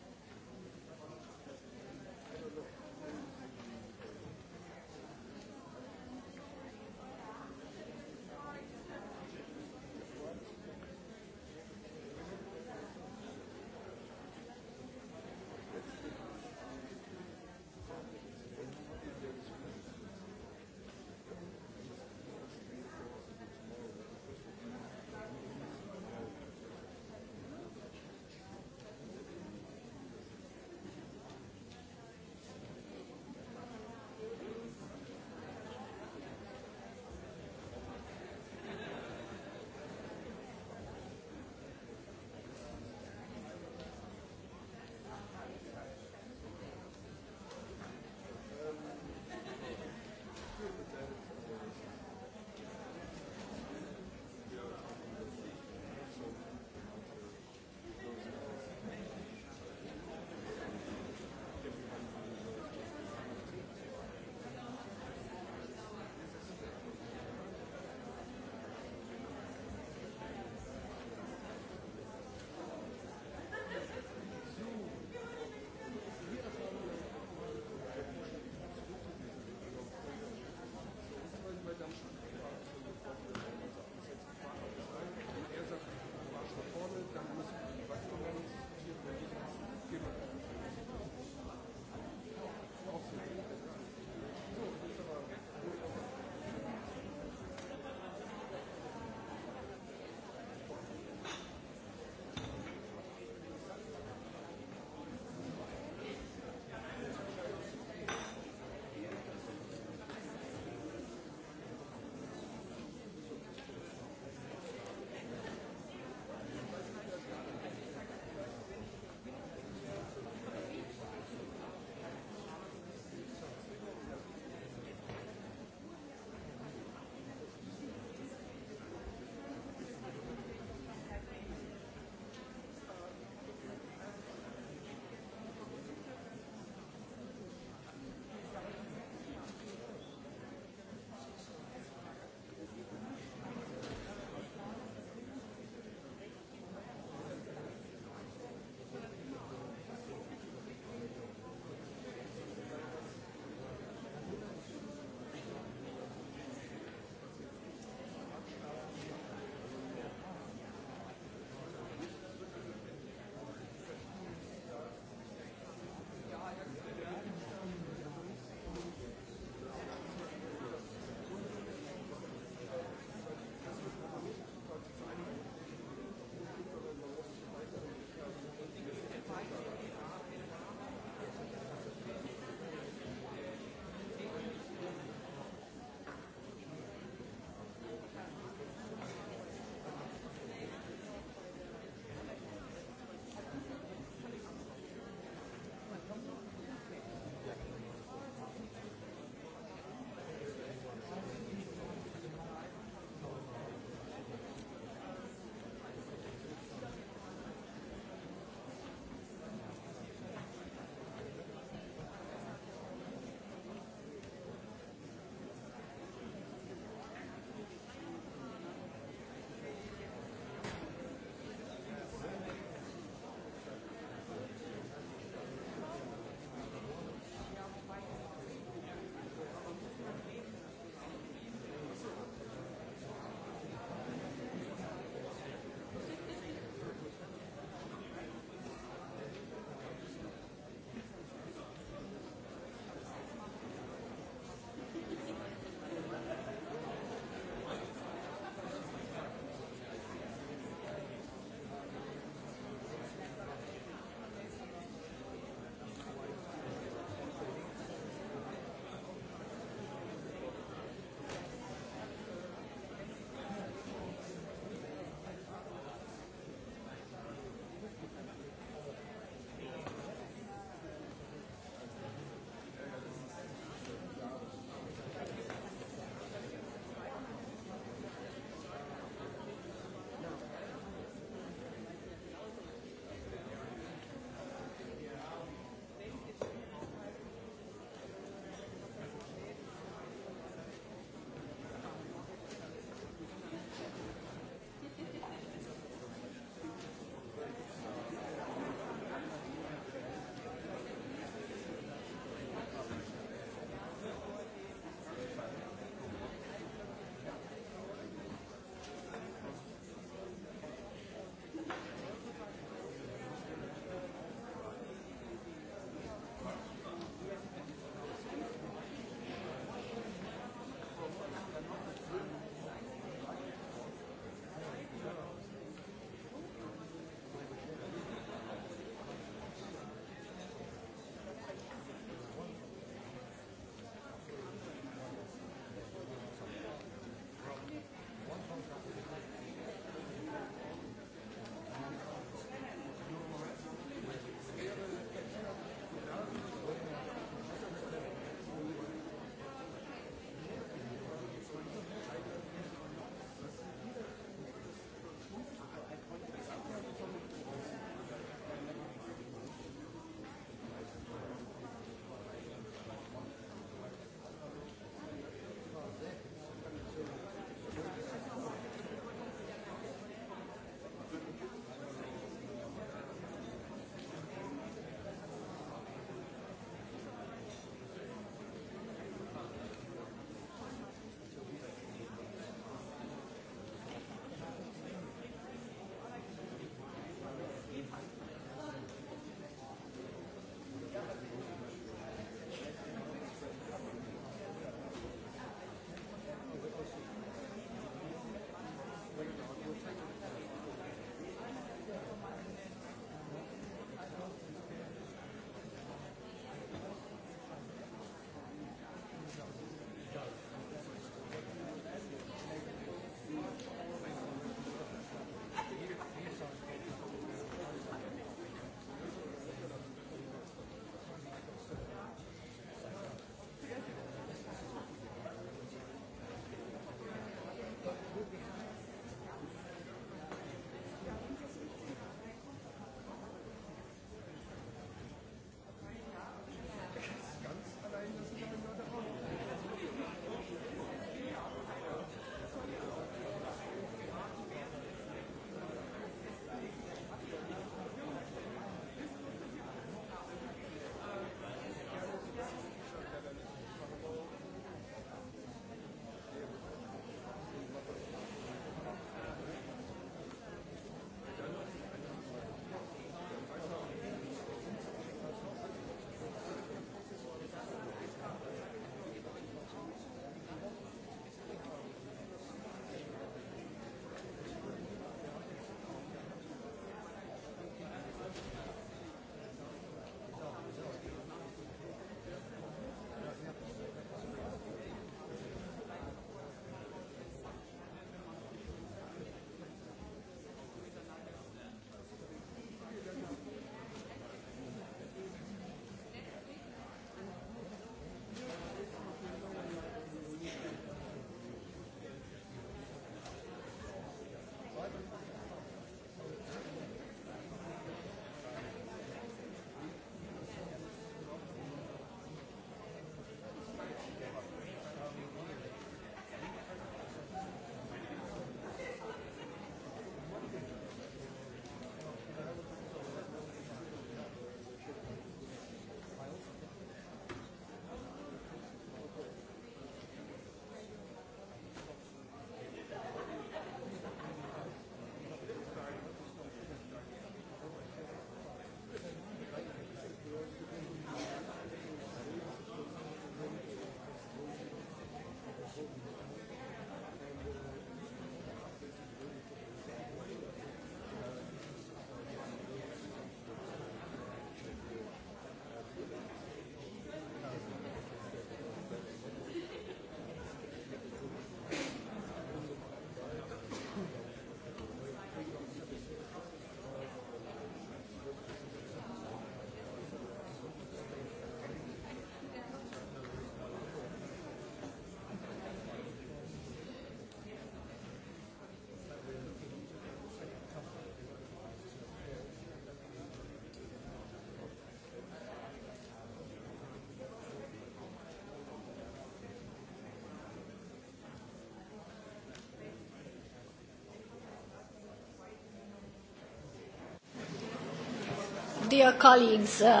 Uh,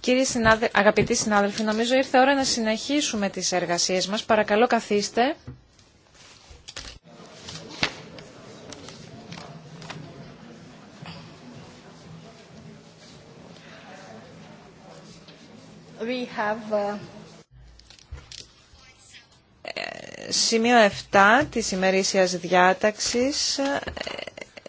Κύριοι συνάδε... αγαπητοί συνάδελφοι, νομίζω ήρθε ώρα να συνεχίσουμε τις εργασίες μας. Παρακαλώ καθίστε. We have... Uh, ε, σημείο 7 της ημερήσιας διάταξης ε,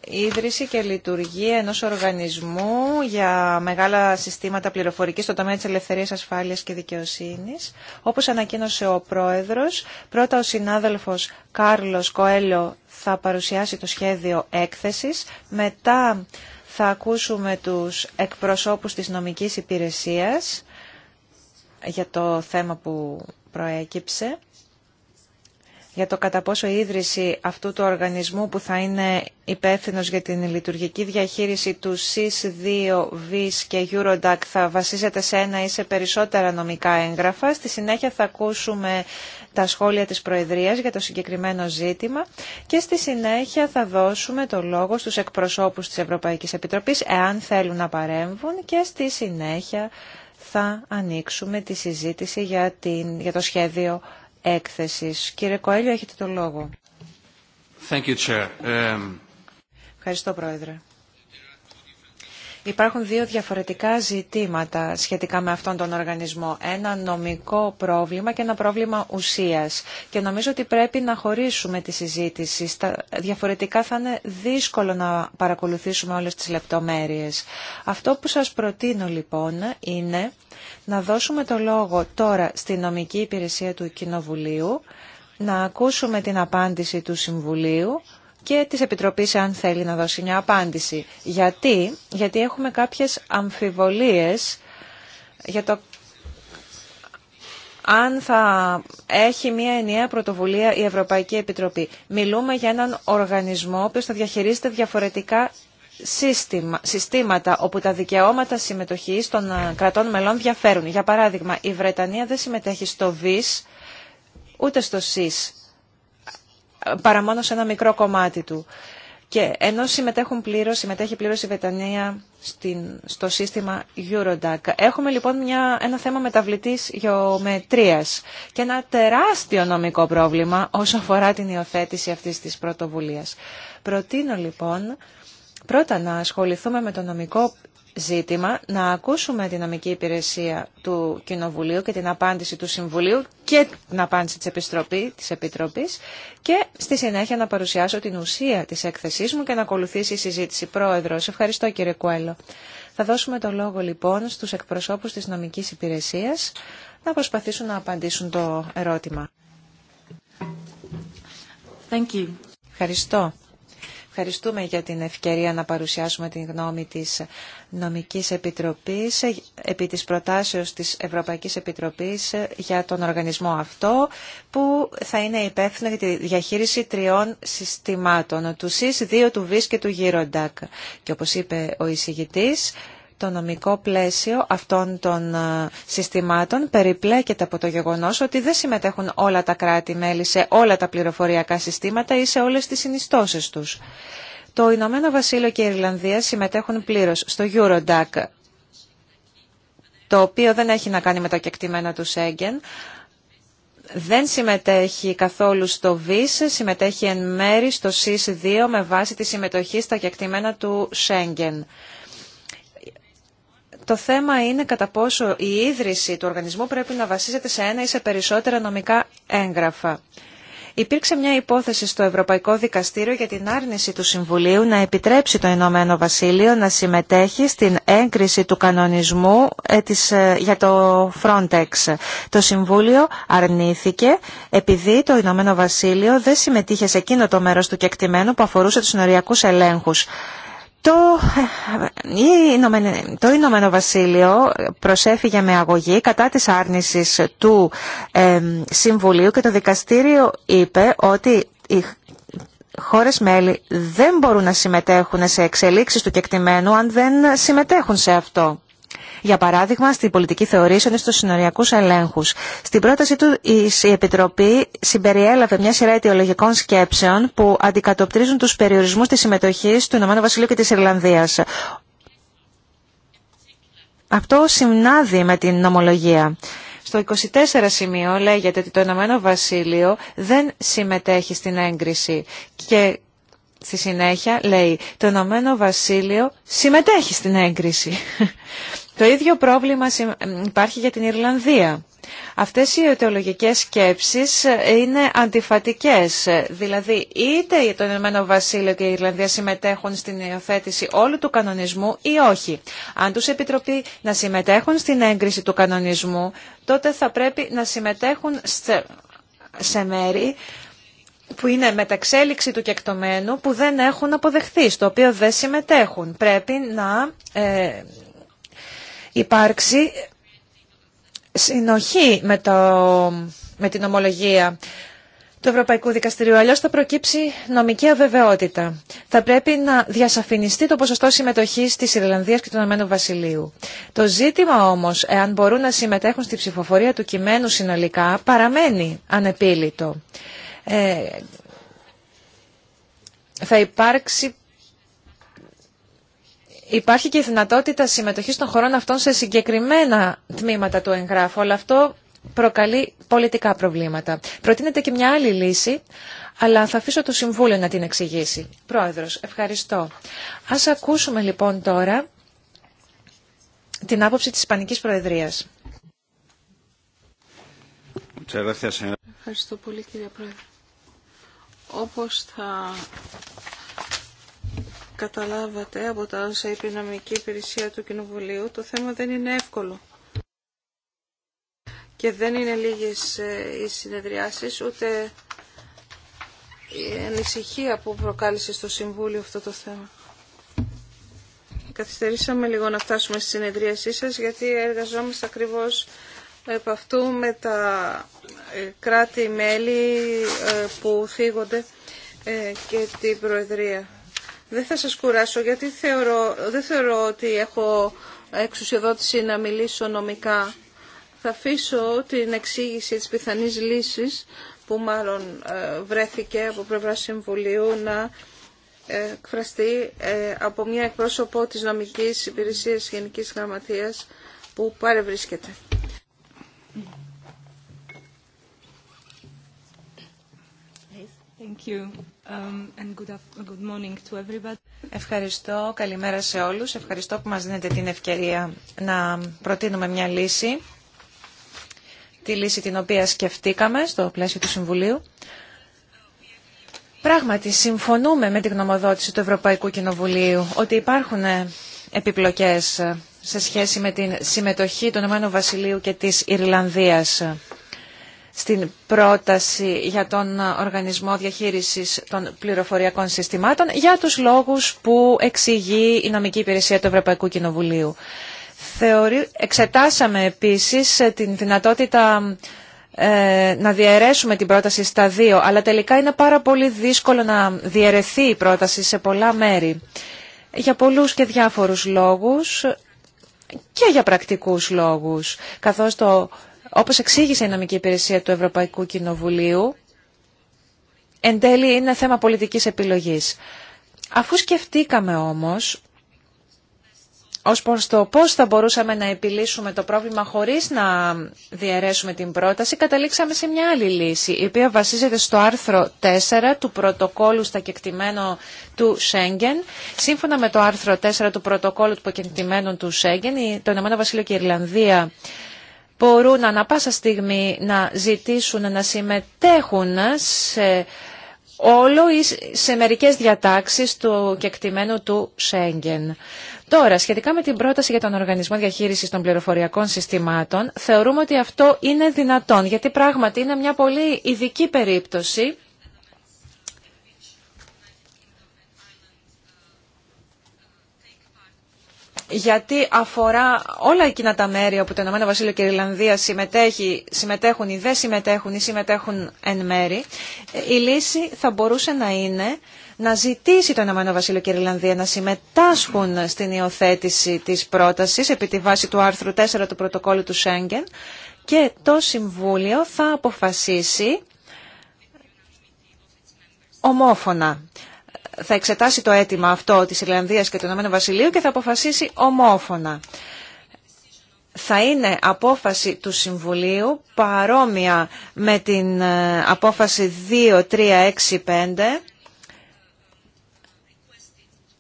ίδρυση και λειτουργία ενός οργανισμού για μεγάλα συστήματα πληροφορικής στον τομέα της ελευθερίας ασφάλειας και δικαιοσύνης. Όπως ανακοίνωσε ο πρόεδρος, πρώτα ο συνάδελφος Κάρλος Κόέλο θα παρουσιάσει το σχέδιο έκθεσης, μετά θα ακούσουμε τους εκπροσώπους της νομικής υπηρεσίας για το θέμα που προέκυψε για το κατά πόσο η ίδρυση αυτού του οργανισμού που θα είναι υπεύθυνο για την λειτουργική διαχείριση του SIS-2, και Eurodac θα βασίζεται σε ένα ή σε περισσότερα νομικά έγγραφα. Στη συνέχεια θα ακούσουμε τα σχόλια της Προεδρίας για το συγκεκριμένο ζήτημα και στη συνέχεια θα δώσουμε το λόγο στους εκπροσώπους της Ευρωπαϊκής Επιτροπής εάν θέλουν να παρέμβουν και στη συνέχεια θα ανοίξουμε τη συζήτηση για, την, για το σχέδιο έκθεσης. Κύριε Κοέλιο, έχετε το λόγο. Thank you, Chair. Um, Ευχαριστώ, Πρόεδρε. Υπάρχουν δύο διαφορετικά ζητήματα σχετικά με αυτόν τον οργανισμό. Ένα νομικό πρόβλημα και ένα πρόβλημα ουσίας. Και νομίζω ότι πρέπει να χωρίσουμε τη συζήτηση. Διαφορετικά θα είναι δύσκολο να παρακολουθήσουμε όλες τις λεπτομέρειες. Αυτό που σας προτείνω λοιπόν είναι να δώσουμε το λόγο τώρα στη νομική υπηρεσία του Κοινοβουλίου, να ακούσουμε την απάντηση του Συμβουλίου και της Επιτροπής αν θέλει να δώσει μια απάντηση. Γιατί, Γιατί έχουμε κάποιες αμφιβολίες για το αν θα έχει μια ενιαία πρωτοβουλία η Ευρωπαϊκή Επιτροπή. Μιλούμε για έναν οργανισμό που θα διαχειρίζεται διαφορετικά συστήματα όπου τα δικαιώματα συμμετοχής των ε, κρατών μελών διαφέρουν. Για παράδειγμα, η Βρετανία δεν συμμετέχει στο ΒΙΣ ούτε στο ΣΥΣ παρά μόνο σε ένα μικρό κομμάτι του. Και ενώ συμμετέχουν πλήρω, συμμετέχει πλήρω η Βετανία στο σύστημα Eurodac. Έχουμε λοιπόν ένα θέμα μεταβλητή γεωμετρία και ένα τεράστιο νομικό πρόβλημα όσο αφορά την υιοθέτηση αυτή της πρωτοβουλία. Προτείνω λοιπόν πρώτα να ασχοληθούμε με το νομικό ζήτημα να ακούσουμε την νομική υπηρεσία του Κοινοβουλίου και την απάντηση του Συμβουλίου και την απάντηση της, Επιστροπή, Επιτροπής και στη συνέχεια να παρουσιάσω την ουσία της έκθεσής μου και να ακολουθήσει η συζήτηση. Πρόεδρος, ευχαριστώ κύριε Κουέλο. Θα δώσουμε το λόγο λοιπόν στους εκπροσώπους της νομικής υπηρεσίας να προσπαθήσουν να απαντήσουν το ερώτημα. Thank you. Ευχαριστώ ευχαριστούμε για την ευκαιρία να παρουσιάσουμε την γνώμη της Νομικής Επιτροπής επί της προτάσεως της Ευρωπαϊκής Επιτροπής για τον οργανισμό αυτό που θα είναι υπεύθυνο για τη διαχείριση τριών συστημάτων του ΣΥΣ, δύο του ΒΙΣ και του ΓΙΡΟΝΤΑΚ. Και όπως είπε ο εισηγητής, το νομικό πλαίσιο αυτών των ε, συστημάτων περιπλέκεται από το γεγονός ότι δεν συμμετέχουν όλα τα κράτη-μέλη σε όλα τα πληροφοριακά συστήματα ή σε όλες τις συνιστώσεις τους. Το Ηνωμένο Βασίλειο και η Ιρλανδία συμμετέχουν πλήρως στο Eurodac, το οποίο δεν έχει να κάνει με τα κεκτημένα του Σέγγεν, δεν συμμετέχει καθόλου στο ΒΙΣ, συμμετέχει εν μέρη στο ΣΥΣ2 με βάση τη συμμετοχή στα κεκτημένα του Σέγγεν. Το θέμα είναι κατά πόσο η ίδρυση του οργανισμού πρέπει να βασίζεται σε ένα ή σε περισσότερα νομικά έγγραφα. Υπήρξε μια υπόθεση στο Ευρωπαϊκό Δικαστήριο για την άρνηση του Συμβουλίου να επιτρέψει το Ηνωμένο Βασίλειο να συμμετέχει στην έγκριση του κανονισμού ε, ε, για το Frontex. Το Συμβούλιο αρνήθηκε επειδή το Ηνωμένο Βασίλειο δεν συμμετείχε σε εκείνο το μέρος του κεκτημένου που αφορούσε τους νοριακούς ελέγχους. Το, ε, το Ηνωμένο Βασίλειο προσέφυγε με αγωγή κατά της άρνησης του ε, Συμβουλίου και το δικαστήριο είπε ότι οι χώρες μέλη δεν μπορούν να συμμετέχουν σε εξελίξεις του κεκτημένου αν δεν συμμετέχουν σε αυτό για παράδειγμα στην πολιτική θεωρήσεων ή στους συνοριακούς ελέγχους. Στην πρόταση του η Επιτροπή συμπεριέλαβε μια σειρά αιτιολογικών σκέψεων που αντικατοπτρίζουν τους περιορισμούς της συμμετοχής του Ηνωμένου Βασιλείου και της Ιρλανδίας. Αυτό συνάδει με την νομολογία. Στο 24 σημείο λέγεται ότι το Ηνωμένο Βασίλειο δεν συμμετέχει στην έγκριση και στη συνέχεια λέει το Ηνωμένο Βασίλειο συμμετέχει στην έγκριση. Το ίδιο πρόβλημα υπάρχει για την Ιρλανδία. Αυτές οι αιτιολογικές σκέψεις ε, είναι αντιφατικές. Δηλαδή, είτε το Ηνωμένο Βασίλειο και η Ιρλανδία συμμετέχουν στην υιοθέτηση όλου του κανονισμού ή όχι. Αν τους επιτροπεί να συμμετέχουν στην έγκριση του κανονισμού, τότε θα πρέπει να συμμετέχουν σε μέρη που είναι μεταξέλιξη του κεκτομένου που δεν έχουν αποδεχθεί, στο οποίο δεν συμμετέχουν. Πρέπει να ε, υπάρξει συνοχή με, το, με την ομολογία του Ευρωπαϊκού Δικαστηρίου. αλλιώς θα προκύψει νομική αβεβαιότητα. Θα πρέπει να διασαφινιστεί το ποσοστό συμμετοχής της Ιρλανδίας και του Ηνωμένου Βασιλείου. Το ζήτημα όμως, εάν μπορούν να συμμετέχουν στη ψηφοφορία του κειμένου συνολικά, παραμένει ανεπίλητο. Ε, θα υπάρξει Υπάρχει και η δυνατότητα συμμετοχής των χωρών αυτών σε συγκεκριμένα τμήματα του εγγράφου, αλλά αυτό προκαλεί πολιτικά προβλήματα. Προτείνεται και μια άλλη λύση, αλλά θα αφήσω το Συμβούλιο να την εξηγήσει. Πρόεδρος, ευχαριστώ. Ας ακούσουμε λοιπόν τώρα την άποψη της Ισπανικής Προεδρίας. Ευχαριστώ πολύ κύριε Πρόεδρε. Όπως θα καταλάβατε από τα όσα είπε η νομική υπηρεσία του Κοινοβουλίου, το θέμα δεν είναι εύκολο. Και δεν είναι λίγες ε, οι συνεδριάσεις, ούτε η ανησυχία που προκάλεσε στο Συμβούλιο αυτό το θέμα. Καθυστερήσαμε λίγο να φτάσουμε στη συνεδρίασή σας, γιατί εργαζόμαστε ακριβώς επ' αυτού με τα ε, κράτη-μέλη ε, που θίγονται και την Προεδρία. Δεν θα σας κουράσω γιατί θεωρώ, δεν θεωρώ ότι έχω εξουσιοδότηση να μιλήσω νομικά. Θα αφήσω την εξήγηση της πιθανής λύσης που μάλλον ε, βρέθηκε από πλευρά Συμβουλίου να ε, εκφραστεί ε, από μια εκπρόσωπο της νομικής υπηρεσίας Γενικής Γραμματείας που παρευρίσκεται. Thank Um, Ευχαριστώ. Καλημέρα σε όλους. Ευχαριστώ που μας δίνετε την ευκαιρία να προτείνουμε μια λύση. Τη λύση την οποία σκεφτήκαμε στο πλαίσιο του Συμβουλίου. Πράγματι, συμφωνούμε με την γνωμοδότηση του Ευρωπαϊκού Κοινοβουλίου ότι υπάρχουν ε, επιπλοκές ε, σε σχέση με την συμμετοχή του Ηνωμένου Βασιλείου και της Ιρλανδίας στην πρόταση για τον Οργανισμό Διαχείρισης των Πληροφοριακών Συστημάτων για τους λόγους που εξηγεί η νομική υπηρεσία του Ευρωπαϊκού Κοινοβουλίου. Θεωρεί, εξετάσαμε επίσης την δυνατότητα ε, να διαιρέσουμε την πρόταση στα δύο, αλλά τελικά είναι πάρα πολύ δύσκολο να διαιρεθεί η πρόταση σε πολλά μέρη. Για πολλούς και διάφορους λόγους και για πρακτικούς λόγους, καθώς το όπως εξήγησε η νομική υπηρεσία του Ευρωπαϊκού Κοινοβουλίου, εν τέλει είναι θέμα πολιτικής επιλογής. Αφού σκεφτήκαμε όμως ως προς το πώς θα μπορούσαμε να επιλύσουμε το πρόβλημα χωρίς να διαιρέσουμε την πρόταση, καταλήξαμε σε μια άλλη λύση, η οποία βασίζεται στο άρθρο 4 του πρωτοκόλου στα κεκτημένο του Σέγγεν. Σύμφωνα με το άρθρο 4 του πρωτοκόλου του κεκτημένου του Σέγγεν, το Ηνωμένο Βασίλειο και η Ιρλανδία μπορούν ανα πάσα στιγμή να ζητήσουν να συμμετέχουν σε όλο ή σε μερικές διατάξεις του κεκτημένου του Σέγγεν. Τώρα, σχετικά με την πρόταση για τον Οργανισμό Διαχείρισης των Πληροφοριακών Συστημάτων, θεωρούμε ότι αυτό είναι δυνατόν, γιατί πράγματι είναι μια πολύ ειδική περίπτωση γιατί αφορά όλα εκείνα τα μέρη όπου το Ηνωμένο Βασίλειο και η ή δεν συμμετέχουν ή συμμετέχουν εν μέρη, ε, η λύση θα μπορούσε να είναι να ζητήσει το Ηνωμένο Βασίλειο και η να συμμετάσχουν στην υιοθέτηση της πρότασης επί τη βάση του άρθρου 4 του πρωτοκόλλου του Σέγγεν και το Συμβούλιο θα αποφασίσει ομόφωνα θα εξετάσει το αίτημα αυτό της Ιρλανδίας και του Ηνωμένου Βασιλείου και θα αποφασίσει ομόφωνα. Θα είναι απόφαση του Συμβουλίου παρόμοια με την ε, απόφαση 2365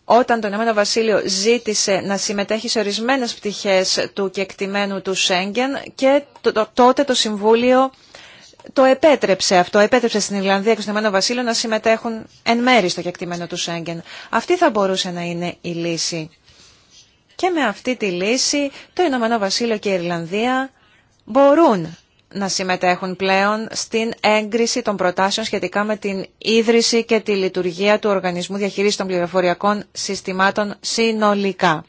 όταν το Ηνωμένο Βασίλειο ζήτησε να συμμετέχει σε ορισμένες πτυχές του κεκτημένου του Σέγγεν και τότε το Συμβούλιο το επέτρεψε αυτό, επέτρεψε στην Ιρλανδία και στον Ηνωμένο Βασίλειο να συμμετέχουν εν μέρη στο κεκτημένο του Σέγγεν. Αυτή θα μπορούσε να είναι η λύση. Και με αυτή τη λύση το Ηνωμένο Βασίλειο και η Ιρλανδία μπορούν να συμμετέχουν πλέον στην έγκριση των προτάσεων σχετικά με την ίδρυση και τη λειτουργία του Οργανισμού Διαχείρισης των Πληροφοριακών Συστημάτων συνολικά.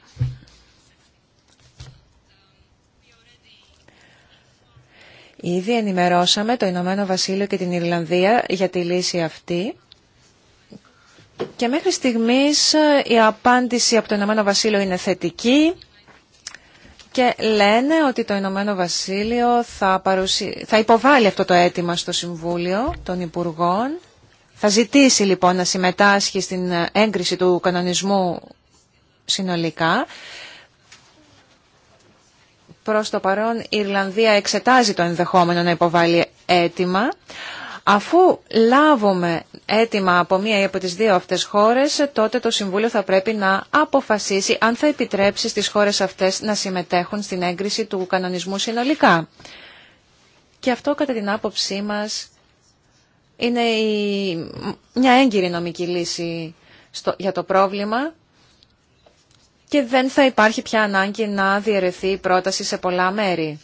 Ήδη ενημερώσαμε το Ηνωμένο Βασίλειο και την Ιρλανδία για τη λύση αυτή. Και μέχρι στιγμής ε, η απάντηση από το Ηνωμένο Βασίλειο είναι θετική και λένε ότι το Ηνωμένο Βασίλειο θα, θα υποβάλει αυτό το αίτημα στο Συμβούλιο των Υπουργών. Θα ζητήσει λοιπόν να συμμετάσχει στην ε, έγκριση του κανονισμού συνολικά Προς το παρόν η Ιρλανδία εξετάζει το ενδεχόμενο να υποβάλει αίτημα. Αφού λάβουμε αίτημα από μία ή από τις δύο αυτές χώρες, τότε το Συμβούλιο θα πρέπει να αποφασίσει αν θα επιτρέψει στις χώρες αυτές να συμμετέχουν στην έγκριση του κανονισμού συνολικά. Και αυτό κατά την άποψή μας είναι η... μια έγκυρη νομική λύση για το πρόβλημα και δεν θα υπάρχει πια ανάγκη να διαιρεθεί η πρόταση σε πολλά μέρη.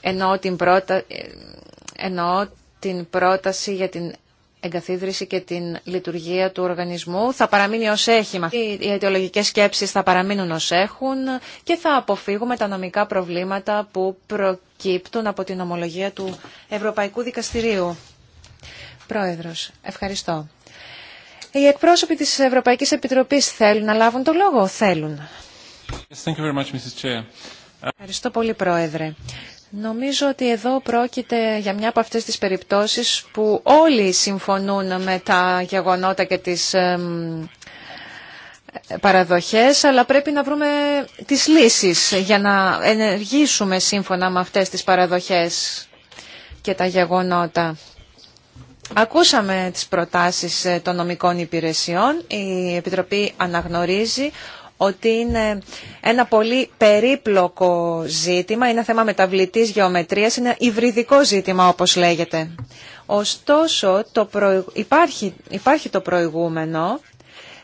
Ενώ την, πρόταση για την εγκαθίδρυση και την λειτουργία του οργανισμού θα παραμείνει ως έχει. Οι αιτιολογικές σκέψεις θα παραμείνουν ως έχουν και θα αποφύγουμε τα νομικά προβλήματα που προκύπτουν από την ομολογία του Ευρωπαϊκού Δικαστηρίου. Πρόεδρος, ευχαριστώ. Οι εκπρόσωποι της Ευρωπαϊκής Επιτροπής θέλουν να λάβουν το λόγο. Θέλουν. Ευχαριστώ πολύ, Πρόεδρε. Νομίζω ότι εδώ πρόκειται για μια από αυτές τις περιπτώσεις που όλοι συμφωνούν με τα γεγονότα και τις παραδοχές, αλλά πρέπει να βρούμε τις λύσεις για να ενεργήσουμε σύμφωνα με αυτές τις παραδοχές και τα γεγονότα. Ακούσαμε τις προτάσεις ε, των νομικών υπηρεσιών. Η Επιτροπή αναγνωρίζει ότι είναι ένα πολύ περίπλοκο ζήτημα, είναι θέμα μεταβλητής γεωμετρίας, είναι υβριδικό ζήτημα όπως λέγεται. Ωστόσο το υπάρχει, το προηγούμενο,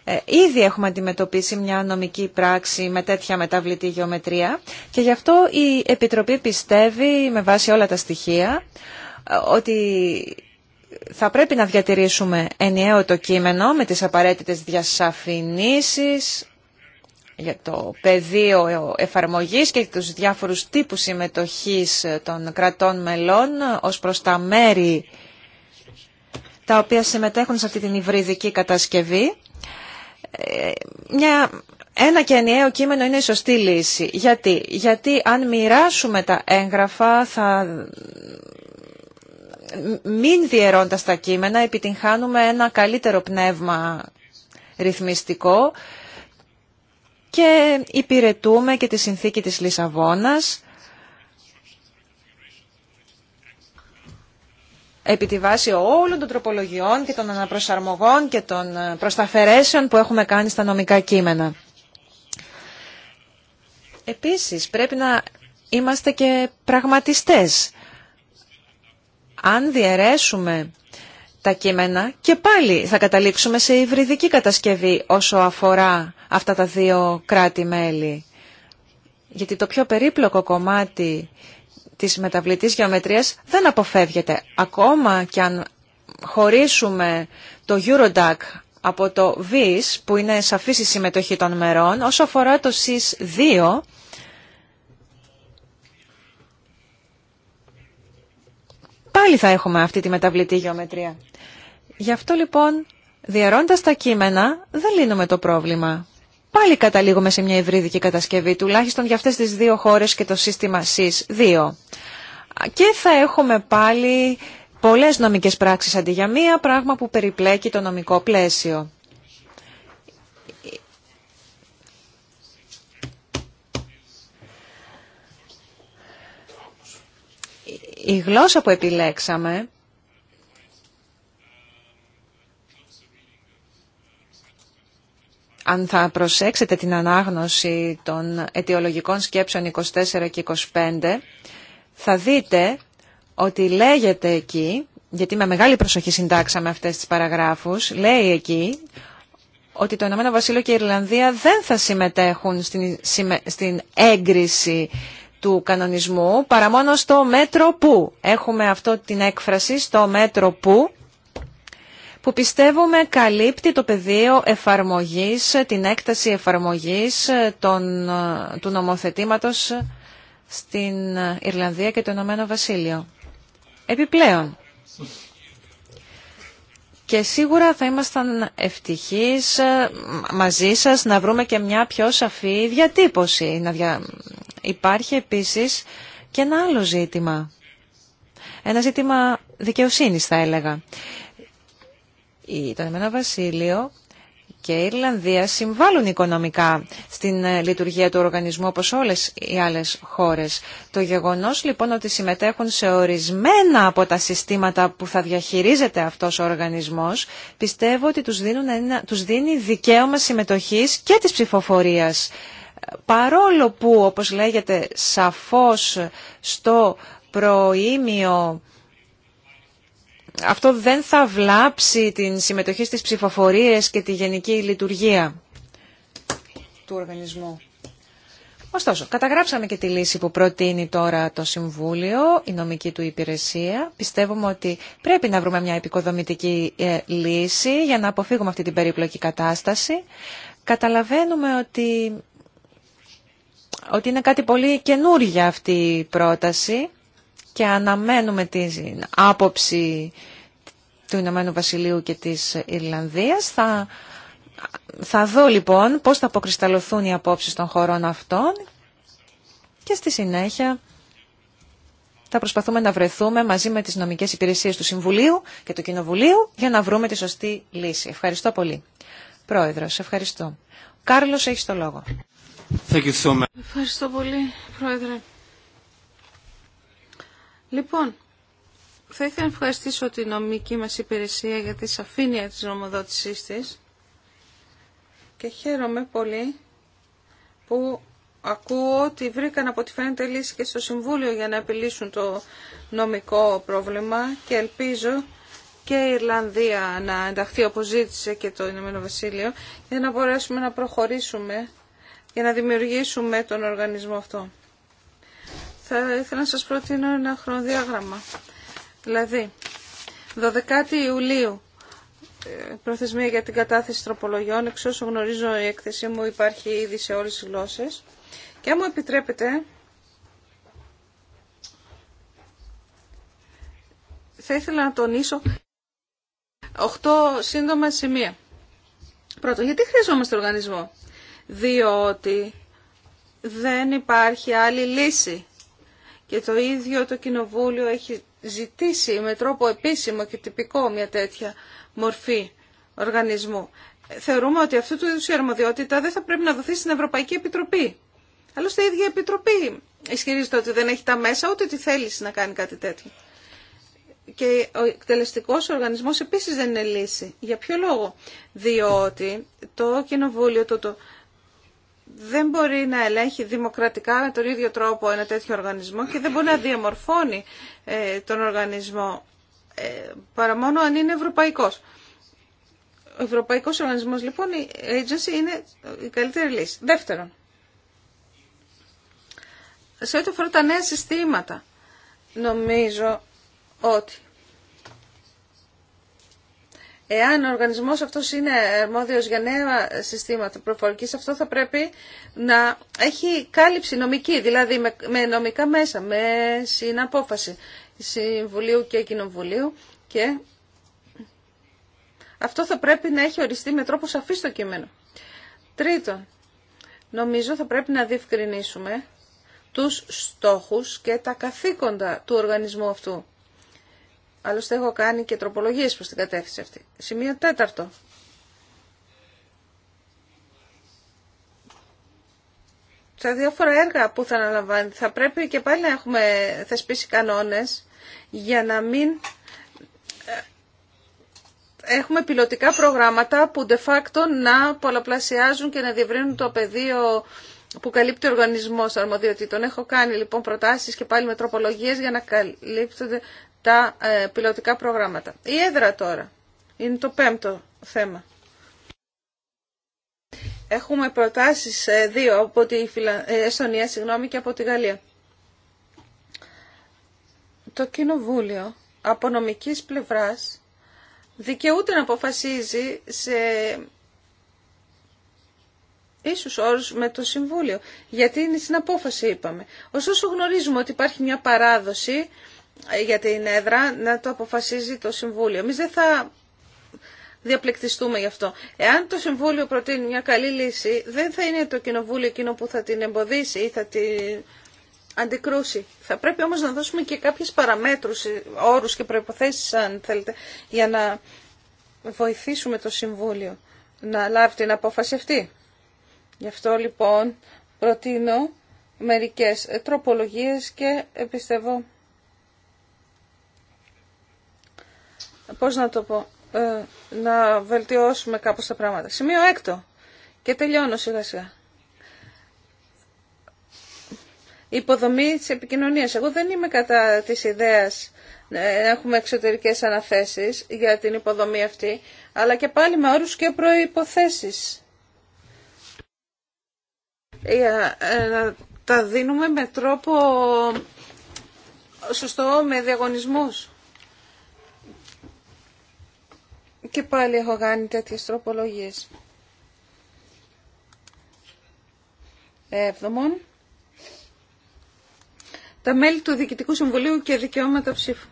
ε, ήδη έχουμε αντιμετωπίσει μια νομική πράξη με τέτοια μεταβλητή γεωμετρία και γι' αυτό η Επιτροπή πιστεύει με βάση όλα τα στοιχεία ε, ότι θα πρέπει να διατηρήσουμε ενιαίο το κείμενο με τις απαραίτητες διασαφηνίσεις για το πεδίο εφαρμογής και τους διάφορους τύπους συμμετοχής των κρατών μελών ως προς τα μέρη τα οποία συμμετέχουν σε αυτή την υβριδική κατασκευή. Ε, μια, ένα και ενιαίο κείμενο είναι η σωστή λύση. Γιατί, Γιατί αν μοιράσουμε τα έγγραφα θα μην διαιρώντας τα κείμενα επιτυγχάνουμε ένα καλύτερο πνεύμα ρυθμιστικό και υπηρετούμε και τη συνθήκη της Λισαβόνας επί τη βάση όλων των τροπολογιών και των αναπροσαρμογών και των προσταφερέσεων που έχουμε κάνει στα νομικά κείμενα. Επίσης πρέπει να είμαστε και πραγματιστές. Αν διαιρέσουμε τα κείμενα και πάλι θα καταλήξουμε σε υβριδική κατασκευή όσο αφορά αυτά τα δύο κράτη-μέλη. Γιατί το πιο περίπλοκο κομμάτι της μεταβλητής γεωμετρίας δεν αποφεύγεται. Ακόμα και αν χωρίσουμε το Eurodac από το VIS, που είναι σαφής η συμμετοχή των μερών, όσο αφορά το SIS 2, πάλι θα έχουμε αυτή τη μεταβλητή γεωμετρία. Γι' αυτό λοιπόν, διαρώντας τα κείμενα, δεν λύνουμε το πρόβλημα. Πάλι καταλήγουμε σε μια υβρίδικη κατασκευή, τουλάχιστον για αυτές τις δύο χώρες και το σύστημα ΣΥΣ-2. Και θα έχουμε πάλι πολλές νομικές πράξεις αντί για μία, πράγμα που περιπλέκει το νομικό πλαίσιο. η γλώσσα που επιλέξαμε αν θα προσέξετε την ανάγνωση των αιτιολογικών σκέψεων 24 και 25, θα δείτε ότι λέγεται εκεί, γιατί με μεγάλη προσοχή συντάξαμε αυτές τις παραγράφους, λέει εκεί ότι το Ηνωμένο Βασίλειο και η Ιρλανδία δεν θα συμμετέχουν στην, στην έγκριση του κανονισμού παρά μόνο στο μέτρο που. Έχουμε αυτό την έκφραση στο μέτρο που που πιστεύουμε καλύπτει το πεδίο εφαρμογής, την έκταση εφαρμογής του νομοθετήματος στην Ιρλανδία και το Ηνωμένο Βασίλειο. Επιπλέον, και σίγουρα θα ήμασταν ευτυχείς μαζί σας να βρούμε και μια πιο σαφή διατύπωση, να, δια... Υπάρχει επίσης και ένα άλλο ζήτημα. Ένα ζήτημα δικαιοσύνης θα έλεγα. Το Ηνωμένο Βασίλειο και η Ιρλανδία συμβάλλουν οικονομικά στην ε, λειτουργία του οργανισμού όπως όλες οι άλλες χώρες. Το γεγονός λοιπόν ότι συμμετέχουν σε ορισμένα από τα συστήματα που θα διαχειρίζεται αυτός ο οργανισμός πιστεύω ότι τους, δίνουν τους δίνει δικαίωμα συμμετοχής και της ψηφοφορίας παρόλο που, όπως λέγεται, σαφώς στο προήμιο αυτό δεν θα βλάψει την συμμετοχή στις ψηφοφορίες και τη γενική λειτουργία του οργανισμού. Ωστόσο, καταγράψαμε και τη λύση που προτείνει τώρα το Συμβούλιο, η νομική του υπηρεσία. Πιστεύουμε ότι πρέπει να βρούμε μια επικοδομητική ε, λύση για να αποφύγουμε αυτή την περίπλοκη κατάσταση. Καταλαβαίνουμε ότι ότι είναι κάτι πολύ καινούργια αυτή η πρόταση και αναμένουμε την άποψη του Ηνωμένου Βασιλείου και της Ιρλανδίας. Θα, θα δω λοιπόν πώς θα αποκρισταλωθούν οι απόψεις των χωρών αυτών και στη συνέχεια θα προσπαθούμε να βρεθούμε μαζί με τις νομικές υπηρεσίες του Συμβουλίου και του Κοινοβουλίου για να βρούμε τη σωστή λύση. Ευχαριστώ πολύ. Πρόεδρος, ευχαριστώ. Κάρλος, έχει το λόγο. Ευχαριστώ πολύ, Πρόεδρε. Λοιπόν, θα ήθελα να ευχαριστήσω την νομική μας υπηρεσία για τη σαφήνεια της νομοδότησής της και χαίρομαι πολύ που ακούω ότι βρήκαν από τη φαίνεται λύση και στο Συμβούλιο για να επιλύσουν το νομικό πρόβλημα και ελπίζω και η Ιρλανδία να ενταχθεί όπως ζήτησε και το Ηνωμένο Βασίλειο για να μπορέσουμε να προχωρήσουμε για να δημιουργήσουμε τον οργανισμό αυτό. Θα ήθελα να σας προτείνω ένα χρονοδιάγραμμα. Δηλαδή, 12 Ιουλίου, ε, προθεσμία για την κατάθεση τροπολογιών, εξ όσο γνωρίζω η έκθεσή μου υπάρχει ήδη σε όλες τις γλώσσες. Και αν μου επιτρέπετε, θα ήθελα να τονίσω 8 σύντομα σημεία. Πρώτον, γιατί χρειαζόμαστε οργανισμό διότι δεν υπάρχει άλλη λύση. Και το ίδιο το Κοινοβούλιο έχει ζητήσει με τρόπο επίσημο και τυπικό μια τέτοια μορφή οργανισμού. Θεωρούμε ότι αυτού του είδους η αρμοδιότητα δεν θα πρέπει να δοθεί στην Ευρωπαϊκή Επιτροπή. Άλλωστε η ίδια Επιτροπή ισχυρίζεται ότι δεν έχει τα μέσα ούτε τη θέληση να κάνει κάτι τέτοιο. Και ο εκτελεστικό οργανισμός επίσης δεν είναι λύση. Για ποιο λόγο. Διότι το κοινοβούλιο, το, το δεν μπορεί να ελέγχει δημοκρατικά με τον ίδιο τρόπο ένα τέτοιο οργανισμό και δεν μπορεί να διαμορφώνει ε, τον οργανισμό ε, παρά μόνο αν είναι ευρωπαϊκός. Ο ευρωπαϊκός οργανισμός λοιπόν, η agency είναι η καλύτερη λύση. Δεύτερον, σε ό,τι αφορά τα νέα συστήματα, νομίζω ότι Εάν ο οργανισμός αυτός είναι αρμόδιος για νέα συστήματα προφορικής, αυτό θα πρέπει να έχει κάλυψη νομική, δηλαδή με νομικά μέσα, με συναπόφαση Συμβουλίου και Κοινοβουλίου και αυτό θα πρέπει να έχει οριστεί με τρόπο σαφή στο κείμενο. Τρίτον, νομίζω θα πρέπει να διευκρινίσουμε τους στόχους και τα καθήκοντα του οργανισμού αυτού. Άλλωστε έχω κάνει και τροπολογίες προς την κατεύθυνση αυτή. Σημείο τέταρτο. Τα διάφορα έργα που θα αναλαμβάνει θα πρέπει και πάλι να έχουμε θεσπίσει κανόνες για να μην ε, έχουμε πιλωτικά προγράμματα που de facto να πολλαπλασιάζουν και να διευρύνουν το πεδίο που καλύπτει ο οργανισμό αρμοδιοτήτων. Έχω κάνει λοιπόν προτάσεις και πάλι με τροπολογίε για να καλύπτονται τα ε, πιλωτικά προγράμματα. Η έδρα τώρα είναι το πέμπτο θέμα. Έχουμε προτάσεις ε, δύο από τη ε, Εστονία συγγνώμη, και από τη Γαλλία. Το Κοινοβούλιο από νομικής πλευράς δικαιούται να αποφασίζει σε ίσους όρους με το Συμβούλιο. Γιατί είναι στην απόφαση είπαμε. Ωστόσο γνωρίζουμε ότι υπάρχει μια παράδοση ε, για την έδρα να το αποφασίζει το Συμβούλιο. Εμεί δεν θα διαπλεκτιστούμε γι' αυτό. Εάν το Συμβούλιο προτείνει μια καλή λύση, δεν θα είναι το Κοινοβούλιο εκείνο που θα την εμποδίσει ή θα την αντικρούσει. Θα πρέπει όμως να δώσουμε και κάποιες παραμέτρους, ε, όρους και προϋποθέσεις, αν θέλετε, για να βοηθήσουμε το Συμβούλιο να λάβει την απόφαση αυτή. Γι' αυτό λοιπόν προτείνω μερικές ε, τροπολογίες και πιστεύω πώς να το πω, ε, να βελτιώσουμε κάπως τα πράγματα. Σημείο έκτο και τελειώνω σιγά σιγά. Υποδομή της επικοινωνίας. Εγώ δεν είμαι κατά της ιδέας να ε, έχουμε εξωτερικές αναθέσεις για την υποδομή αυτή, αλλά και πάλι με όρους και προϋποθέσεις. Για ε, να τα δίνουμε με τρόπο σωστό, με διαγωνισμούς. Και πάλι έχω κάνει τέτοιες τροπολογίες. Έβδομον. Τα μέλη του Διοικητικού Συμβουλίου και δικαιώματα ψήφου.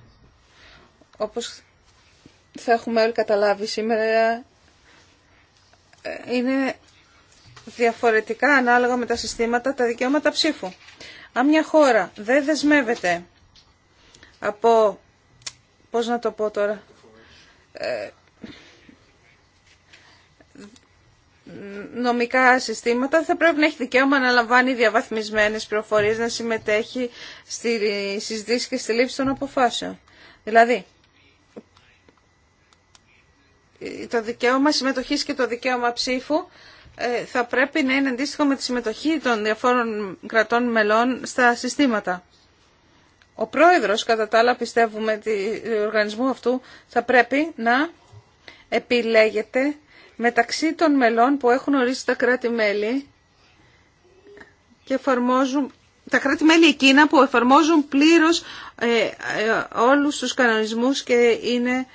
Όπως θα έχουμε όλοι καταλάβει σήμερα, ε, είναι διαφορετικά ανάλογα με τα συστήματα τα δικαιώματα ψήφου. Αν μια χώρα δεν δεσμεύεται από, πώς να το πω τώρα, ε, νομικά συστήματα θα πρέπει να έχει δικαίωμα να λαμβάνει διαβαθμισμένες πληροφορίες, να συμμετέχει στη συζήτηση και στη λήψη των αποφάσεων. Δηλαδή, το δικαίωμα συμμετοχής και το δικαίωμα ψήφου ε, θα πρέπει να είναι αντίστοιχο με τη συμμετοχή των διαφόρων κρατών μελών στα συστήματα. Ο πρόεδρος, κατά τα άλλα πιστεύουμε, του οργανισμού αυτού θα πρέπει να επιλέγεται μεταξύ των μελών που έχουν ορίσει τα κράτη-μέλη και εφαρμόζουν τα κράτη-μέλη εκείνα που εφαρμόζουν πλήρως ε, ε, όλους τους κανονισμούς και είναι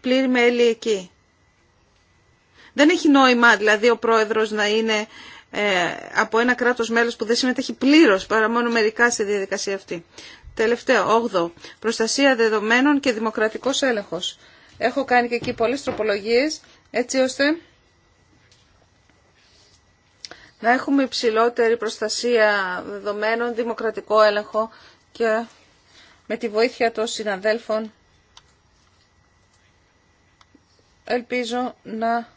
πλήρη μέλη εκεί. Δεν έχει νόημα δηλαδή ο πρόεδρος να είναι ε, από ένα κράτος μέλος που δεν συμμετέχει πλήρως παρά μόνο μερικά στη διαδικασία αυτή. Τελευταίο, 8. Προστασία δεδομένων και δημοκρατικός έλεγχος. Έχω κάνει και εκεί πολλές τροπολογίες έτσι ώστε να έχουμε υψηλότερη προστασία δεδομένων, δημοκρατικό έλεγχο και με τη βοήθεια των συναδέλφων ελπίζω να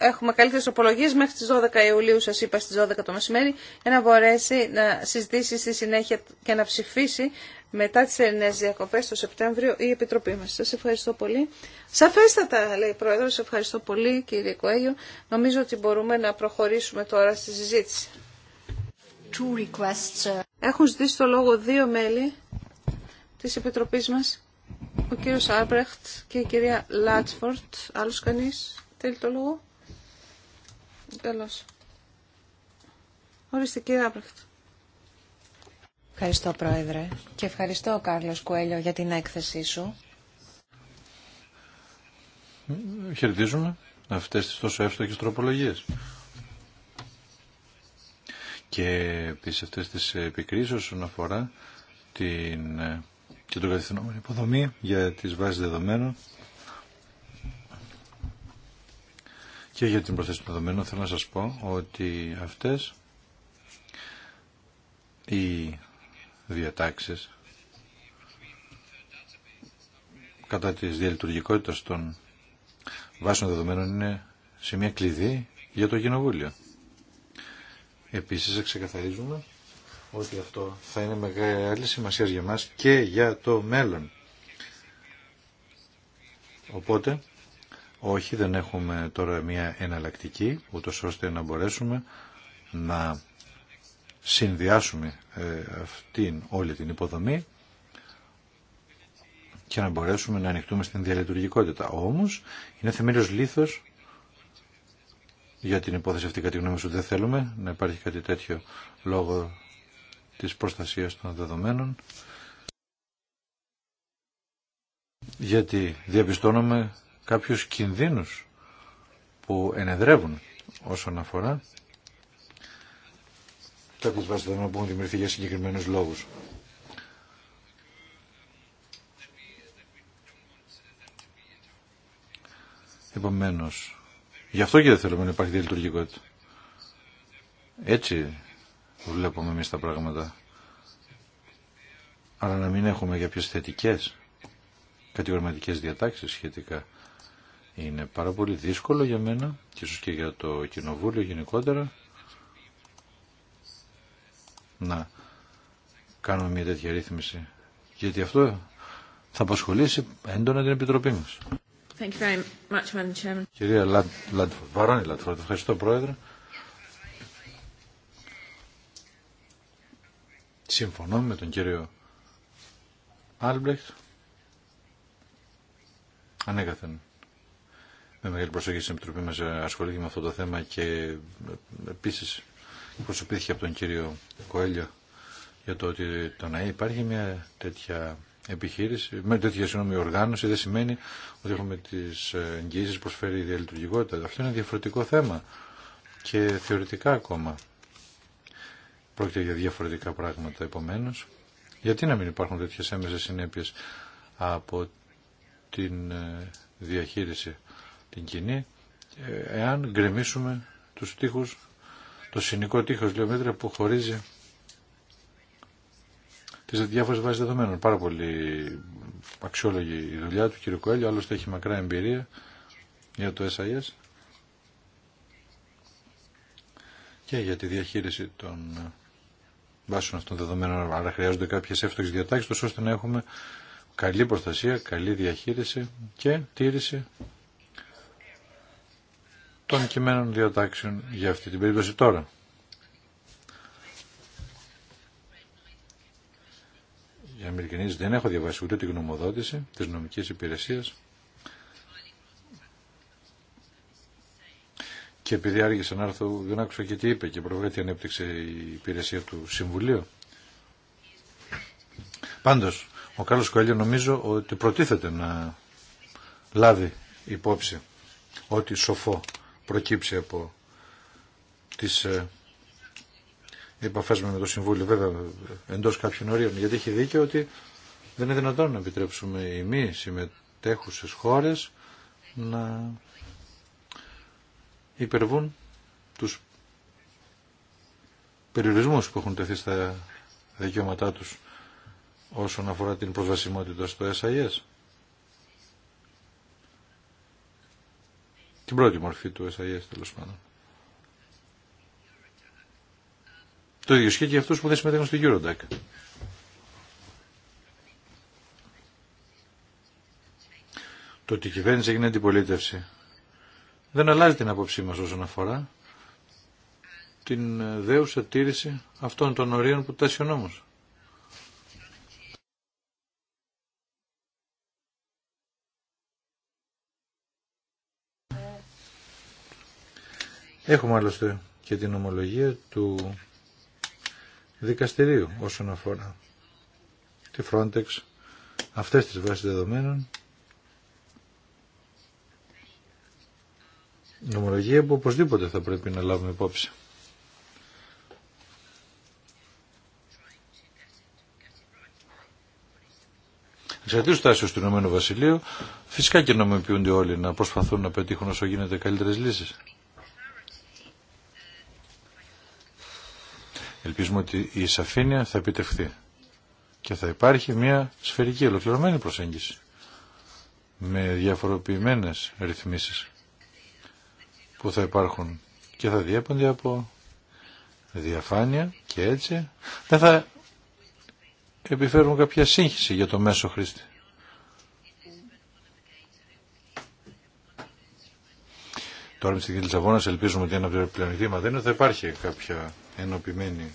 έχουμε καλύτερε απολογίε μέχρι τι 12 Ιουλίου, σα είπα στι 12 το μεσημέρι, για να μπορέσει να συζητήσει στη συνέχεια και να ψηφίσει μετά τι ελληνές διακοπέ το Σεπτέμβριο η Επιτροπή μα. Σα ευχαριστώ πολύ. Σαφέστατα, λέει η Πρόεδρο, σα ευχαριστώ πολύ κύριε Κουέγιο. Νομίζω ότι μπορούμε να προχωρήσουμε τώρα στη συζήτηση. Uh, Έχουν ζητήσει το λόγο δύο μέλη τη επιτροπή μα, ο κύριος Άρμπρεχτ και η κυρία Λάτσφορτ. Άλλος κανείς θέλει το λόγο. Καλώς. Ορίστε κύριε Ευχαριστώ Πρόεδρε και ευχαριστώ Κάρλος Κουέλιο για την έκθεσή σου. Χαιρετίζουμε αυτές τις τόσο εύστοχες τροπολογίες. Και επίσης αυτές τις επικρίσεις όσον αφορά την, και τον κατευθυνόμενο υποδομή για τις βάσεις δεδομένων και για την προθέση των δεδομένων θέλω να σας πω ότι αυτές οι διατάξεις κατά της διαλειτουργικότητας των βάσεων δεδομένων είναι σε μια κλειδί για το Κοινοβούλιο. Επίσης εξεκαθαρίζουμε ότι αυτό θα είναι μεγάλη σημασία για μας και για το μέλλον. Οπότε όχι, δεν έχουμε τώρα μια εναλλακτική, ούτως ώστε να μπορέσουμε να συνδυάσουμε ε, αυτήν όλη την υποδομή και να μπορέσουμε να ανοιχτούμε στην διαλειτουργικότητα. Όμως, είναι θεμέλιος λήθος για την υπόθεση αυτή κατά τη γνώμη σου δεν θέλουμε να υπάρχει κάτι τέτοιο λόγω της προστασίας των δεδομένων γιατί διαπιστώνουμε κάποιους κινδύνους που ενεδρεύουν όσον αφορά κάποιες βάσεις που έχουν δημιουργηθεί για συγκεκριμένους λόγους. Επομένως, γι' αυτό και δεν θέλουμε να υπάρχει διαλειτουργικότητα. Έτσι βλέπουμε εμείς τα πράγματα. Αλλά να μην έχουμε κάποιες θετικές κατηγορηματικές διατάξεις σχετικά είναι πάρα πολύ δύσκολο για μένα και ίσως και για το κοινοβούλιο γενικότερα να κάνουμε μια τέτοια ρύθμιση. Γιατί αυτό θα απασχολήσει έντονα την Επιτροπή μας. Κυρία Λάντφορντ, Βαρόνι ευχαριστώ Πρόεδρε. Συμφωνώ με τον κύριο Άλμπλεχτ. Ανέκαθεν με μεγάλη προσοχή στην Επιτροπή μας ασχολήθηκε με αυτό το θέμα και επίσης προσωπήθηκε από τον κύριο Κοέλιο για το ότι το να υπάρχει μια τέτοια επιχείρηση, με τέτοια συγγνώμη οργάνωση δεν σημαίνει ότι έχουμε τις εγγύησεις που προσφέρει η διαλειτουργικότητα. Αυτό είναι διαφορετικό θέμα και θεωρητικά ακόμα. Πρόκειται για διαφορετικά πράγματα επομένως. Γιατί να μην υπάρχουν τέτοιες έμεσες συνέπειες από την ε, διαχείριση την κοινή, εάν γκρεμίσουμε τους τείχους, το συνικό τείχος λέω που χωρίζει τις διάφορες βάσεις δεδομένων. Πάρα πολύ αξιόλογη η δουλειά του κ. Κοέλιο, άλλωστε έχει μακρά εμπειρία για το SIS και για τη διαχείριση των βάσεων αυτών δεδομένων. Άρα χρειάζονται κάποιες εύστοχε διατάξεις, ώστε να έχουμε καλή προστασία, καλή διαχείριση και τήρηση των κειμένων διατάξεων για αυτή την περίπτωση τώρα. Για Αμερικανής δεν έχω διαβάσει ούτε την γνωμοδότηση της νομικής υπηρεσίας και επειδή άργησα να έρθω δεν άκουσα και τι είπε και προβλέπει τι ανέπτυξε η υπηρεσία του Συμβουλίου. Πάντως, ο Κάρλος Κοέλιο νομίζω ότι προτίθεται να λάβει υπόψη ότι σοφό προκύψει από τις ε, επαφές με το Συμβούλιο, βέβαια εντός κάποιων ορίων, γιατί έχει δίκιο ότι δεν είναι δυνατόν να επιτρέψουμε οι μη συμμετέχουσες χώρες να υπερβούν τους περιορισμούς που έχουν τεθεί στα δικαιώματά τους όσον αφορά την προσβασιμότητα στο SIS. την πρώτη μορφή του SIS τέλο πάντων. Το ίδιο σχέδιο για αυτούς που δεν συμμετέχουν στην Eurodac. Το ότι η κυβέρνηση έγινε αντιπολίτευση δεν αλλάζει την απόψή μα όσον αφορά την ε, δέουσα τήρηση αυτών των ορίων που τάσει ο νόμος. Έχουμε άλλωστε και την ομολογία του δικαστηρίου όσον αφορά τη Frontex, αυτές τις βάσεις δεδομένων, νομολογία που οπωσδήποτε θα πρέπει να λάβουμε υπόψη. Εξαρτήτως τάσεως του Ηνωμένου Βασιλείου, φυσικά και νομιμοποιούνται όλοι να προσπαθούν να πετύχουν όσο γίνεται καλύτερες λύσεις. Ελπίζουμε ότι η σαφήνεια θα επιτευχθεί και θα υπάρχει μια σφαιρική ολοκληρωμένη προσέγγιση με διαφοροποιημένες ρυθμίσεις που θα υπάρχουν και θα διέπονται από διαφάνεια και έτσι δεν θα επιφέρουν κάποια σύγχυση για το μέσο χρήστη. Τώρα με τη Συνθήκη Λισαβόνα ελπίζουμε ότι ένα πλεονεκτήμα δεν είναι, θα υπάρχει κάποια ενωπημένη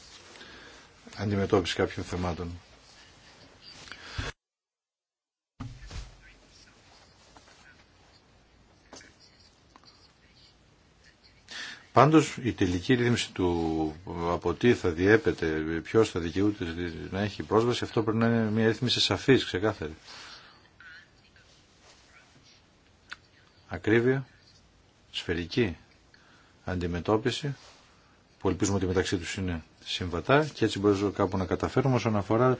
αντιμετώπιση κάποιων θεμάτων. Πάντω η τελική ρύθμιση του από τι θα διέπεται, ποιο θα δικαιούται να έχει πρόσβαση, αυτό πρέπει να είναι μια ρύθμιση σαφής, ξεκάθαρη. Ακρίβεια σφαιρική αντιμετώπιση που ελπίζουμε ότι μεταξύ τους είναι συμβατά και έτσι μπορούμε κάπου να καταφέρουμε όσον αφορά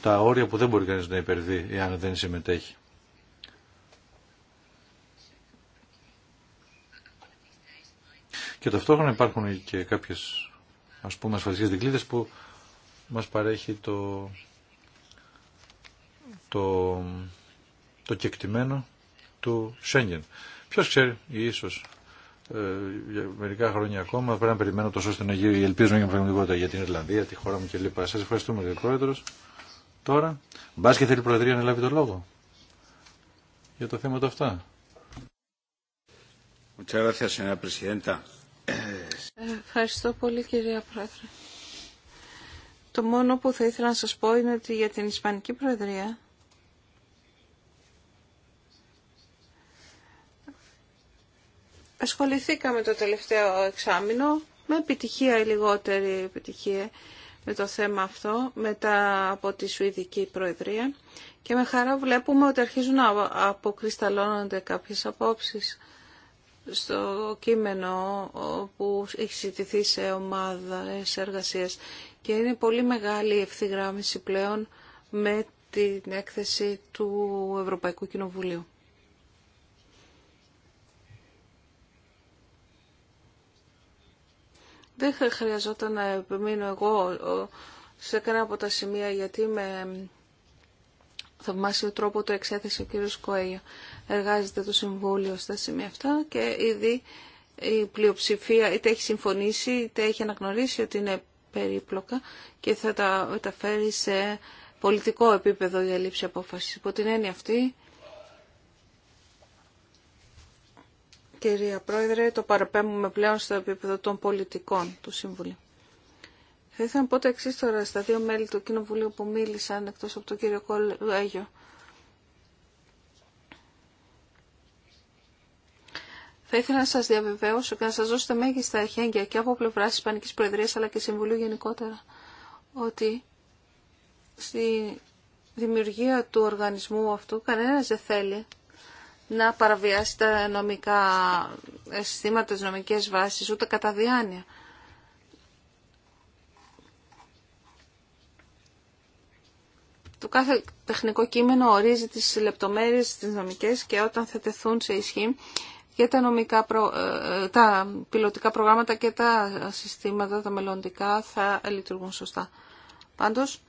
τα όρια που δεν μπορεί κανείς να υπερβεί εάν δεν συμμετέχει. Και ταυτόχρονα υπάρχουν και κάποιες ας πούμε ασφαλιστικές δικλείδες που μας παρέχει το, το, το κεκτημένο του Σέγγεν. Ποιο ξέρει, ίσως ε, για μερικά χρόνια ακόμα πρέπει να περιμένω τόσο ώστε να γίνει η ελπίδα για πραγματικότητα για την Ιρλανδία, τη χώρα μου κλπ. Σα. ευχαριστούμε κύριε πρόεδρο. Τώρα, μπα και θέλει η Προεδρία να λάβει το λόγο για τα θέματα αυτά. Ευχαριστώ πολύ κυρία Πρόεδρε. Το μόνο που θα ήθελα να σας πω είναι ότι για την Ισπανική Προεδρία ασχοληθήκαμε το τελευταίο εξάμεινο με επιτυχία ή λιγότερη επιτυχία με το θέμα αυτό μετά από τη Σουηδική Προεδρία και με χαρά βλέπουμε ότι αρχίζουν να αποκρισταλώνονται κάποιες απόψεις στο κείμενο που έχει συζητηθεί σε ομάδες εργασίες και είναι πολύ μεγάλη η ευθυγράμμιση πλέον με την έκθεση του Ευρωπαϊκού Κοινοβουλίου. Δεν χρειαζόταν να επιμείνω εγώ σε κανένα από τα σημεία γιατί με θαυμάσιο τρόπο το εξέθεσε ο κύριος Κοέγια. Εργάζεται το Συμβούλιο στα σημεία αυτά και ήδη η πλειοψηφία είτε έχει συμφωνήσει είτε έχει αναγνωρίσει ότι είναι περίπλοκα και θα τα μεταφέρει σε πολιτικό επίπεδο για λήψη απόφασης. Υπό την έννοια αυτή Κυρία Πρόεδρε, το παραπέμπουμε πλέον στο επίπεδο των πολιτικών του Συμβουλίου. Θα ήθελα να πω το εξή τώρα στα δύο μέλη του Κοινοβουλίου που μίλησαν εκτό από τον κύριο Κολέγιο. Θα ήθελα να σα διαβεβαίωσω και να σα δώσω τα μέγιστα εχέγγυα και από πλευρά τη Ισπανική Προεδρία αλλά και Συμβουλίου γενικότερα ότι στη δημιουργία του οργανισμού αυτού κανένα δεν θέλει να παραβιάσει τα νομικά συστήματα, τις νομικές βάσεις, ούτε κατά διάνοια. Το κάθε τεχνικό κείμενο ορίζει τις λεπτομέρειες τις νομικές και όταν θα σε ισχύ και τα, νομικά ε, ε, τα πιλωτικά προγράμματα και τα συστήματα, τα μελλοντικά θα λειτουργούν σωστά. Πάντως,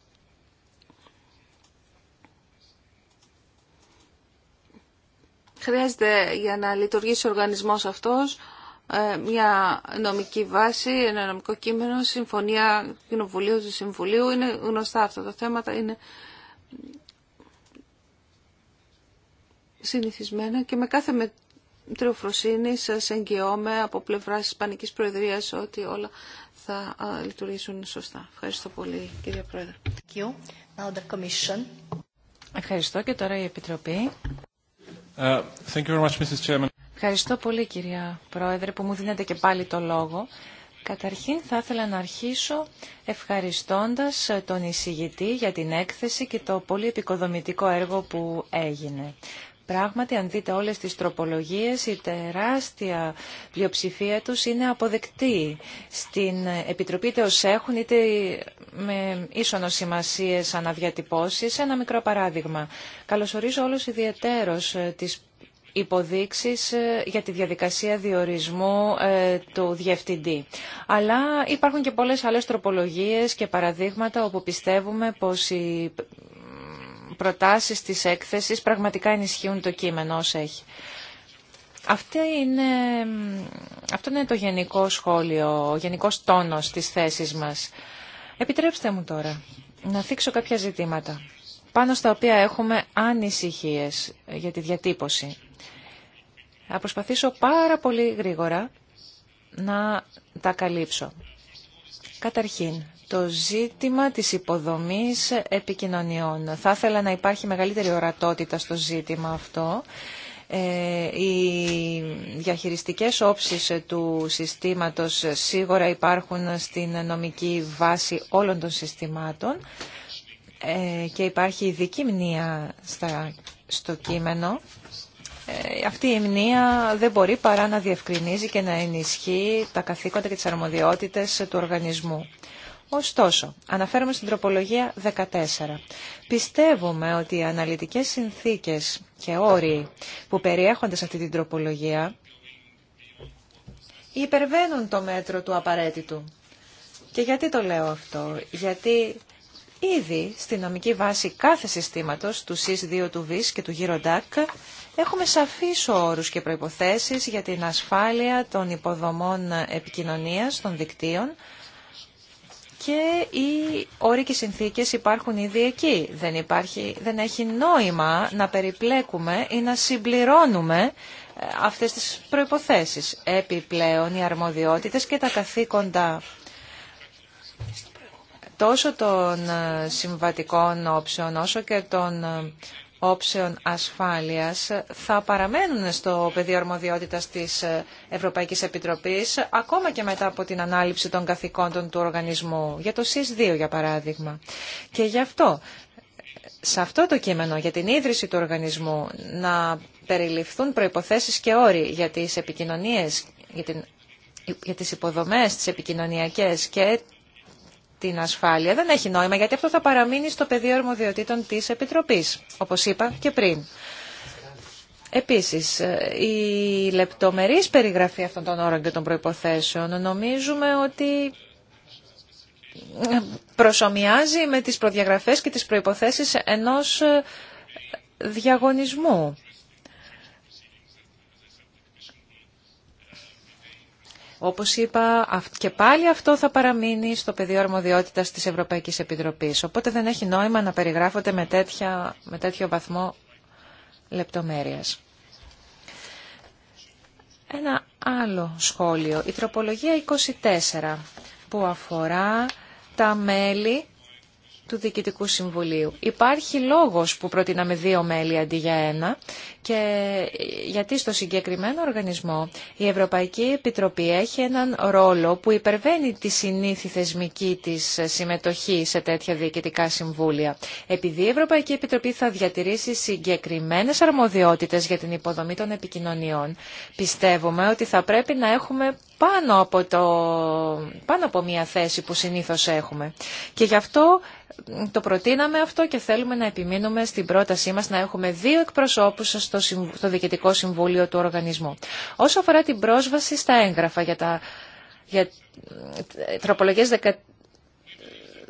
Χρειάζεται για να λειτουργήσει ο οργανισμός αυτός ε, μια νομική βάση, ένα νομικό κείμενο, συμφωνία κοινοβουλίου του Συμβουλίου. Είναι γνωστά αυτά τα θέματα, είναι συνηθισμένα και με κάθε μετριοφροσύνη σας εγγυώμαι από πλευρά της Ισπανικής Προεδρίας ότι όλα θα λειτουργήσουν σωστά. Ευχαριστώ πολύ κυρία Πρόεδρε. Ευχαριστώ και τώρα η Επιτροπή. Uh, Ευχαριστώ πολύ κυρία Πρόεδρε που μου δίνετε και πάλι το λόγο. Καταρχήν θα ήθελα να αρχίσω ευχαριστώντας ε, τον εισηγητή για την έκθεση και το πολύ επικοδομητικό έργο που έγινε. Πράγματι, αν δείτε όλες τις τροπολογίες, η τεράστια πλειοψηφία τους είναι αποδεκτή. Στην Επιτροπή είτε ως έχουν, είτε με ίσονο σημασίες αναδιατυπώσεις. Ένα μικρό παράδειγμα. Καλωσορίζω όλους ιδιαιτέρως ε, τις υποδείξεις ε, για τη διαδικασία διορισμού ε, του διευθυντή. Αλλά υπάρχουν και πολλές άλλες τροπολογίες και παραδείγματα όπου πιστεύουμε πως η προτάσεις της έκθεσης πραγματικά ενισχύουν το κείμενο όσο έχει. Αυτή είναι, αυτό είναι το γενικό σχόλιο, ο γενικός τόνος της θέσης μας. Επιτρέψτε μου τώρα να θίξω κάποια ζητήματα πάνω στα οποία έχουμε ανησυχίες για τη διατύπωση. Θα προσπαθήσω πάρα πολύ γρήγορα να τα καλύψω. Καταρχήν, το ζήτημα της υποδομής επικοινωνιών. Θα ήθελα να υπάρχει μεγαλύτερη ορατότητα στο ζήτημα αυτό. Ε, οι διαχειριστικές όψεις του συστήματος σίγουρα υπάρχουν στην νομική βάση όλων των συστημάτων ε, και υπάρχει ειδική μνήα στο κείμενο. Ε, αυτή η μνήα δεν μπορεί παρά να διευκρινίζει και να ενισχύει τα καθήκοντα και τις αρμοδιότητες του οργανισμού. Ωστόσο, αναφέρομαι στην τροπολογία 14. Πιστεύουμε ότι οι αναλυτικές συνθήκες και όροι που περιέχονται σε αυτή την τροπολογία υπερβαίνουν το μέτρο του απαραίτητου. Και γιατί το λέω αυτό. Γιατί ήδη στη νομική βάση κάθε συστήματος, του ΣΥΣ2, του ΒΙΣ και του ΓΙΡΟΝΤΑΚ, έχουμε σαφείς όρους και προϋποθέσεις για την ασφάλεια των υποδομών επικοινωνίας των δικτύων, και οι όροι και συνθήκες υπάρχουν ήδη εκεί. Δεν, δεν έχει νόημα να περιπλέκουμε ή να συμπληρώνουμε ε, αυτές τις προϋποθέσεις. Επιπλέον οι αρμοδιότητες και τα καθήκοντα τόσο των ε, συμβατικών όψεων όσο και των ε, όψεων ασφάλειας θα παραμένουν στο πεδίο αρμοδιότητας της Ευρωπαϊκής Επιτροπής ακόμα και μετά από την ανάληψη των καθηκόντων του οργανισμού, για το ΣΥΣ2 για παράδειγμα. Και γι' αυτό, σε αυτό το κείμενο για την ίδρυση του οργανισμού να περιληφθούν προϋποθέσεις και όροι για τις επικοινωνίες, για την για τις υποδομές, τις επικοινωνιακές και την ασφάλεια δεν έχει νόημα γιατί αυτό θα παραμείνει στο πεδίο αρμοδιοτήτων της Επιτροπής, όπως είπα και πριν. Επίσης, ε, η λεπτομερής περιγραφή αυτών των όρων και των προϋποθέσεων νομίζουμε ότι ε, προσωμιάζει με τις προδιαγραφές και τις προϋποθέσεις ενός ε, διαγωνισμού. Όπως είπα και πάλι αυτό θα παραμείνει στο πεδίο αρμοδιότητας της Ευρωπαϊκής Επιτροπής. Οπότε δεν έχει νόημα να περιγράφονται με, τέτοια, με τέτοιο βαθμό λεπτομέρειας. Ένα άλλο σχόλιο, η τροπολογία 24 που αφορά τα μέλη του Διοικητικού Συμβουλίου. Υπάρχει λόγος που προτείναμε δύο μέλη αντί για ένα και γιατί στο συγκεκριμένο οργανισμό η Ευρωπαϊκή Επιτροπή έχει έναν ρόλο που υπερβαίνει τη συνήθι θεσμική της συμμετοχή σε τέτοια διοικητικά συμβούλια. Επειδή η Ευρωπαϊκή Επιτροπή θα διατηρήσει συγκεκριμένες αρμοδιότητες για την υποδομή των επικοινωνιών, πιστεύουμε ότι θα πρέπει να έχουμε πάνω από, το, πάνω από μια θέση που συνήθως έχουμε. Και γι' αυτό το προτείναμε αυτό και θέλουμε να επιμείνουμε στην πρότασή μας να έχουμε δύο εκπροσώπους στο, στο Διοικητικό Συμβούλιο του Οργανισμού. Όσο αφορά την πρόσβαση στα έγγραφα για τα για ε, τροπολογίες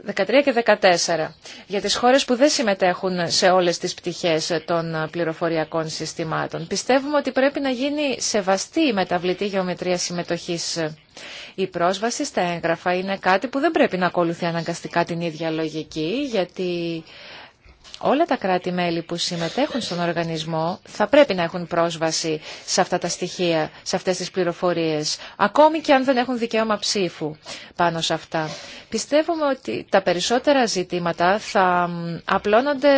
13 και 14 για τις χώρες που δεν συμμετέχουν σε όλες τις πτυχές των πληροφοριακών συστημάτων. Πιστεύουμε ότι πρέπει να γίνει σεβαστή η μεταβλητή γεωμετρία συμμετοχής. Η πρόσβαση στα έγγραφα είναι κάτι που δεν πρέπει να ακολουθεί αναγκαστικά την ίδια λογική γιατί όλα τα κράτη-μέλη που συμμετέχουν στον οργανισμό θα πρέπει να έχουν πρόσβαση σε αυτά τα στοιχεία, σε αυτές τις πληροφορίες, ακόμη και αν δεν έχουν δικαίωμα ψήφου πάνω σε αυτά. Πιστεύουμε ότι τα περισσότερα ζητήματα θα απλώνονται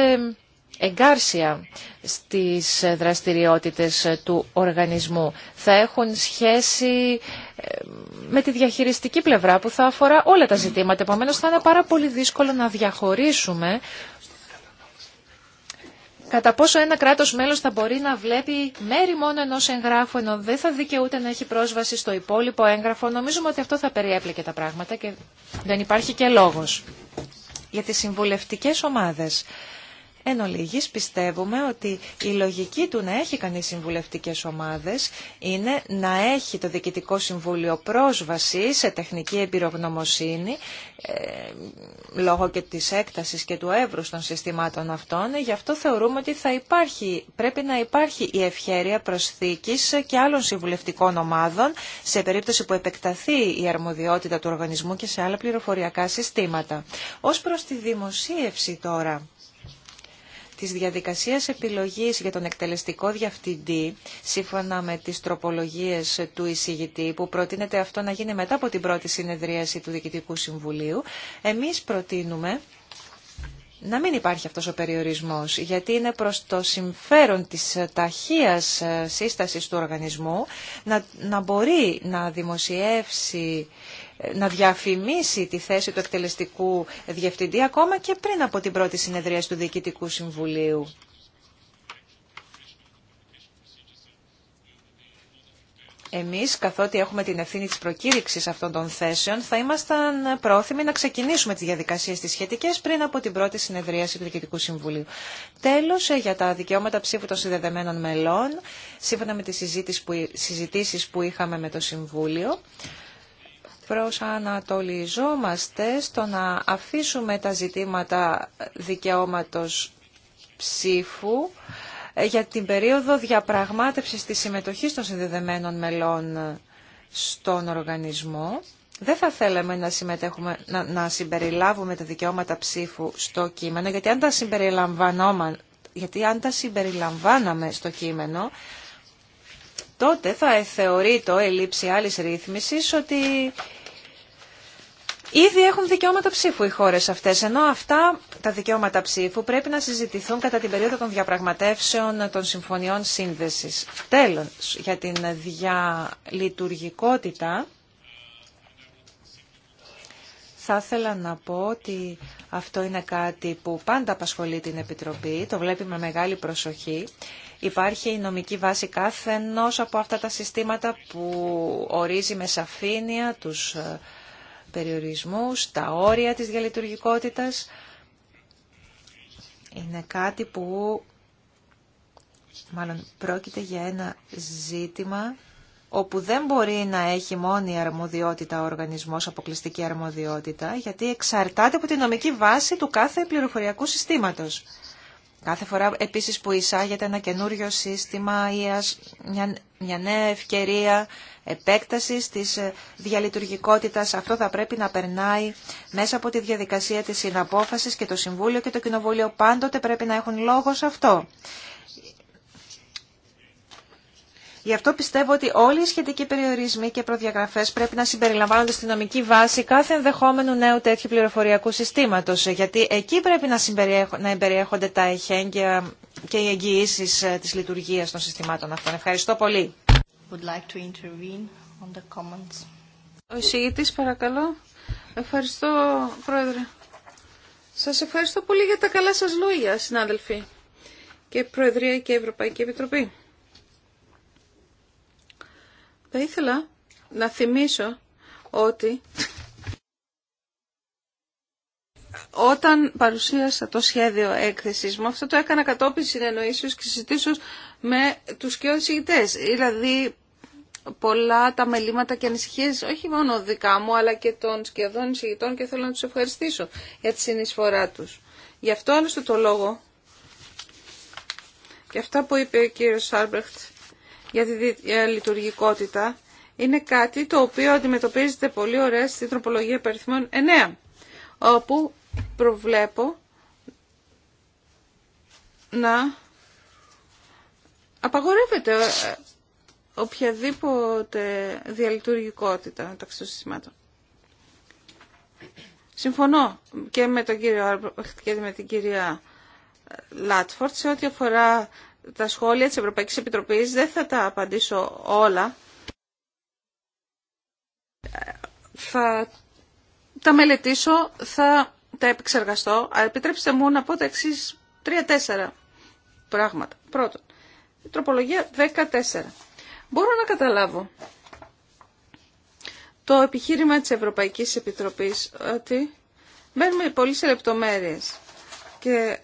εγκάρσια στις δραστηριότητες του οργανισμού. Θα έχουν σχέση ε, με τη διαχειριστική πλευρά που θα αφορά όλα τα ζητήματα. Επομένω θα είναι πάρα πολύ δύσκολο να διαχωρίσουμε κατά πόσο ένα κράτος μέλος θα μπορεί να βλέπει μέρη μόνο ενός εγγράφου, ενώ δεν θα δικαιούται να έχει πρόσβαση στο υπόλοιπο έγγραφο. Νομίζουμε ότι αυτό θα περιέπλεκε τα πράγματα και δεν υπάρχει και λόγος. Για τις συμβουλευτικές ομάδες. Εν ολίγης πιστεύουμε ότι η λογική του να έχει κανείς συμβουλευτικές ομάδες είναι να έχει το Διοικητικό Συμβούλιο πρόσβαση σε τεχνική εμπειρογνωμοσύνη ε, λόγω και της έκτασης και του εύρους των συστημάτων αυτών. Γι' αυτό θεωρούμε ότι θα υπάρχει, πρέπει να υπάρχει η ευχέρεια προσθήκης και άλλων συμβουλευτικών ομάδων σε περίπτωση που επεκταθεί η αρμοδιότητα του οργανισμού και σε άλλα πληροφοριακά συστήματα. Ως προς τη δημοσίευση τώρα της διαδικασίας επιλογής για τον εκτελεστικό διευθυντή, σύμφωνα με τις τροπολογίες του εισηγητή, που προτείνεται αυτό να γίνει μετά από την πρώτη συνεδρίαση του Διοικητικού Συμβουλίου, εμείς προτείνουμε να μην υπάρχει αυτός ο περιορισμός, γιατί είναι προς το συμφέρον της ταχείας ε, σύστασης του οργανισμού να, να μπορεί να δημοσιεύσει να διαφημίσει τη θέση του εκτελεστικού διευθυντή ακόμα και πριν από την πρώτη συνεδρίαση του Διοικητικού Συμβουλίου. Εμείς, καθότι έχουμε την ευθύνη της προκήρυξης αυτών των θέσεων, θα ήμασταν πρόθυμοι να ξεκινήσουμε τις διαδικασίες τις σχετικές πριν από την πρώτη συνεδρίαση του Διοικητικού Συμβουλίου. Τέλος, ε, για τα δικαιώματα ψήφου των συνδεδεμένων μελών, σύμφωνα με τις συζητήσεις που είχαμε με το Συμβούλιο, προσανατολιζόμαστε στο να αφήσουμε τα ζητήματα δικαιώματος ψήφου ε, για την περίοδο διαπραγμάτευσης της συμμετοχής των συνδεδεμένων μελών στον οργανισμό. Δεν θα θέλαμε να, συμμετέχουμε, να, συμπεριλάβουμε τα δικαιώματα ψήφου στο κείμενο, γιατί αν τα, γιατί αν τα συμπεριλαμβάναμε στο κείμενο, τότε θα θεωρεί το ελλείψη άλλης ρύθμιση ότι Ήδη έχουν δικαιώματα ψήφου οι χώρε αυτέ, ενώ αυτά τα δικαιώματα ψήφου πρέπει να συζητηθούν κατά την περίοδο των διαπραγματεύσεων των συμφωνιών σύνδεση. Τέλο, για την διαλειτουργικότητα θα ήθελα να πω ότι αυτό είναι κάτι που πάντα απασχολεί την Επιτροπή, το βλέπει με μεγάλη προσοχή. Υπάρχει η νομική βάση κάθε ενός από αυτά τα συστήματα που ορίζει με σαφήνεια τους ε, περιορισμούς, τα όρια της διαλειτουργικότητας. Είναι κάτι που μάλλον πρόκειται για ένα ζήτημα όπου δεν μπορεί να έχει μόνη αρμοδιότητα ο οργανισμός, αποκλειστική αρμοδιότητα, γιατί εξαρτάται από τη νομική βάση του κάθε πληροφοριακού συστήματος. Κάθε φορά επίσης που εισάγεται ένα καινούριο σύστημα ή μια, μια νέα ευκαιρία επέκτασης της ε, διαλειτουργικότητας, αυτό θα πρέπει να περνάει μέσα από τη διαδικασία της συναπόφασης και το Συμβούλιο και το Κοινοβούλιο πάντοτε πρέπει να έχουν λόγο σε αυτό. Γι' αυτό πιστεύω ότι όλοι οι σχετικοί περιορισμοί και προδιαγραφέ πρέπει να συμπεριλαμβάνονται στη νομική βάση κάθε ενδεχόμενου νέου τέτοιου πληροφοριακού συστήματο. Γιατί εκεί πρέπει να, να εμπεριέχονται τα εχέγγυα και οι εγγυήσει ε, τη λειτουργία των συστημάτων αυτών. Ευχαριστώ πολύ. Would like to intervene on the comments. Ο εισηγητής παρακαλώ. Ευχαριστώ πρόεδρε. Σας ευχαριστώ πολύ για τα καλά σας λόγια συνάδελφοι και Προεδρία και Ευρωπαϊκή Επιτροπή. Θα ήθελα να θυμίσω ότι όταν παρουσίασα το σχέδιο έκθεσης μου, αυτό το έκανα κατόπιν συνεννοήσεως και συζητήσεως με τους και εισηγητές. Δηλαδή, πολλά τα μελήματα και ανησυχίες, όχι μόνο δικά μου, αλλά και των σχεδόν εισηγητών και θέλω να τους ευχαριστήσω για τη συνεισφορά τους. Γι' αυτό άλλωστε το λόγο και αυτά που είπε ο κύριος Σάρμπρεχτ για τη λειτουργικότητα είναι κάτι το οποίο αντιμετωπίζεται πολύ ωραία στην τροπολογία περιθμών 9, όπου προβλέπω να απαγορεύεται ε, οποιαδήποτε διαλειτουργικότητα μεταξύ των συστημάτων. Συμφωνώ και με, τον κύριο, και με την κυρία Λάτφορτ σε ό,τι αφορά τα σχόλια της Ευρωπαϊκής Επιτροπής. Δεν θα τα απαντήσω όλα. Θα τα μελετήσω, θα τα επεξεργαστώ. Επιτρέψτε μου να πω τα εξή τρία-τέσσερα πράγματα. Πρώτον, η τροπολογία 14. Μπορώ να καταλάβω το επιχείρημα της Ευρωπαϊκής Επιτροπής ότι μπαίνουμε πολύ σε λεπτομέρειες και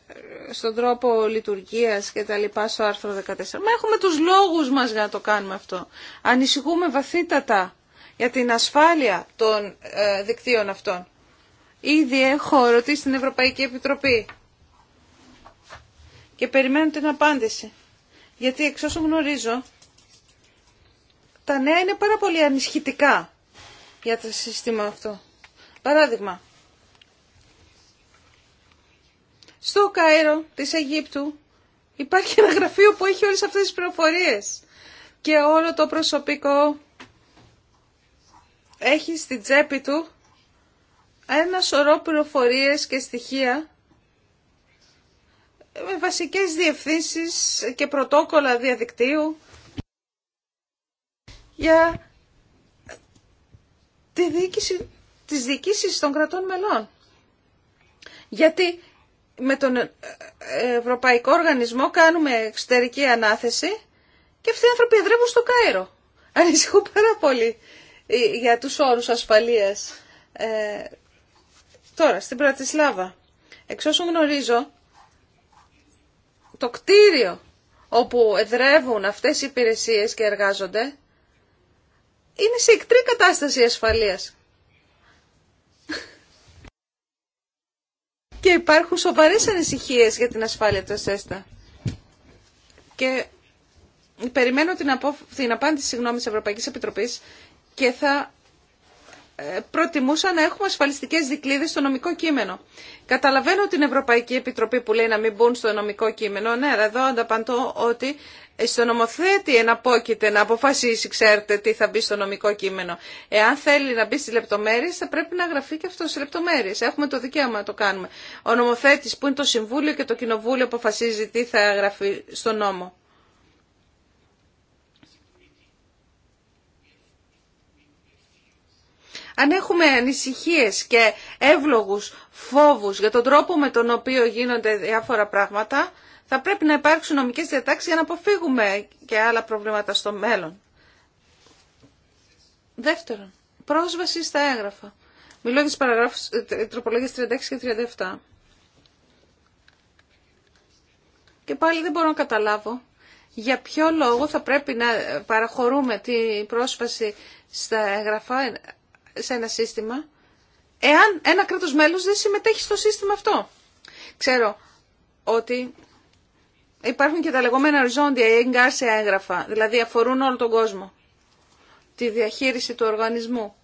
στον τρόπο λειτουργίας και τα λοιπά στο άρθρο 14. Μα έχουμε τους λόγους μας για να το κάνουμε αυτό. Ανησυχούμε βαθύτατα για την ασφάλεια των ε, δικτύων αυτών. Ήδη έχω ρωτήσει την Ευρωπαϊκή Επιτροπή και περιμένω την απάντηση. Γιατί εξ όσων γνωρίζω, τα νέα είναι πάρα πολύ ανισχυτικά για το σύστημα αυτό. Παράδειγμα, Στο Κάιρο της Αιγύπτου υπάρχει ένα γραφείο που έχει όλες αυτές τις πληροφορίες και όλο το προσωπικό έχει στην τσέπη του ένα σωρό πληροφορίες και στοιχεία με βασικές διευθύνσεις και πρωτόκολλα διαδικτύου για τη διοίκηση, της διοικήσεις των κρατών μελών. Γιατί με τον ε, Ευρωπαϊκό Οργανισμό κάνουμε εξωτερική ανάθεση και αυτοί οι άνθρωποι εδρεύουν στο Κάιρο. Ανησυχώ πάρα πολύ ε, για τους όρους ασφαλείας. Ε, τώρα, στην Πρατισλάβα. Εξ όσων γνωρίζω, το κτίριο όπου εδρεύουν αυτές οι υπηρεσίες και εργάζονται είναι σε εκτρή κατάσταση ασφαλείας. και υπάρχουν σοβαρές ανησυχίες για την ασφάλεια του ΕΣΕΣΤΑ. Και περιμένω την, απο... την απάντηση συγγνώμη, της Ευρωπαϊκής Επιτροπής και θα ε, προτιμούσα να έχουμε ασφαλιστικέ δικλείδε στο νομικό κείμενο. Καταλαβαίνω την Ευρωπαϊκή Επιτροπή που λέει να μην μπουν στο νομικό κείμενο. Ναι, αλλά εδώ ανταπαντώ ότι στο νομοθέτη εναπόκειται να αποφασίσει, ξέρετε, τι θα μπει στο νομικό κείμενο. Εάν θέλει να μπει στι λεπτομέρειε, θα πρέπει να γραφεί και αυτό στι λεπτομέρειε. Έχουμε το δικαίωμα να το κάνουμε. Ο νομοθέτη που είναι το Συμβούλιο και το Κοινοβούλιο αποφασίζει τι θα γραφεί στο νόμο. Αν έχουμε ανησυχίες και εύλογους φόβους για τον τρόπο με τον οποίο γίνονται διάφορα πράγματα, θα πρέπει να υπάρξουν νομικές διατάξεις για να αποφύγουμε και άλλα προβλήματα στο μέλλον. Δεύτερον, πρόσβαση στα έγγραφα. Μιλώ για τις παραγράφους ε, τροπολογίες 36 και 37. Και πάλι δεν μπορώ να καταλάβω για ποιο λόγο θα πρέπει να παραχωρούμε την πρόσβαση στα έγγραφα σε ένα σύστημα, εάν ένα κράτος μέλος δεν συμμετέχει στο σύστημα αυτό. Ξέρω ότι Υπάρχουν και τα λεγόμενα οριζόντια ή εγκάρσια έγγραφα, δηλαδή αφορούν όλο τον κόσμο. Τη διαχείριση του οργανισμού,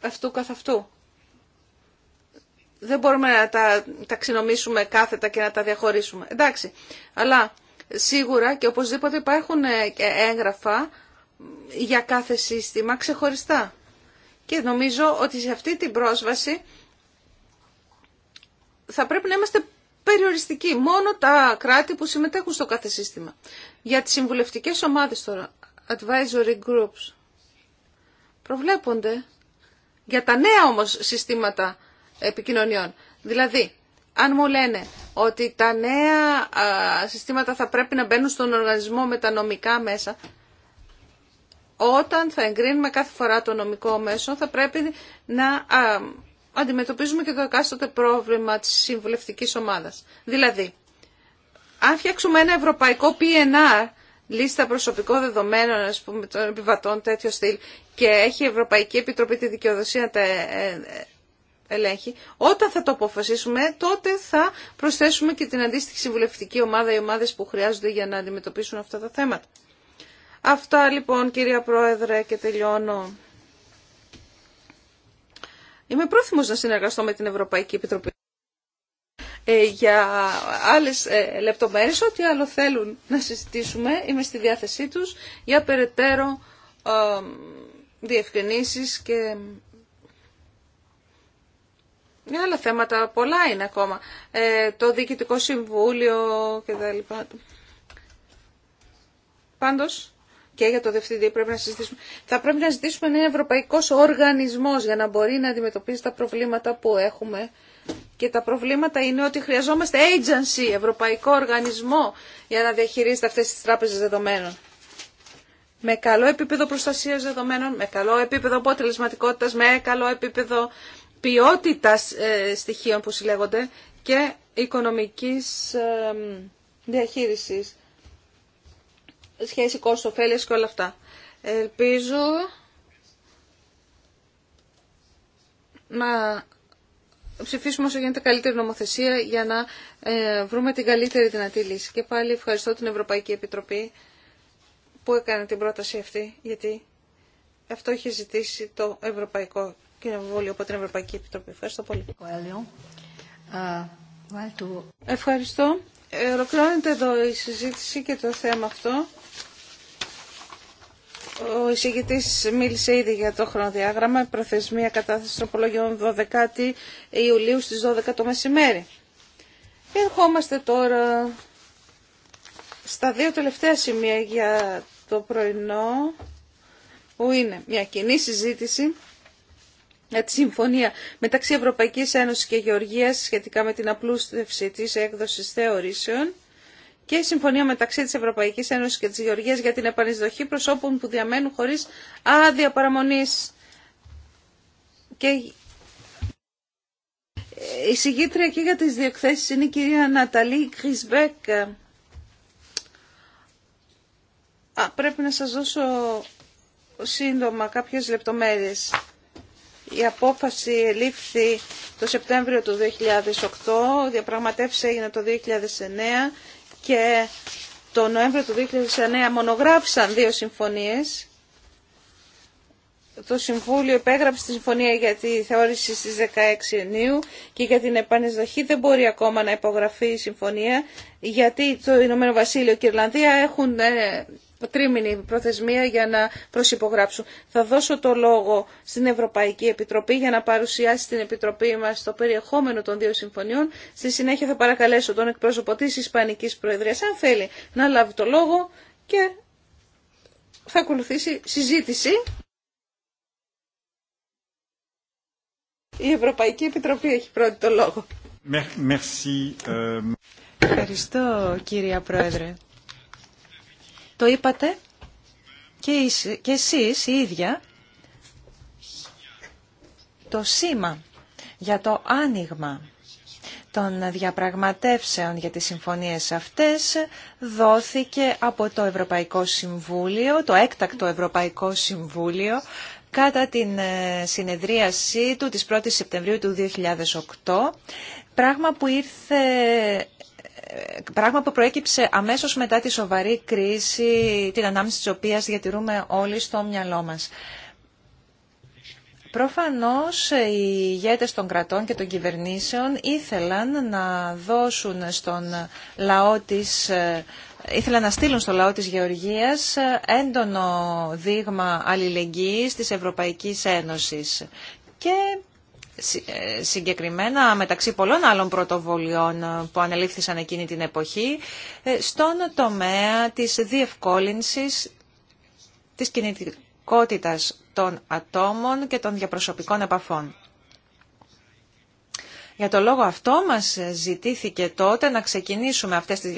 αυτού καθ' αυτού. Δεν μπορούμε να τα ταξινομήσουμε κάθετα και να τα διαχωρίσουμε. Εντάξει, αλλά σίγουρα και οπωσδήποτε υπάρχουν ε, έγγραφα για κάθε σύστημα ξεχωριστά. Και νομίζω ότι σε αυτή την πρόσβαση θα πρέπει να είμαστε περιοριστική. Μόνο τα κράτη που συμμετέχουν στο κάθε σύστημα. Για τις συμβουλευτικές ομάδες τώρα, advisory groups, προβλέπονται για τα νέα όμως συστήματα επικοινωνιών. Δηλαδή, αν μου λένε ότι τα νέα συστήματα θα πρέπει να μπαίνουν στον οργανισμό με τα νομικά μέσα, όταν θα εγκρίνουμε κάθε φορά το νομικό μέσο, θα πρέπει να αντιμετωπίζουμε και το εκάστοτε πρόβλημα της συμβουλευτικής ομάδας. Δηλαδή, αν φτιάξουμε ένα ευρωπαϊκό PNR, λίστα προσωπικών δεδομένων ας πούμε, των επιβατών, τέτοιο στυλ, και έχει η Ευρωπαϊκή Επιτροπή τη δικαιοδοσία να τα ε, ε, ελέγχει, όταν θα το αποφασίσουμε, τότε θα προσθέσουμε και την αντίστοιχη συμβουλευτική ομάδα, οι ομάδες που χρειάζονται για να αντιμετωπίσουν αυτά τα θέματα. Αυτά λοιπόν κυρία Πρόεδρε και τελειώνω Είμαι πρόθυμο να συνεργαστώ με την Ευρωπαϊκή Επιτροπή ε, για άλλες ε, λεπτομέρειε Ό,τι άλλο θέλουν να συζητήσουμε, είμαι στη διάθεσή τους για περαιτέρω διευκρινήσει και άλλα θέματα. Πολλά είναι ακόμα. Ε, το Διοικητικό Συμβούλιο κτλ. Πάντως, και για το διευθυντή πρέπει να συζητήσουμε. Θα πρέπει να ζητήσουμε ένα ευρωπαϊκό οργανισμό για να μπορεί να αντιμετωπίζει τα προβλήματα που έχουμε. Και τα προβλήματα είναι ότι χρειαζόμαστε agency, ευρωπαϊκό οργανισμό, για να διαχειρίζεται αυτέ τι τράπεζε δεδομένων. Με καλό επίπεδο προστασία δεδομένων, με καλό επίπεδο αποτελεσματικότητα, με καλό επίπεδο ποιότητα ε, στοιχείων που συλλέγονται και οικονομική ε, διαχείριση σχέση κόστος-οφέλειας και όλα αυτά. Ελπίζω να ψηφίσουμε όσο γίνεται καλύτερη νομοθεσία για να ε, βρούμε την καλύτερη δυνατή λύση. Και πάλι ευχαριστώ την Ευρωπαϊκή Επιτροπή που έκανε την πρόταση αυτή, γιατί αυτό είχε ζητήσει το Ευρωπαϊκό Κοινοβούλιο από την Ευρωπαϊκή Επιτροπή. Ευχαριστώ πολύ. Ευχαριστώ. Ε, ε, ολοκληρώνεται εδώ η συζήτηση και το θέμα αυτό. Ο εισηγητή μίλησε ήδη για το χρονοδιάγραμμα, προθεσμία κατάθεση τροπολογιών 12 Ιουλίου στις 12 το μεσημέρι. Ερχόμαστε τώρα στα δύο τελευταία σημεία για το πρωινό, που είναι μια κοινή συζήτηση για τη συμφωνία μεταξύ Ευρωπαϊκής Ένωσης και Γεωργίας σχετικά με την απλούστευση της έκδοσης θεωρήσεων και η συμφωνία μεταξύ της Ευρωπαϊκής Ένωσης και της Γεωργίας για την επανεισδοχή προσώπων που διαμένουν χωρίς άδεια παραμονής. Και η συγκίτρια και για τις διεκθέσεις είναι η κυρία Ναταλή Κρισβέκ. Α, πρέπει να σας δώσω σύντομα κάποιες λεπτομέρειες. Η απόφαση λήφθη το Σεπτέμβριο του 2008, διαπραγματεύσει έγινε το 2009 και το Νοέμβριο του 2009 μονογράφησαν δύο συμφωνίες. Το Συμβούλιο επέγραψε τη συμφωνία για τη θεώρηση στις 16 Ιουνίου και για την επανεισδοχή δεν μπορεί ακόμα να υπογραφεί η συμφωνία γιατί το Ηνωμένο Βασίλειο και η Ιρλανδία έχουν ε, τρίμηνη προθεσμία για να προσυπογράψουν. Θα δώσω το λόγο στην Ευρωπαϊκή Επιτροπή για να παρουσιάσει στην Επιτροπή μας το περιεχόμενο των δύο συμφωνιών. Στη συνέχεια θα παρακαλέσω τον εκπρόσωπο της Ισπανικής Προεδρίας, αν θέλει, να λάβει το λόγο και θα ακολουθήσει συζήτηση. Η Ευρωπαϊκή Επιτροπή έχει πρώτη το λόγο. Euh, Ευχαριστώ κύριε Πρόεδρε. Το είπατε και εσείς η ίδια το σήμα για το άνοιγμα των διαπραγματεύσεων για τις συμφωνίες αυτές δόθηκε από το Ευρωπαϊκό Συμβούλιο, το έκτακτο Ευρωπαϊκό Συμβούλιο, κατά την ε, συνεδρίασή του της 1ης Σεπτεμβρίου του 2008 Πράγμα που ήρθε πράγμα που προέκυψε αμέσως μετά τη σοβαρή κρίση, την ανάμνηση της οποίας διατηρούμε όλοι στο μυαλό μας. Προφανώς οι ηγέτες των κρατών και των κυβερνήσεων ήθελαν να δώσουν στον λαό της ήθελαν να στείλουν στο λαό της Γεωργίας έντονο δείγμα αλληλεγγύης της Ευρωπαϊκής Ένωσης και ε, συγκεκριμένα μεταξύ πολλών άλλων πρωτοβολιών ε, που ανελήφθησαν εκείνη την εποχή ε, στον τομέα της διευκόλυνσης της κινητικότητας των ατόμων και των διαπροσωπικών επαφών. Για το λόγο αυτό μας ζητήθηκε τότε να ξεκινήσουμε αυτές τις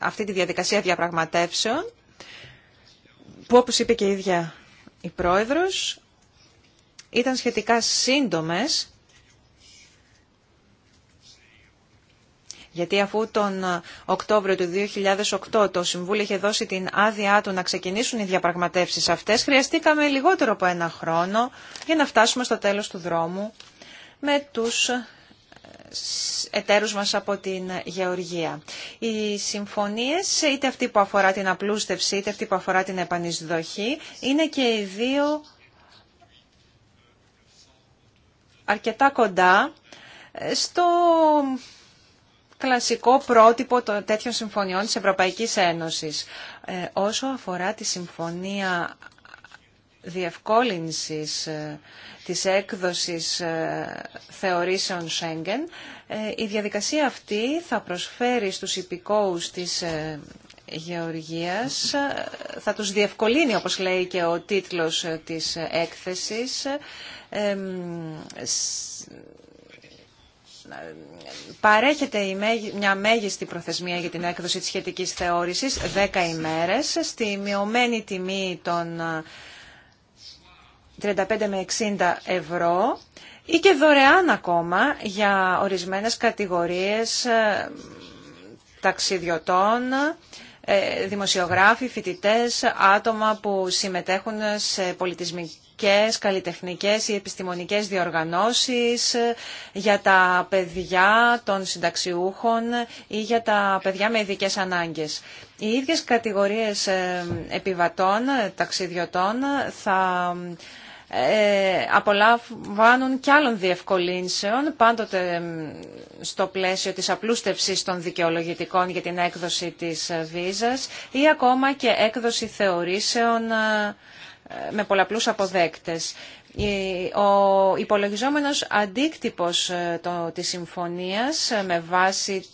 αυτή τη διαδικασία διαπραγματεύσεων που όπως είπε και η ίδια η Πρόεδρος ήταν σχετικά σύντομες, γιατί αφού τον Οκτώβριο του 2008 το Συμβούλιο είχε δώσει την άδειά του να ξεκινήσουν οι διαπραγματεύσεις αυτές, χρειαστήκαμε λιγότερο από ένα χρόνο για να φτάσουμε στο τέλος του δρόμου με τους εταίρους μας από την Γεωργία. Οι συμφωνίες, είτε αυτή που αφορά την απλούστευση, είτε αυτή που αφορά την επανεισδοχή, είναι και οι δύο αρκετά κοντά ε, στο κλασικό πρότυπο των τέτοιων συμφωνιών της Ευρωπαϊκής Ένωσης. Ε, όσο αφορά τη συμφωνία διευκόλυνσης ε, της έκδοσης θεωρήσεων Schengen, η διαδικασία αυτή θα προσφέρει στους υπηκόους της γεωργίας θα τους διευκολύνει, όπως λέει και ο τίτλος της έκθεσης, παρέχεται μια μέγιστη προθεσμία για την έκδοση της σχετικής θεώρησης, 10 ημέρες, στη μειωμένη τιμή των 35 ε, με 60 ευρώ ή και δωρεάν ακόμα για ορισμένες κατηγορίες ε, ταξιδιωτών, ε, δημοσιογράφοι, φοιτητές, άτομα που συμμετέχουν σε πολιτισμικές, καλλιτεχνικές, ή επιστημονικές διοργανώσεις ε, για τα παιδιά των συνταξιούχων ή για τα παιδιά με ειδικέ ανάγκες. Οι ίδιες κατηγορίες ε, επιβατών, ταξιδιωτών θα ε, απολαμβάνουν κι άλλων διευκολύνσεων, πάντοτε στο πλαίσιο της απλούστευσης των δικαιολογητικών για την έκδοση της ε, βίζας ή ακόμα και έκδοση θεωρήσεων ε, με πολλαπλούς αποδέκτες. Ο υπολογιζόμενος αντίκτυπος της συμφωνίας με βάση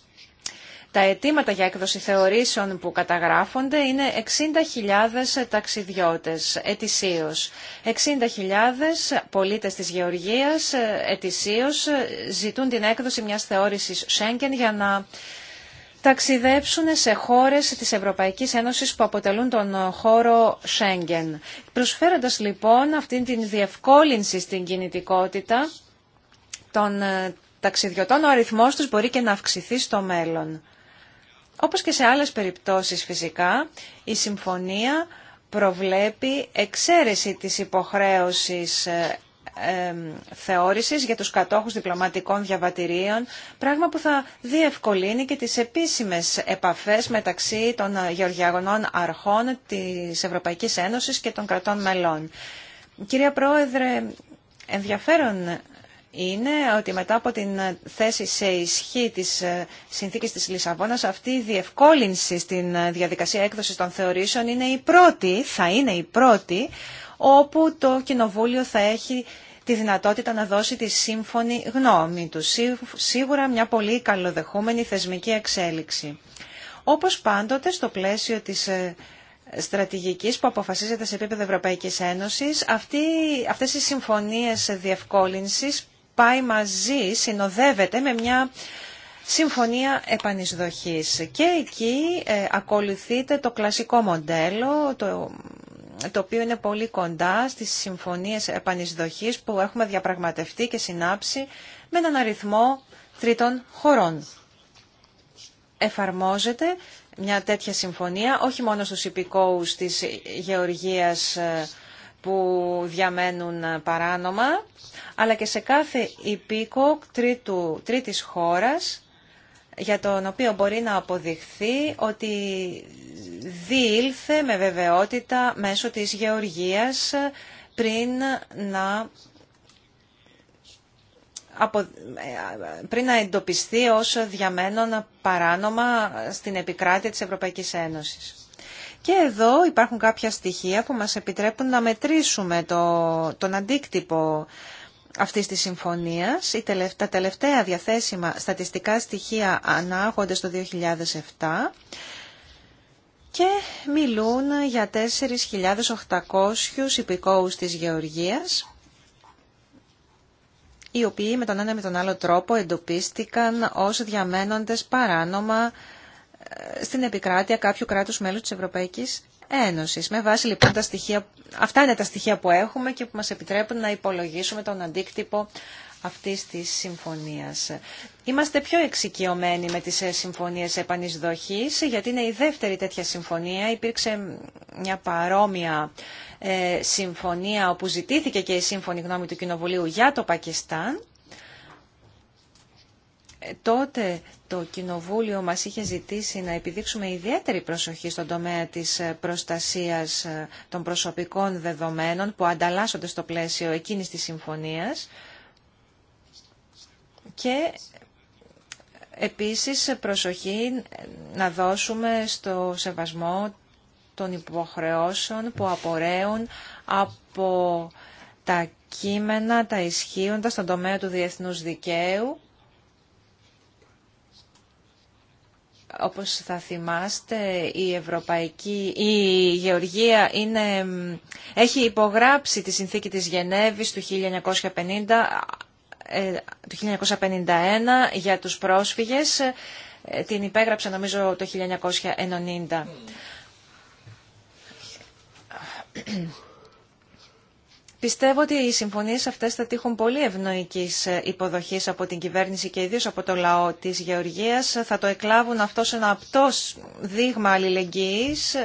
τα αιτήματα για έκδοση θεωρήσεων που καταγράφονται είναι 60.000 ταξιδιώτες ετησίως. 60.000 πολίτες της Γεωργίας ετησίως ζητούν την έκδοση μιας θεώρησης Schengen για να ταξιδέψουν σε χώρες της Ευρωπαϊκής Ένωσης που αποτελούν τον χώρο Schengen. Προσφέροντας λοιπόν αυτήν την διευκόλυνση στην κινητικότητα των ταξιδιωτών, ο αριθμός τους μπορεί και να αυξηθεί στο μέλλον. Όπως και σε άλλες περιπτώσεις φυσικά, η συμφωνία προβλέπει εξαίρεση της υποχρέωσης ε, ε, θεώρησης για τους κατόχους διπλωματικών διαβατηρίων, πράγμα που θα διευκολύνει και τις επίσημες επαφές μεταξύ των γεωργιαγωνών αρχών της Ευρωπαϊκής Ένωσης και των κρατών μελών. Κυρία Πρόεδρε, ενδιαφέρον είναι ότι μετά από την θέση σε ισχύ της ε, συνθήκης της Λισαβόνας αυτή η διευκόλυνση στην ε, διαδικασία έκδοσης των θεωρήσεων είναι η πρώτη, θα είναι η πρώτη, όπου το Κοινοβούλιο θα έχει τη δυνατότητα να δώσει τη σύμφωνη γνώμη του. Σίγουρα μια πολύ καλοδεχούμενη θεσμική εξέλιξη. Όπως πάντοτε στο πλαίσιο της ε, στρατηγικής που αποφασίζεται σε επίπεδο Ευρωπαϊκής Ένωσης, αυτή, αυτές οι συμφωνίες διευκόλυνσης πάει μαζί, συνοδεύεται με μια συμφωνία επανεισδοχής. Και εκεί ε, ακολουθείται το κλασικό μοντέλο, το το οποίο είναι πολύ κοντά στις συμφωνίες επανεισδοχής που έχουμε διαπραγματευτεί και συνάψει με έναν αριθμό τρίτων χωρών. Εφαρμόζεται μια τέτοια συμφωνία όχι μόνο στους υπηκόους της Γεωργίας ε, που διαμένουν παράνομα, αλλά και σε κάθε υπήκο τρίτου, τρίτης χώρας για τον οποίο μπορεί να αποδειχθεί ότι διήλθε με βεβαιότητα μέσω της γεωργίας πριν να, πριν να εντοπιστεί όσο διαμένων παράνομα στην επικράτεια της Ευρωπαϊκής Ένωσης. Και εδώ υπάρχουν κάποια στοιχεία που μας επιτρέπουν να μετρήσουμε το, τον αντίκτυπο αυτής της συμφωνίας. Τα τελευταία διαθέσιμα στατιστικά στοιχεία ανάγονται στο 2007 και μιλούν για 4.800 υπηκόους της Γεωργίας οι οποίοι με τον ένα με τον άλλο τρόπο εντοπίστηκαν ως διαμένοντες παράνομα στην επικράτεια κάποιου κράτους μέλους της Ευρωπαϊκής Ένωσης. Με βάση λοιπόν τα στοιχεία, αυτά είναι τα στοιχεία που έχουμε και που μας επιτρέπουν να υπολογίσουμε τον αντίκτυπο αυτής της συμφωνίας. Είμαστε πιο εξοικειωμένοι με τις ε, συμφωνίες επανεισδοχής, γιατί είναι η δεύτερη τέτοια συμφωνία. Υπήρξε μια παρόμοια ε, συμφωνία όπου ζητήθηκε και η σύμφωνη γνώμη του Κοινοβουλίου για το Πακιστάν ε, τότε το Κοινοβούλιο μας είχε ζητήσει να επιδείξουμε ιδιαίτερη προσοχή στον τομέα της ε, προστασίας ε, των προσωπικών δεδομένων που ανταλλάσσονται στο πλαίσιο εκείνης της συμφωνίας και επίσης προσοχή να δώσουμε στο σεβασμό των υποχρεώσεων που απορρέουν από τα κείμενα, τα ισχύοντα στον τομέα του διεθνούς δικαίου Όπως θα θυμάστε, η Ευρωπαϊκή, η Γεωργία είναι, έχει υπογράψει τη συνθήκη της Γενέβης του 1950 ε, του 1951 για τους πρόσφυγες. Ε, την υπέγραψε νομίζω το 1990. Πιστεύω ότι οι συμφωνίες αυτές θα τύχουν πολύ ευνοϊκής ε, υποδοχής από την κυβέρνηση και ιδίως από το λαό της Γεωργίας. Θα το εκλάβουν αυτό σε ένα απτός δείγμα αλληλεγγύης.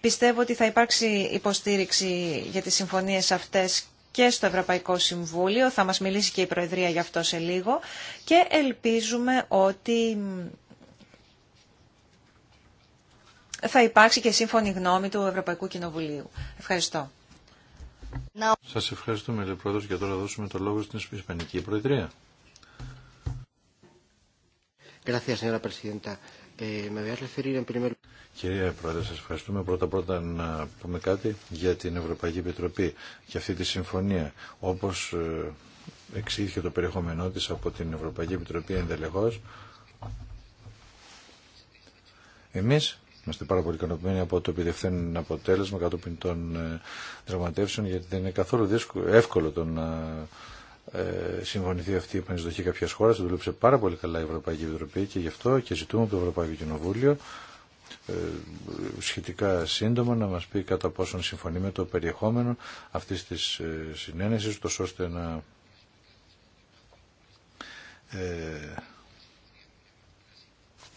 Πιστεύω ότι θα υπάρξει υποστήριξη για τις συμφωνίες αυτές και στο Ευρωπαϊκό Συμβούλιο. Θα μας μιλήσει και η Προεδρία γι' αυτό σε λίγο. Και ελπίζουμε ότι θα υπάρξει και σύμφωνη γνώμη του Ευρωπαϊκού Κοινοβουλίου. Ευχαριστώ. Σας ευχαριστούμε, Λεπρόεδρος, και τώρα δώσουμε το λόγο στην Ισπανική Προεδρία. Ε, Κυρία Πρόεδρε, σας ευχαριστούμε πρώτα-πρώτα να πούμε κάτι για την Ευρωπαϊκή Επιτροπή και αυτή τη συμφωνία. Όπως ε, εξήγηκε το περιεχόμενό της από την Ευρωπαϊκή Επιτροπή εντελεχώ, εμείς Είμαστε πάρα πολύ ικανοποιημένοι από το επιδευθέν αποτέλεσμα κατόπιν των ε, δραματεύσεων, γιατί δεν είναι καθόλου εύκολο το να ε, συμφωνηθεί αυτή η επανεισδοχή κάποια χώρα. Το δούλεψε πάρα πολύ καλά η Ευρωπαϊκή Επιτροπή και γι' αυτό και ζητούμε από το Ευρωπαϊκό Κοινοβούλιο ε, σχετικά σύντομα να μας πει κατά πόσον συμφωνεί με το περιεχόμενο αυτής της συνένεσης, ώστε να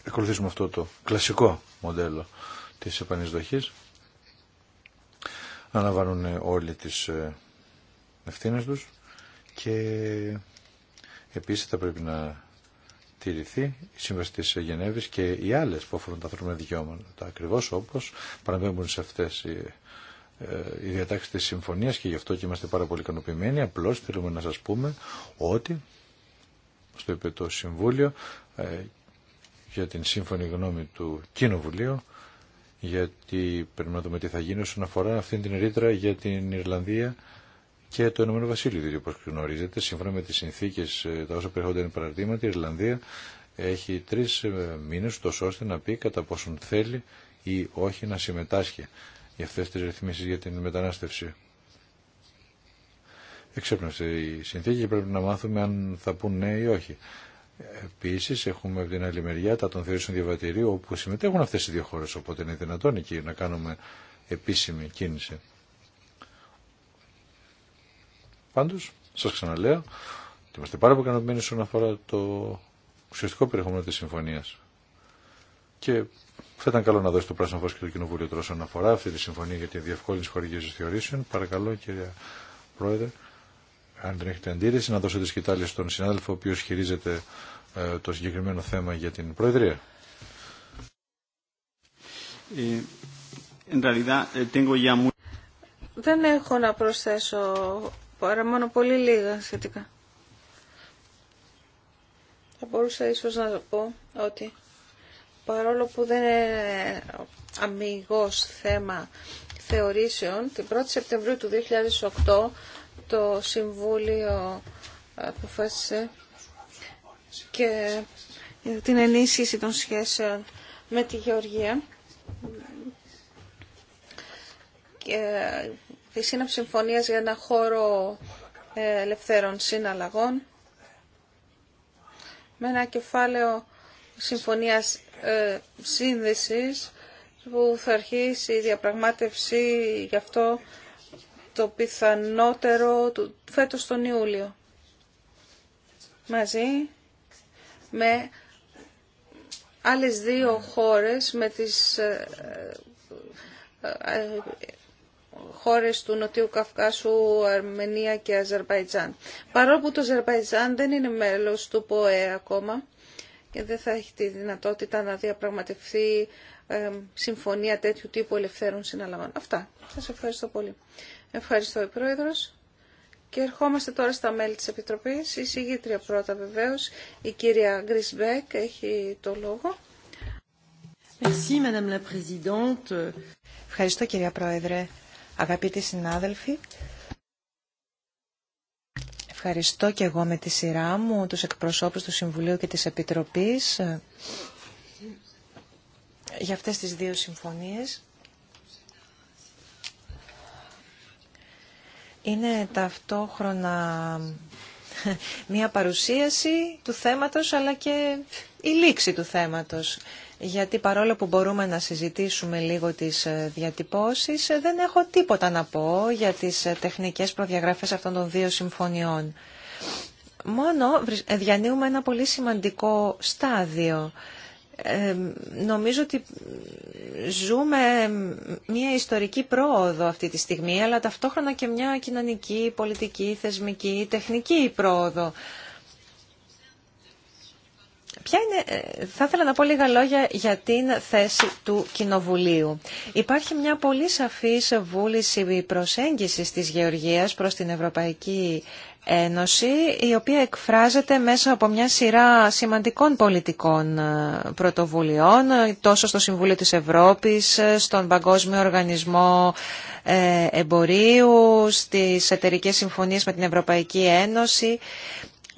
ακολουθήσουμε αυτό το κλασικό μοντέλο της επανεισδοχής. Αναβάνουν όλοι τις ε, ευθύνε τους και επίσης θα πρέπει να τηρηθεί η σύμβαση της Γενέβης και οι άλλες που αφορούν τα ανθρώπινα δικαιώματα ακριβώς όπως παραμένουν σε αυτές οι η ε, διατάξη της συμφωνίας και γι' αυτό και είμαστε πάρα πολύ ικανοποιημένοι. Απλώς θέλουμε να σας πούμε ότι, στο είπε το Συμβούλιο ε, για την σύμφωνη γνώμη του Κοινοβουλίου γιατί πρέπει να δούμε τι θα γίνει όσον αφορά αυτή την ρήτρα για την Ιρλανδία και το Ηνωμένο Βασίλειο, διότι όπω γνωρίζετε, σύμφωνα με τι συνθήκε, ε, τα όσα περιχόνται είναι παραδείγματα η Ιρλανδία έχει τρει ε, μήνε, τόσο ώστε να πει κατά πόσον θέλει ή όχι να συμμετάσχει για αυτέ τι ρυθμίσει για την μετανάστευση. Εξέπνευσε η συνθήκη και πρέπει να μάθουμε αν θα πούν ναι ή όχι. Επίση, έχουμε από την άλλη μεριά τα των θεωρήσεων διαβατηρίου όπου συμμετέχουν αυτέ οι δύο χώρε. Οπότε είναι δυνατόν εκεί να κάνουμε επίσημη κίνηση. Πάντω, σα ξαναλέω ότι είμαστε πάρα πολύ ικανοποιημένοι όσον αφορά το ουσιαστικό περιεχόμενο τη συμφωνία. Και θα ήταν καλό να δώσει το πράσινο φω και το κοινοβούλιο τώρα όσον αφορά αυτή τη συμφωνία για τη διευκόλυνση χορηγή θεωρήσεων. Παρακαλώ, κύριε Πρόεδρε, αν δεν έχετε αντίρρηση, να δώσετε τη σκητάλη στον συνάδελφο ο οποίος χειρίζεται ε, το συγκεκριμένο θέμα για την Προεδρία. Ε, ε, δεν έχω να προσθέσω παρά μόνο πολύ λίγα σχετικά. Θα μπορούσα ίσως να πω ότι παρόλο που δεν είναι αμυγός θέμα θεωρήσεων, την 1η Σεπτεμβρίου του 2008 το Συμβούλιο αποφάσισε και την ενίσχυση των σχέσεων με τη Γεωργία και τη σύναψη συμφωνία για ένα χώρο ε, ελευθέρων συναλλαγών με ένα κεφάλαιο συμφωνίας ε, σύνδεσης που θα αρχίσει η διαπραγμάτευση γι' αυτό το πιθανότερο του φέτος τον Ιούλιο. Μαζί με άλλες δύο χώρες, με τις ε, ε, ε, χώρες του Νοτιού Καυκάσου, Αρμενία και Αζερβαϊτζάν. Παρόλο που το Αζερβαϊτζάν δεν είναι μέλος του ΠΟΕ ακόμα και δεν θα έχει τη δυνατότητα να διαπραγματευτεί συμφωνία τέτοιου τύπου ελευθέρων συναλλαγών. Αυτά. Σας ευχαριστώ πολύ. Ευχαριστώ, Πρόεδρος. Και ερχόμαστε τώρα στα μέλη της Επιτροπής. Η συγγήτρια πρώτα βεβαίως, η κυρία Γκρισμπέκ, έχει το λόγο. Ευχαριστώ κυρία Πρόεδρε. Αγαπητοί συνάδελφοι, ευχαριστώ και εγώ με τη σειρά μου τους εκπροσώπους του Συμβουλίου και της Επιτροπής ε, για αυτές τις δύο συμφωνίες. είναι ταυτόχρονα μια παρουσίαση του θέματος αλλά και η λήξη του θέματος. Γιατί παρόλο που μπορούμε να συζητήσουμε λίγο τις ε, διατυπώσεις, ε, δεν έχω τίποτα να πω για τις ε, τεχνικές προδιαγραφές αυτών των δύο συμφωνιών. Μόνο διανύουμε ένα πολύ σημαντικό στάδιο. Ε, νομίζω ότι ζούμε μια ιστορική πρόοδο αυτή τη στιγμή, αλλά ταυτόχρονα και μια κοινωνική, πολιτική, θεσμική, τεχνική πρόοδο. Ποια είναι, ε, θα ήθελα να πω λίγα λόγια για την θέση του Κοινοβουλίου. Υπάρχει μια πολύ σαφής βούληση προσέγγισης της Γεωργίας προς την Ευρωπαϊκή Ένωση, η οποία εκφράζεται μέσα από μια σειρά σημαντικών πολιτικών ε, πρωτοβουλειών, τόσο στο Συμβούλιο της Ευρώπης, ε, στον Παγκόσμιο Οργανισμό ε, Εμπορίου, στις εταιρικές συμφωνίες με την Ευρωπαϊκή Ένωση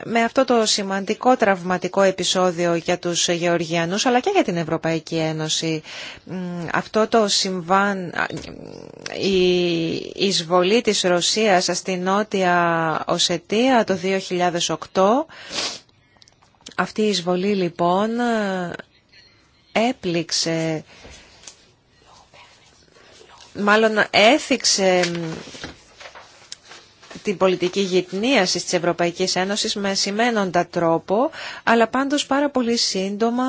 με αυτό το σημαντικό τραυματικό επεισόδιο για τους Γεωργιανούς αλλά και για την Ευρωπαϊκή Ένωση. Αυτό το συμβάν, η εισβολή της Ρωσίας στην Νότια Οσετία το 2008, αυτή η εισβολή λοιπόν έπληξε, μάλλον έθιξε την πολιτική γυτνίαση της Ευρωπαϊκής Ένωσης με σημαίνοντα τρόπο, αλλά πάντως πάρα πολύ σύντομα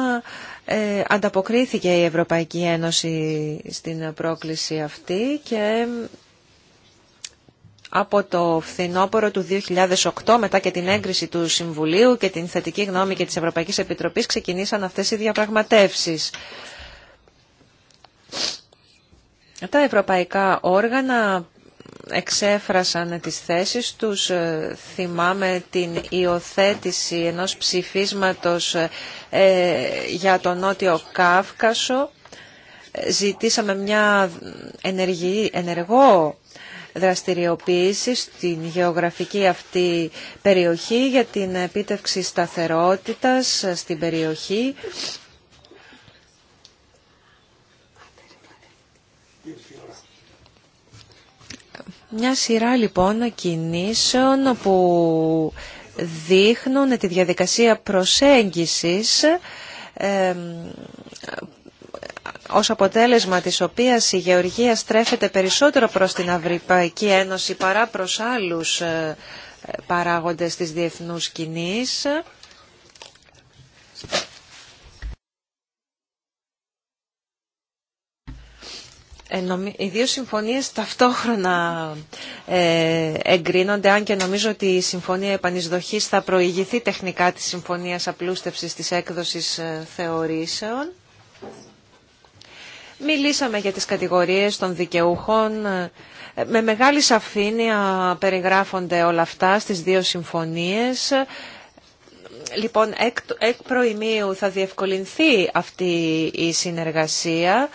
ε, ανταποκρίθηκε η Ευρωπαϊκή Ένωση στην πρόκληση αυτή και από το φθινόπωρο του 2008 μετά και την έγκριση του Συμβουλίου και την θετική γνώμη και της Ευρωπαϊκής Επιτροπής ξεκινήσαν αυτές οι διαπραγματεύσεις. Τα ευρωπαϊκά όργανα εξέφρασαν τις θέσεις τους. Ε, θυμάμαι την υιοθέτηση ενός ψηφίσματος ε, για τον Νότιο Κάυκασο. Ε, ζητήσαμε μια ενεργό δραστηριοποίηση στην γεωγραφική αυτή περιοχή για την επίτευξη σταθερότητας στην περιοχή Μια σειρά λοιπόν κινήσεων που δείχνουν τη διαδικασία προσέγγισης ε, ως αποτέλεσμα της οποίας η γεωργία στρέφεται περισσότερο προς την Ευρωπαϊκή Ένωση παρά προς άλλους ε, παράγοντες της διεθνούς κοινής. Ε, οι δύο συμφωνίες ταυτόχρονα ε, εγκρίνονται, αν και νομίζω ότι η Συμφωνία Επανεισδοχής θα προηγηθεί τεχνικά της Συμφωνίας Απλούστευσης της Έκδοσης ε, Θεωρήσεων. Μιλήσαμε για τις κατηγορίες των δικαιούχων. Με μεγάλη σαφήνεια περιγράφονται όλα αυτά στις δύο συμφωνίες. Λοιπόν, εκ προημίου θα διευκολυνθεί αυτή η συνεργασία.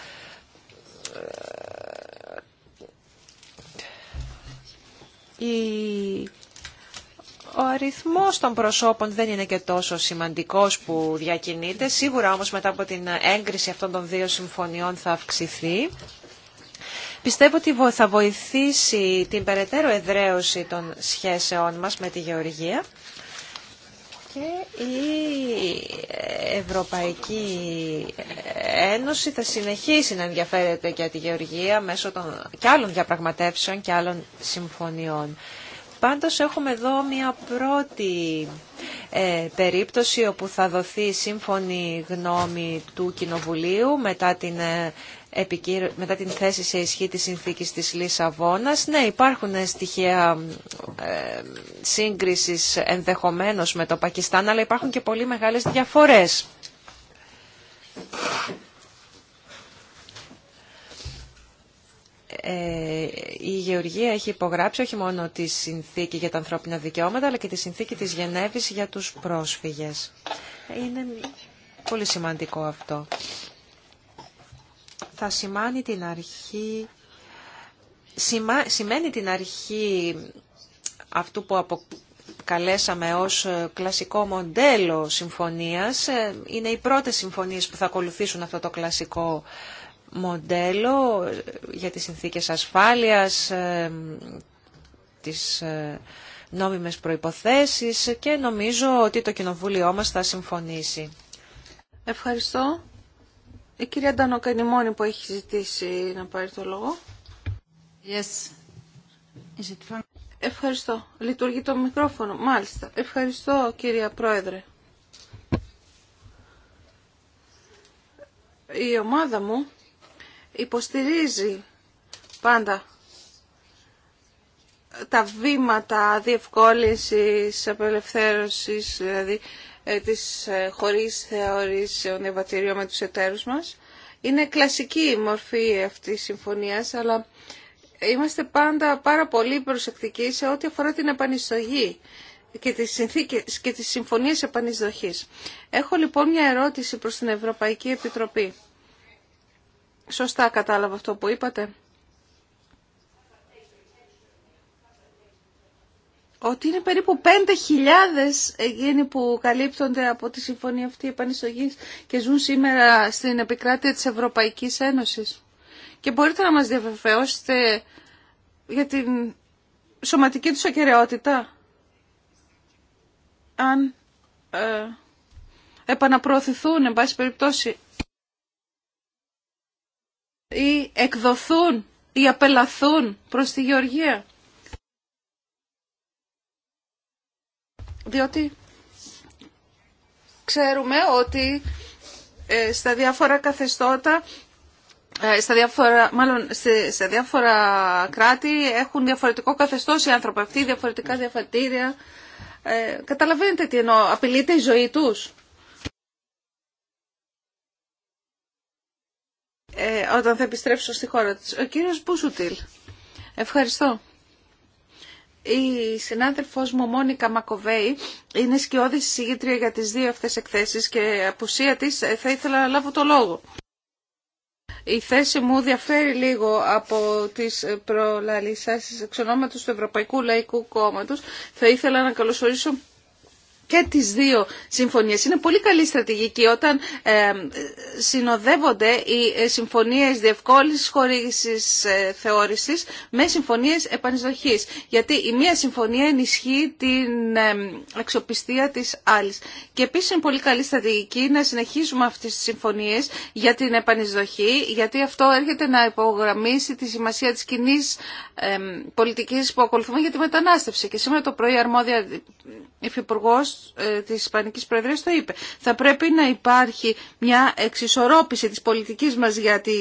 Ο αριθμός των προσώπων δεν είναι και τόσο σημαντικός που διακινείται. Σίγουρα όμως μετά από την έγκριση αυτών των δύο συμφωνιών θα αυξηθεί. Πιστεύω ότι θα βοηθήσει την περαιτέρω εδραίωση των σχέσεών μας με τη Γεωργία και η Ευρωπαϊκή Ένωση θα συνεχίσει να ενδιαφέρεται για τη γεωργία μέσω των και άλλων διαπραγματεύσεων και άλλων συμφωνιών. Πάντως έχουμε εδώ μια πρώτη ε, περίπτωση όπου θα δοθεί σύμφωνη γνώμη του Κοινοβουλίου μετά την ε, μετά την θέση σε ισχύ της συνθήκης της Λισαβόνας. Ναι, υπάρχουν ε, στοιχεία ε, σύγκρισης ενδεχομένως με το Πακιστάν, αλλά υπάρχουν και πολύ μεγάλες διαφορές. Ε, η Γεωργία έχει υπογράψει όχι μόνο τη συνθήκη για τα ανθρώπινα δικαιώματα, αλλά και τη συνθήκη της Γενέβης για τους πρόσφυγες. Είναι πολύ σημαντικό αυτό θα σημάνει την αρχή, σημα, σημαίνει την αρχή αυτού που αποκαλέσαμε ως ε, κλασικό μοντέλο συμφωνίας. Ε, είναι οι πρώτες συμφωνίες που θα ακολουθήσουν αυτό το κλασικό μοντέλο ε, για τις συνθήκες ασφάλειας, τις νόμιμες προϋποθέσεις και νομίζω ότι το Κοινοβούλιο μας θα συμφωνήσει. Ευχαριστώ. Ε, η κυρία Ντανοκα που έχει ζητήσει να πάρει το λόγο. Yes. Is it Ευχαριστώ. Λειτουργεί το μικρόφωνο. Μάλιστα. Ευχαριστώ κυρία Πρόεδρε. Η ομάδα μου υποστηρίζει πάντα τα βήματα διευκόλυνσης, απελευθέρωσης, δηλαδή ε, της ε, χωρίς θεωρήσεων ευατηρίων με τους εταίρους μας. Είναι κλασική η μορφή αυτής της συμφωνίας, αλλά είμαστε πάντα πάρα πολύ προσεκτικοί σε ό,τι αφορά την επανιστογή και τις, συνθήκες, και τις συμφωνίες επανεισδοχής. Έχω λοιπόν μια ερώτηση προς την Ευρωπαϊκή Επιτροπή. Σωστά κατάλαβα αυτό που είπατε. ότι είναι περίπου 5.000 εκείνοι που καλύπτονται από τη συμφωνία αυτή επανεισογής και ζουν σήμερα στην επικράτεια της Ευρωπαϊκής Ένωσης. Και μπορείτε να μας διαβεβαιώσετε για την σωματική τους ακεραιότητα, αν ε, επαναπροωθηθούν, εν πάση περιπτώσει, ή εκδοθούν ή απελαθούν προς τη Γεωργία. διότι ξέρουμε ότι ε, στα διάφορα καθεστώτα ε, στα διάφορα, μάλλον σε, διάφορα κράτη έχουν διαφορετικό καθεστώς οι άνθρωποι αυτοί, διαφορετικά διαφατήρια. Ε, καταλαβαίνετε τι εννοώ, απειλείται η ζωή τους. όταν θα επιστρέψω στη χώρα της. Ο κύριος Μπούσουτιλ. Ευχαριστώ η συνάδελφός μου Μόνικα Μακοβέη είναι σκιώδη συγγήτρια για τις δύο αυτές εκθέσεις και απουσία της ε, θα ήθελα να λάβω το λόγο. Η θέση μου διαφέρει λίγο από τις προλαλήσεις εξ του Ευρωπαϊκού Λαϊκού Κόμματος. Θα ήθελα να καλωσορίσω και τις δύο συμφωνίες. Είναι πολύ καλή στρατηγική όταν ε, συνοδεύονται οι ε, συμφωνίες διευκόλυνσης χορήγησης ε, θεώρησης με συμφωνίες επανεισδοχής. Γιατί η μία συμφωνία ενισχύει την αξιοπιστία της άλλης. Και επίσης είναι πολύ καλή στρατηγική να συνεχίσουμε αυτές τις συμφωνίες για την επανεισδοχή, γιατί αυτό έρχεται να υπογραμμίσει τη σημασία της κοινή πολιτικής που ακολουθούμε για τη μετανάστευση. Και σήμερα το πρωί αρμόδια υφυπουργός ε, της Ισπανικής Προεδρία το είπε. Θα πρέπει να υπάρχει μια εξισορρόπηση της πολιτικής μας για τη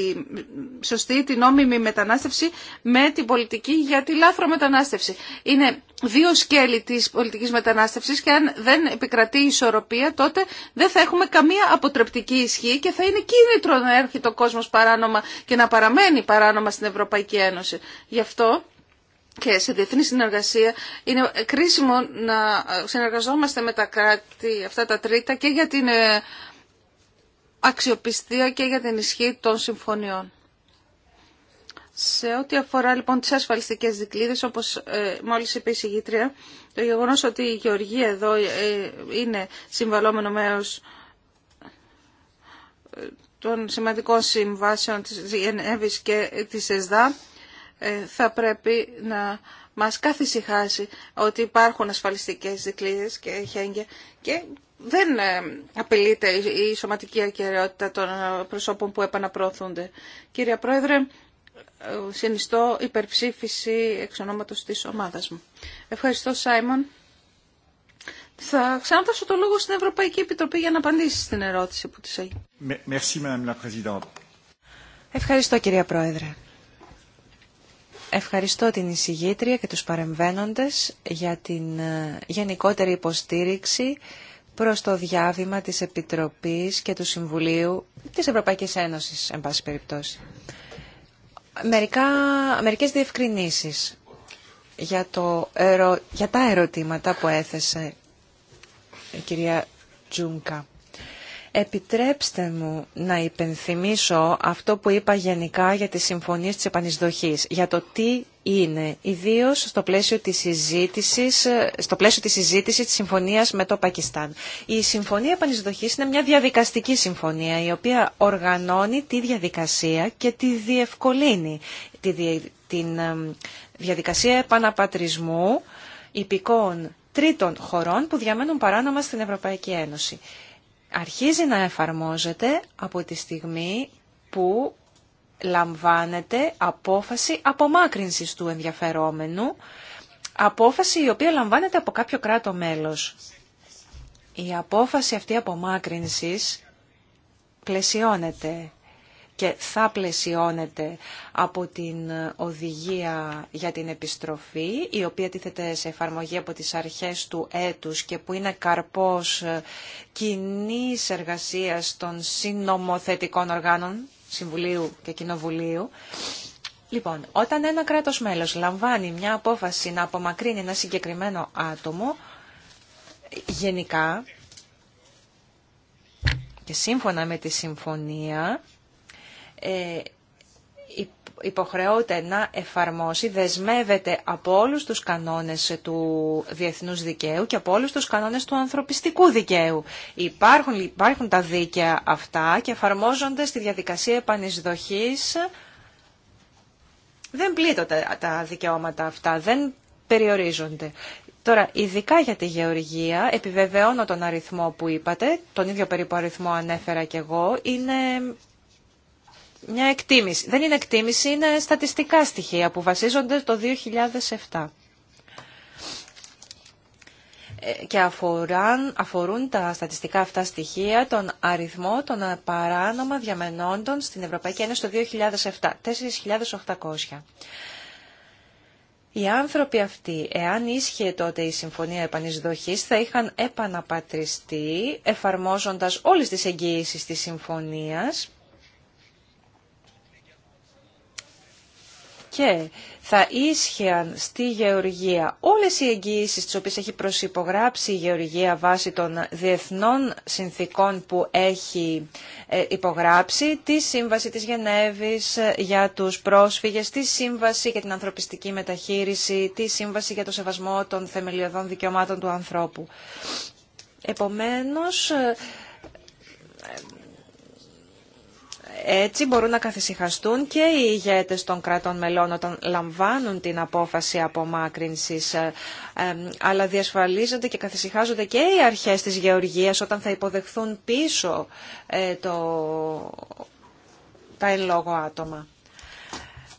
σωστή, την νόμιμη μετανάστευση με την πολιτική για τη λάθρο μετανάστευση. Είναι δύο σκέλη της πολιτικής μετανάστευσης και αν δεν επικρατεί η ισορροπία τότε δεν θα έχουμε καμία αποτρεπτική ισχύ και θα είναι κίνητρο να έρχεται ο κόσμος παράνομα και να παραμένει παράνομα στην Ευρωπαϊκή Ένωση. Γι' αυτό και σε διεθνή συνεργασία είναι κρίσιμο να συνεργαζόμαστε με τα κράτη αυτά τα τρίτα και για την ε, αξιοπιστία και για την ισχύ των συμφωνιών. Σε ό,τι αφορά λοιπόν τις ασφαλιστικές δικλείδες, όπως ε, μόλις είπε η συγγήτρια, το γεγονός ότι η Γεωργία εδώ ε, είναι συμβαλόμενο μέρος ε, των σημαντικών συμβάσεων της ΕΝΕΒΙΣ και της ΕΣΔΑ, ε, θα πρέπει να μας καθησυχάσει ότι υπάρχουν ασφαλιστικές δικλείδες και χέγγια και δεν ε, απειλείται η σωματική ακαιρεότητα των ε, προσώπων που επαναπροωθούνται. Κύριε Πρόεδρε, συνιστώ υπερψήφιση εξ ονόματος της ομάδας μου. Ευχαριστώ Σάιμον. Θα ξαναδώσω το λόγο στην Ευρωπαϊκή Επιτροπή για να απαντήσει στην ερώτηση που της έγινε. Ευχαριστώ κυρία Πρόεδρε. Ευχαριστώ την εισηγήτρια και τους παρεμβαίνοντες για την ε, γενικότερη υποστήριξη προς το διάβημα της Επιτροπής και του Συμβουλίου της Ευρωπαϊκής Ένωσης, εν πάση περιπτώσει. Μερικά, μερικές διευκρινήσεις για, το, τα ερωτήματα που έθεσε η κυρία Τζούνκα. Επιτρέψτε μου να υπενθυμίσω αυτό που είπα γενικά για τις συμφωνίες της επανεισδοχής, για το τι είναι, ιδίως στο πλαίσιο της συζήτησης, στο πλαίσιο της, συζήτησης της συμφωνίας με το Πακιστάν. Η συμφωνία επανεισδοχής είναι μια διαδικαστική συμφωνία, η οποία οργανώνει τη διαδικασία και τη διευκολύνει τη, την ε, διαδικασία επαναπατρισμού υπηκών τρίτων χωρών που διαμένουν παράνομα στην Ευρωπαϊκή Ένωση αρχίζει να εφαρμόζεται από τη στιγμή που λαμβάνεται απόφαση απομάκρυνσης του ενδιαφερόμενου, απόφαση η οποία λαμβάνεται από κάποιο κράτο μέλος. Η απόφαση αυτή απομάκρυνσης πλαισιώνεται και θα πλαισιώνεται από την οδηγία για την επιστροφή, η οποία τίθεται σε εφαρμογή από τις αρχές του έτους και που είναι καρπός ε, κοινή εργασίας των συνομοθετικών οργάνων, Συμβουλίου και Κοινοβουλίου. Λοιπόν, όταν ένα κράτος μέλος λαμβάνει μια απόφαση να απομακρύνει ένα συγκεκριμένο άτομο, γενικά και σύμφωνα με τη συμφωνία, ε, υποχρεώται να εφαρμόσει, δεσμεύεται από όλους τους κανόνες του διεθνούς δικαίου και από όλους τους κανόνες του ανθρωπιστικού δικαίου. Υπάρχουν, υπάρχουν τα δίκαια αυτά και εφαρμόζονται στη διαδικασία επανεισδοχής. Δεν πλήττονται τα δικαιώματα αυτά, δεν περιορίζονται. Τώρα, ειδικά για τη γεωργία, επιβεβαιώνω τον αριθμό που είπατε, τον ίδιο περίπου αριθμό ανέφερα και εγώ, είναι μια εκτίμηση. Δεν είναι εκτίμηση, είναι στατιστικά στοιχεία που βασίζονται το 2007 ε, και αφοράν, αφορούν τα στατιστικά αυτά στοιχεία τον αριθμό των παράνομα διαμενόντων στην Ευρωπαϊκή Ένωση το 2007, 4.800. Οι άνθρωποι αυτοί, εάν ίσχυε τότε η Συμφωνία Επανεισδοχής, θα είχαν επαναπατριστεί εφαρμόζοντας όλες τις εγγύησεις της Συμφωνίας και θα ίσχυαν στη Γεωργία όλες οι εγγυήσεις τις οποίες έχει προσυπογράψει η Γεωργία βάσει των διεθνών συνθήκων που έχει ε, υπογράψει, τη Σύμβαση της Γενέβης ε, για τους πρόσφυγες, τη Σύμβαση για την ανθρωπιστική μεταχείριση, τη Σύμβαση για το σεβασμό των θεμελιωδών δικαιωμάτων του ανθρώπου. Επομένως, ε, έτσι μπορούν να καθησυχαστούν και οι ηγέτες των κρατών μελών όταν λαμβάνουν την απόφαση απομάκρυνσης, ε, ε, αλλά διασφαλίζονται και καθησυχάζονται και οι αρχές της γεωργίας όταν θα υποδεχθούν πίσω ε, το... τα εν λόγω άτομα.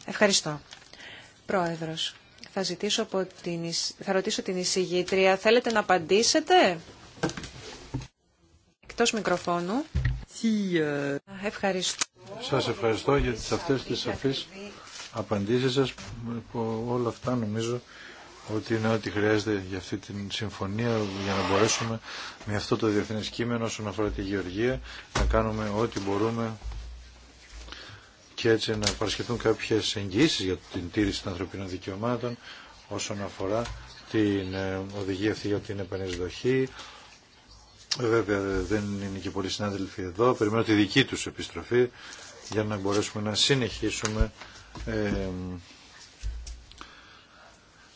Ευχαριστώ. Πρόεδρος, θα, ζητήσω την... θα ρωτήσω την εισηγήτρια. Θέλετε να απαντήσετε? Εκτός μικροφώνου. Ευχαριστώ. Σας ευχαριστώ για τις αυτές τις σαφείς απαντήσεις σας που όλα αυτά νομίζω ότι είναι ό,τι χρειάζεται για αυτή τη συμφωνία για να μπορέσουμε με αυτό το διεθνές κείμενο όσον αφορά τη γεωργία να κάνουμε ό,τι μπορούμε και έτσι να παρασχεθούν κάποιες εγγυήσεις για την τήρηση των ανθρωπίνων δικαιωμάτων όσον αφορά την ε, οδηγία αυτή για την επανεισδοχή. Βέβαια δεν είναι και πολλοί συνάδελφοι εδώ, περιμένω τη δική τους επιστροφή για να μπορέσουμε να συνεχίσουμε ε,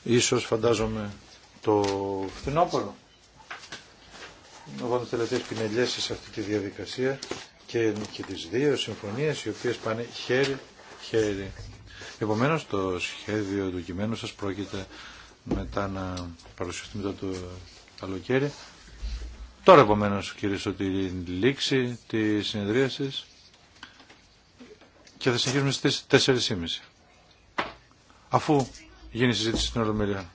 ίσως φαντάζομαι το φθινόπωρο να βάλουν τελευταίες πινελιές σε αυτή τη διαδικασία και, και τις δύο συμφωνίες οι οποίες πάνε χέρι-χέρι. Επομένως το σχέδιο του κειμένου σας πρόκειται μετά να παρουσιαστεί μετά το καλοκαίρι. Τώρα επομένως κύριε Σωτήρη, λήξη της συνεδρίασης και θα συνεχίσουμε στις 4.30. Αφού γίνει η συζήτηση στην Ολομέλεια.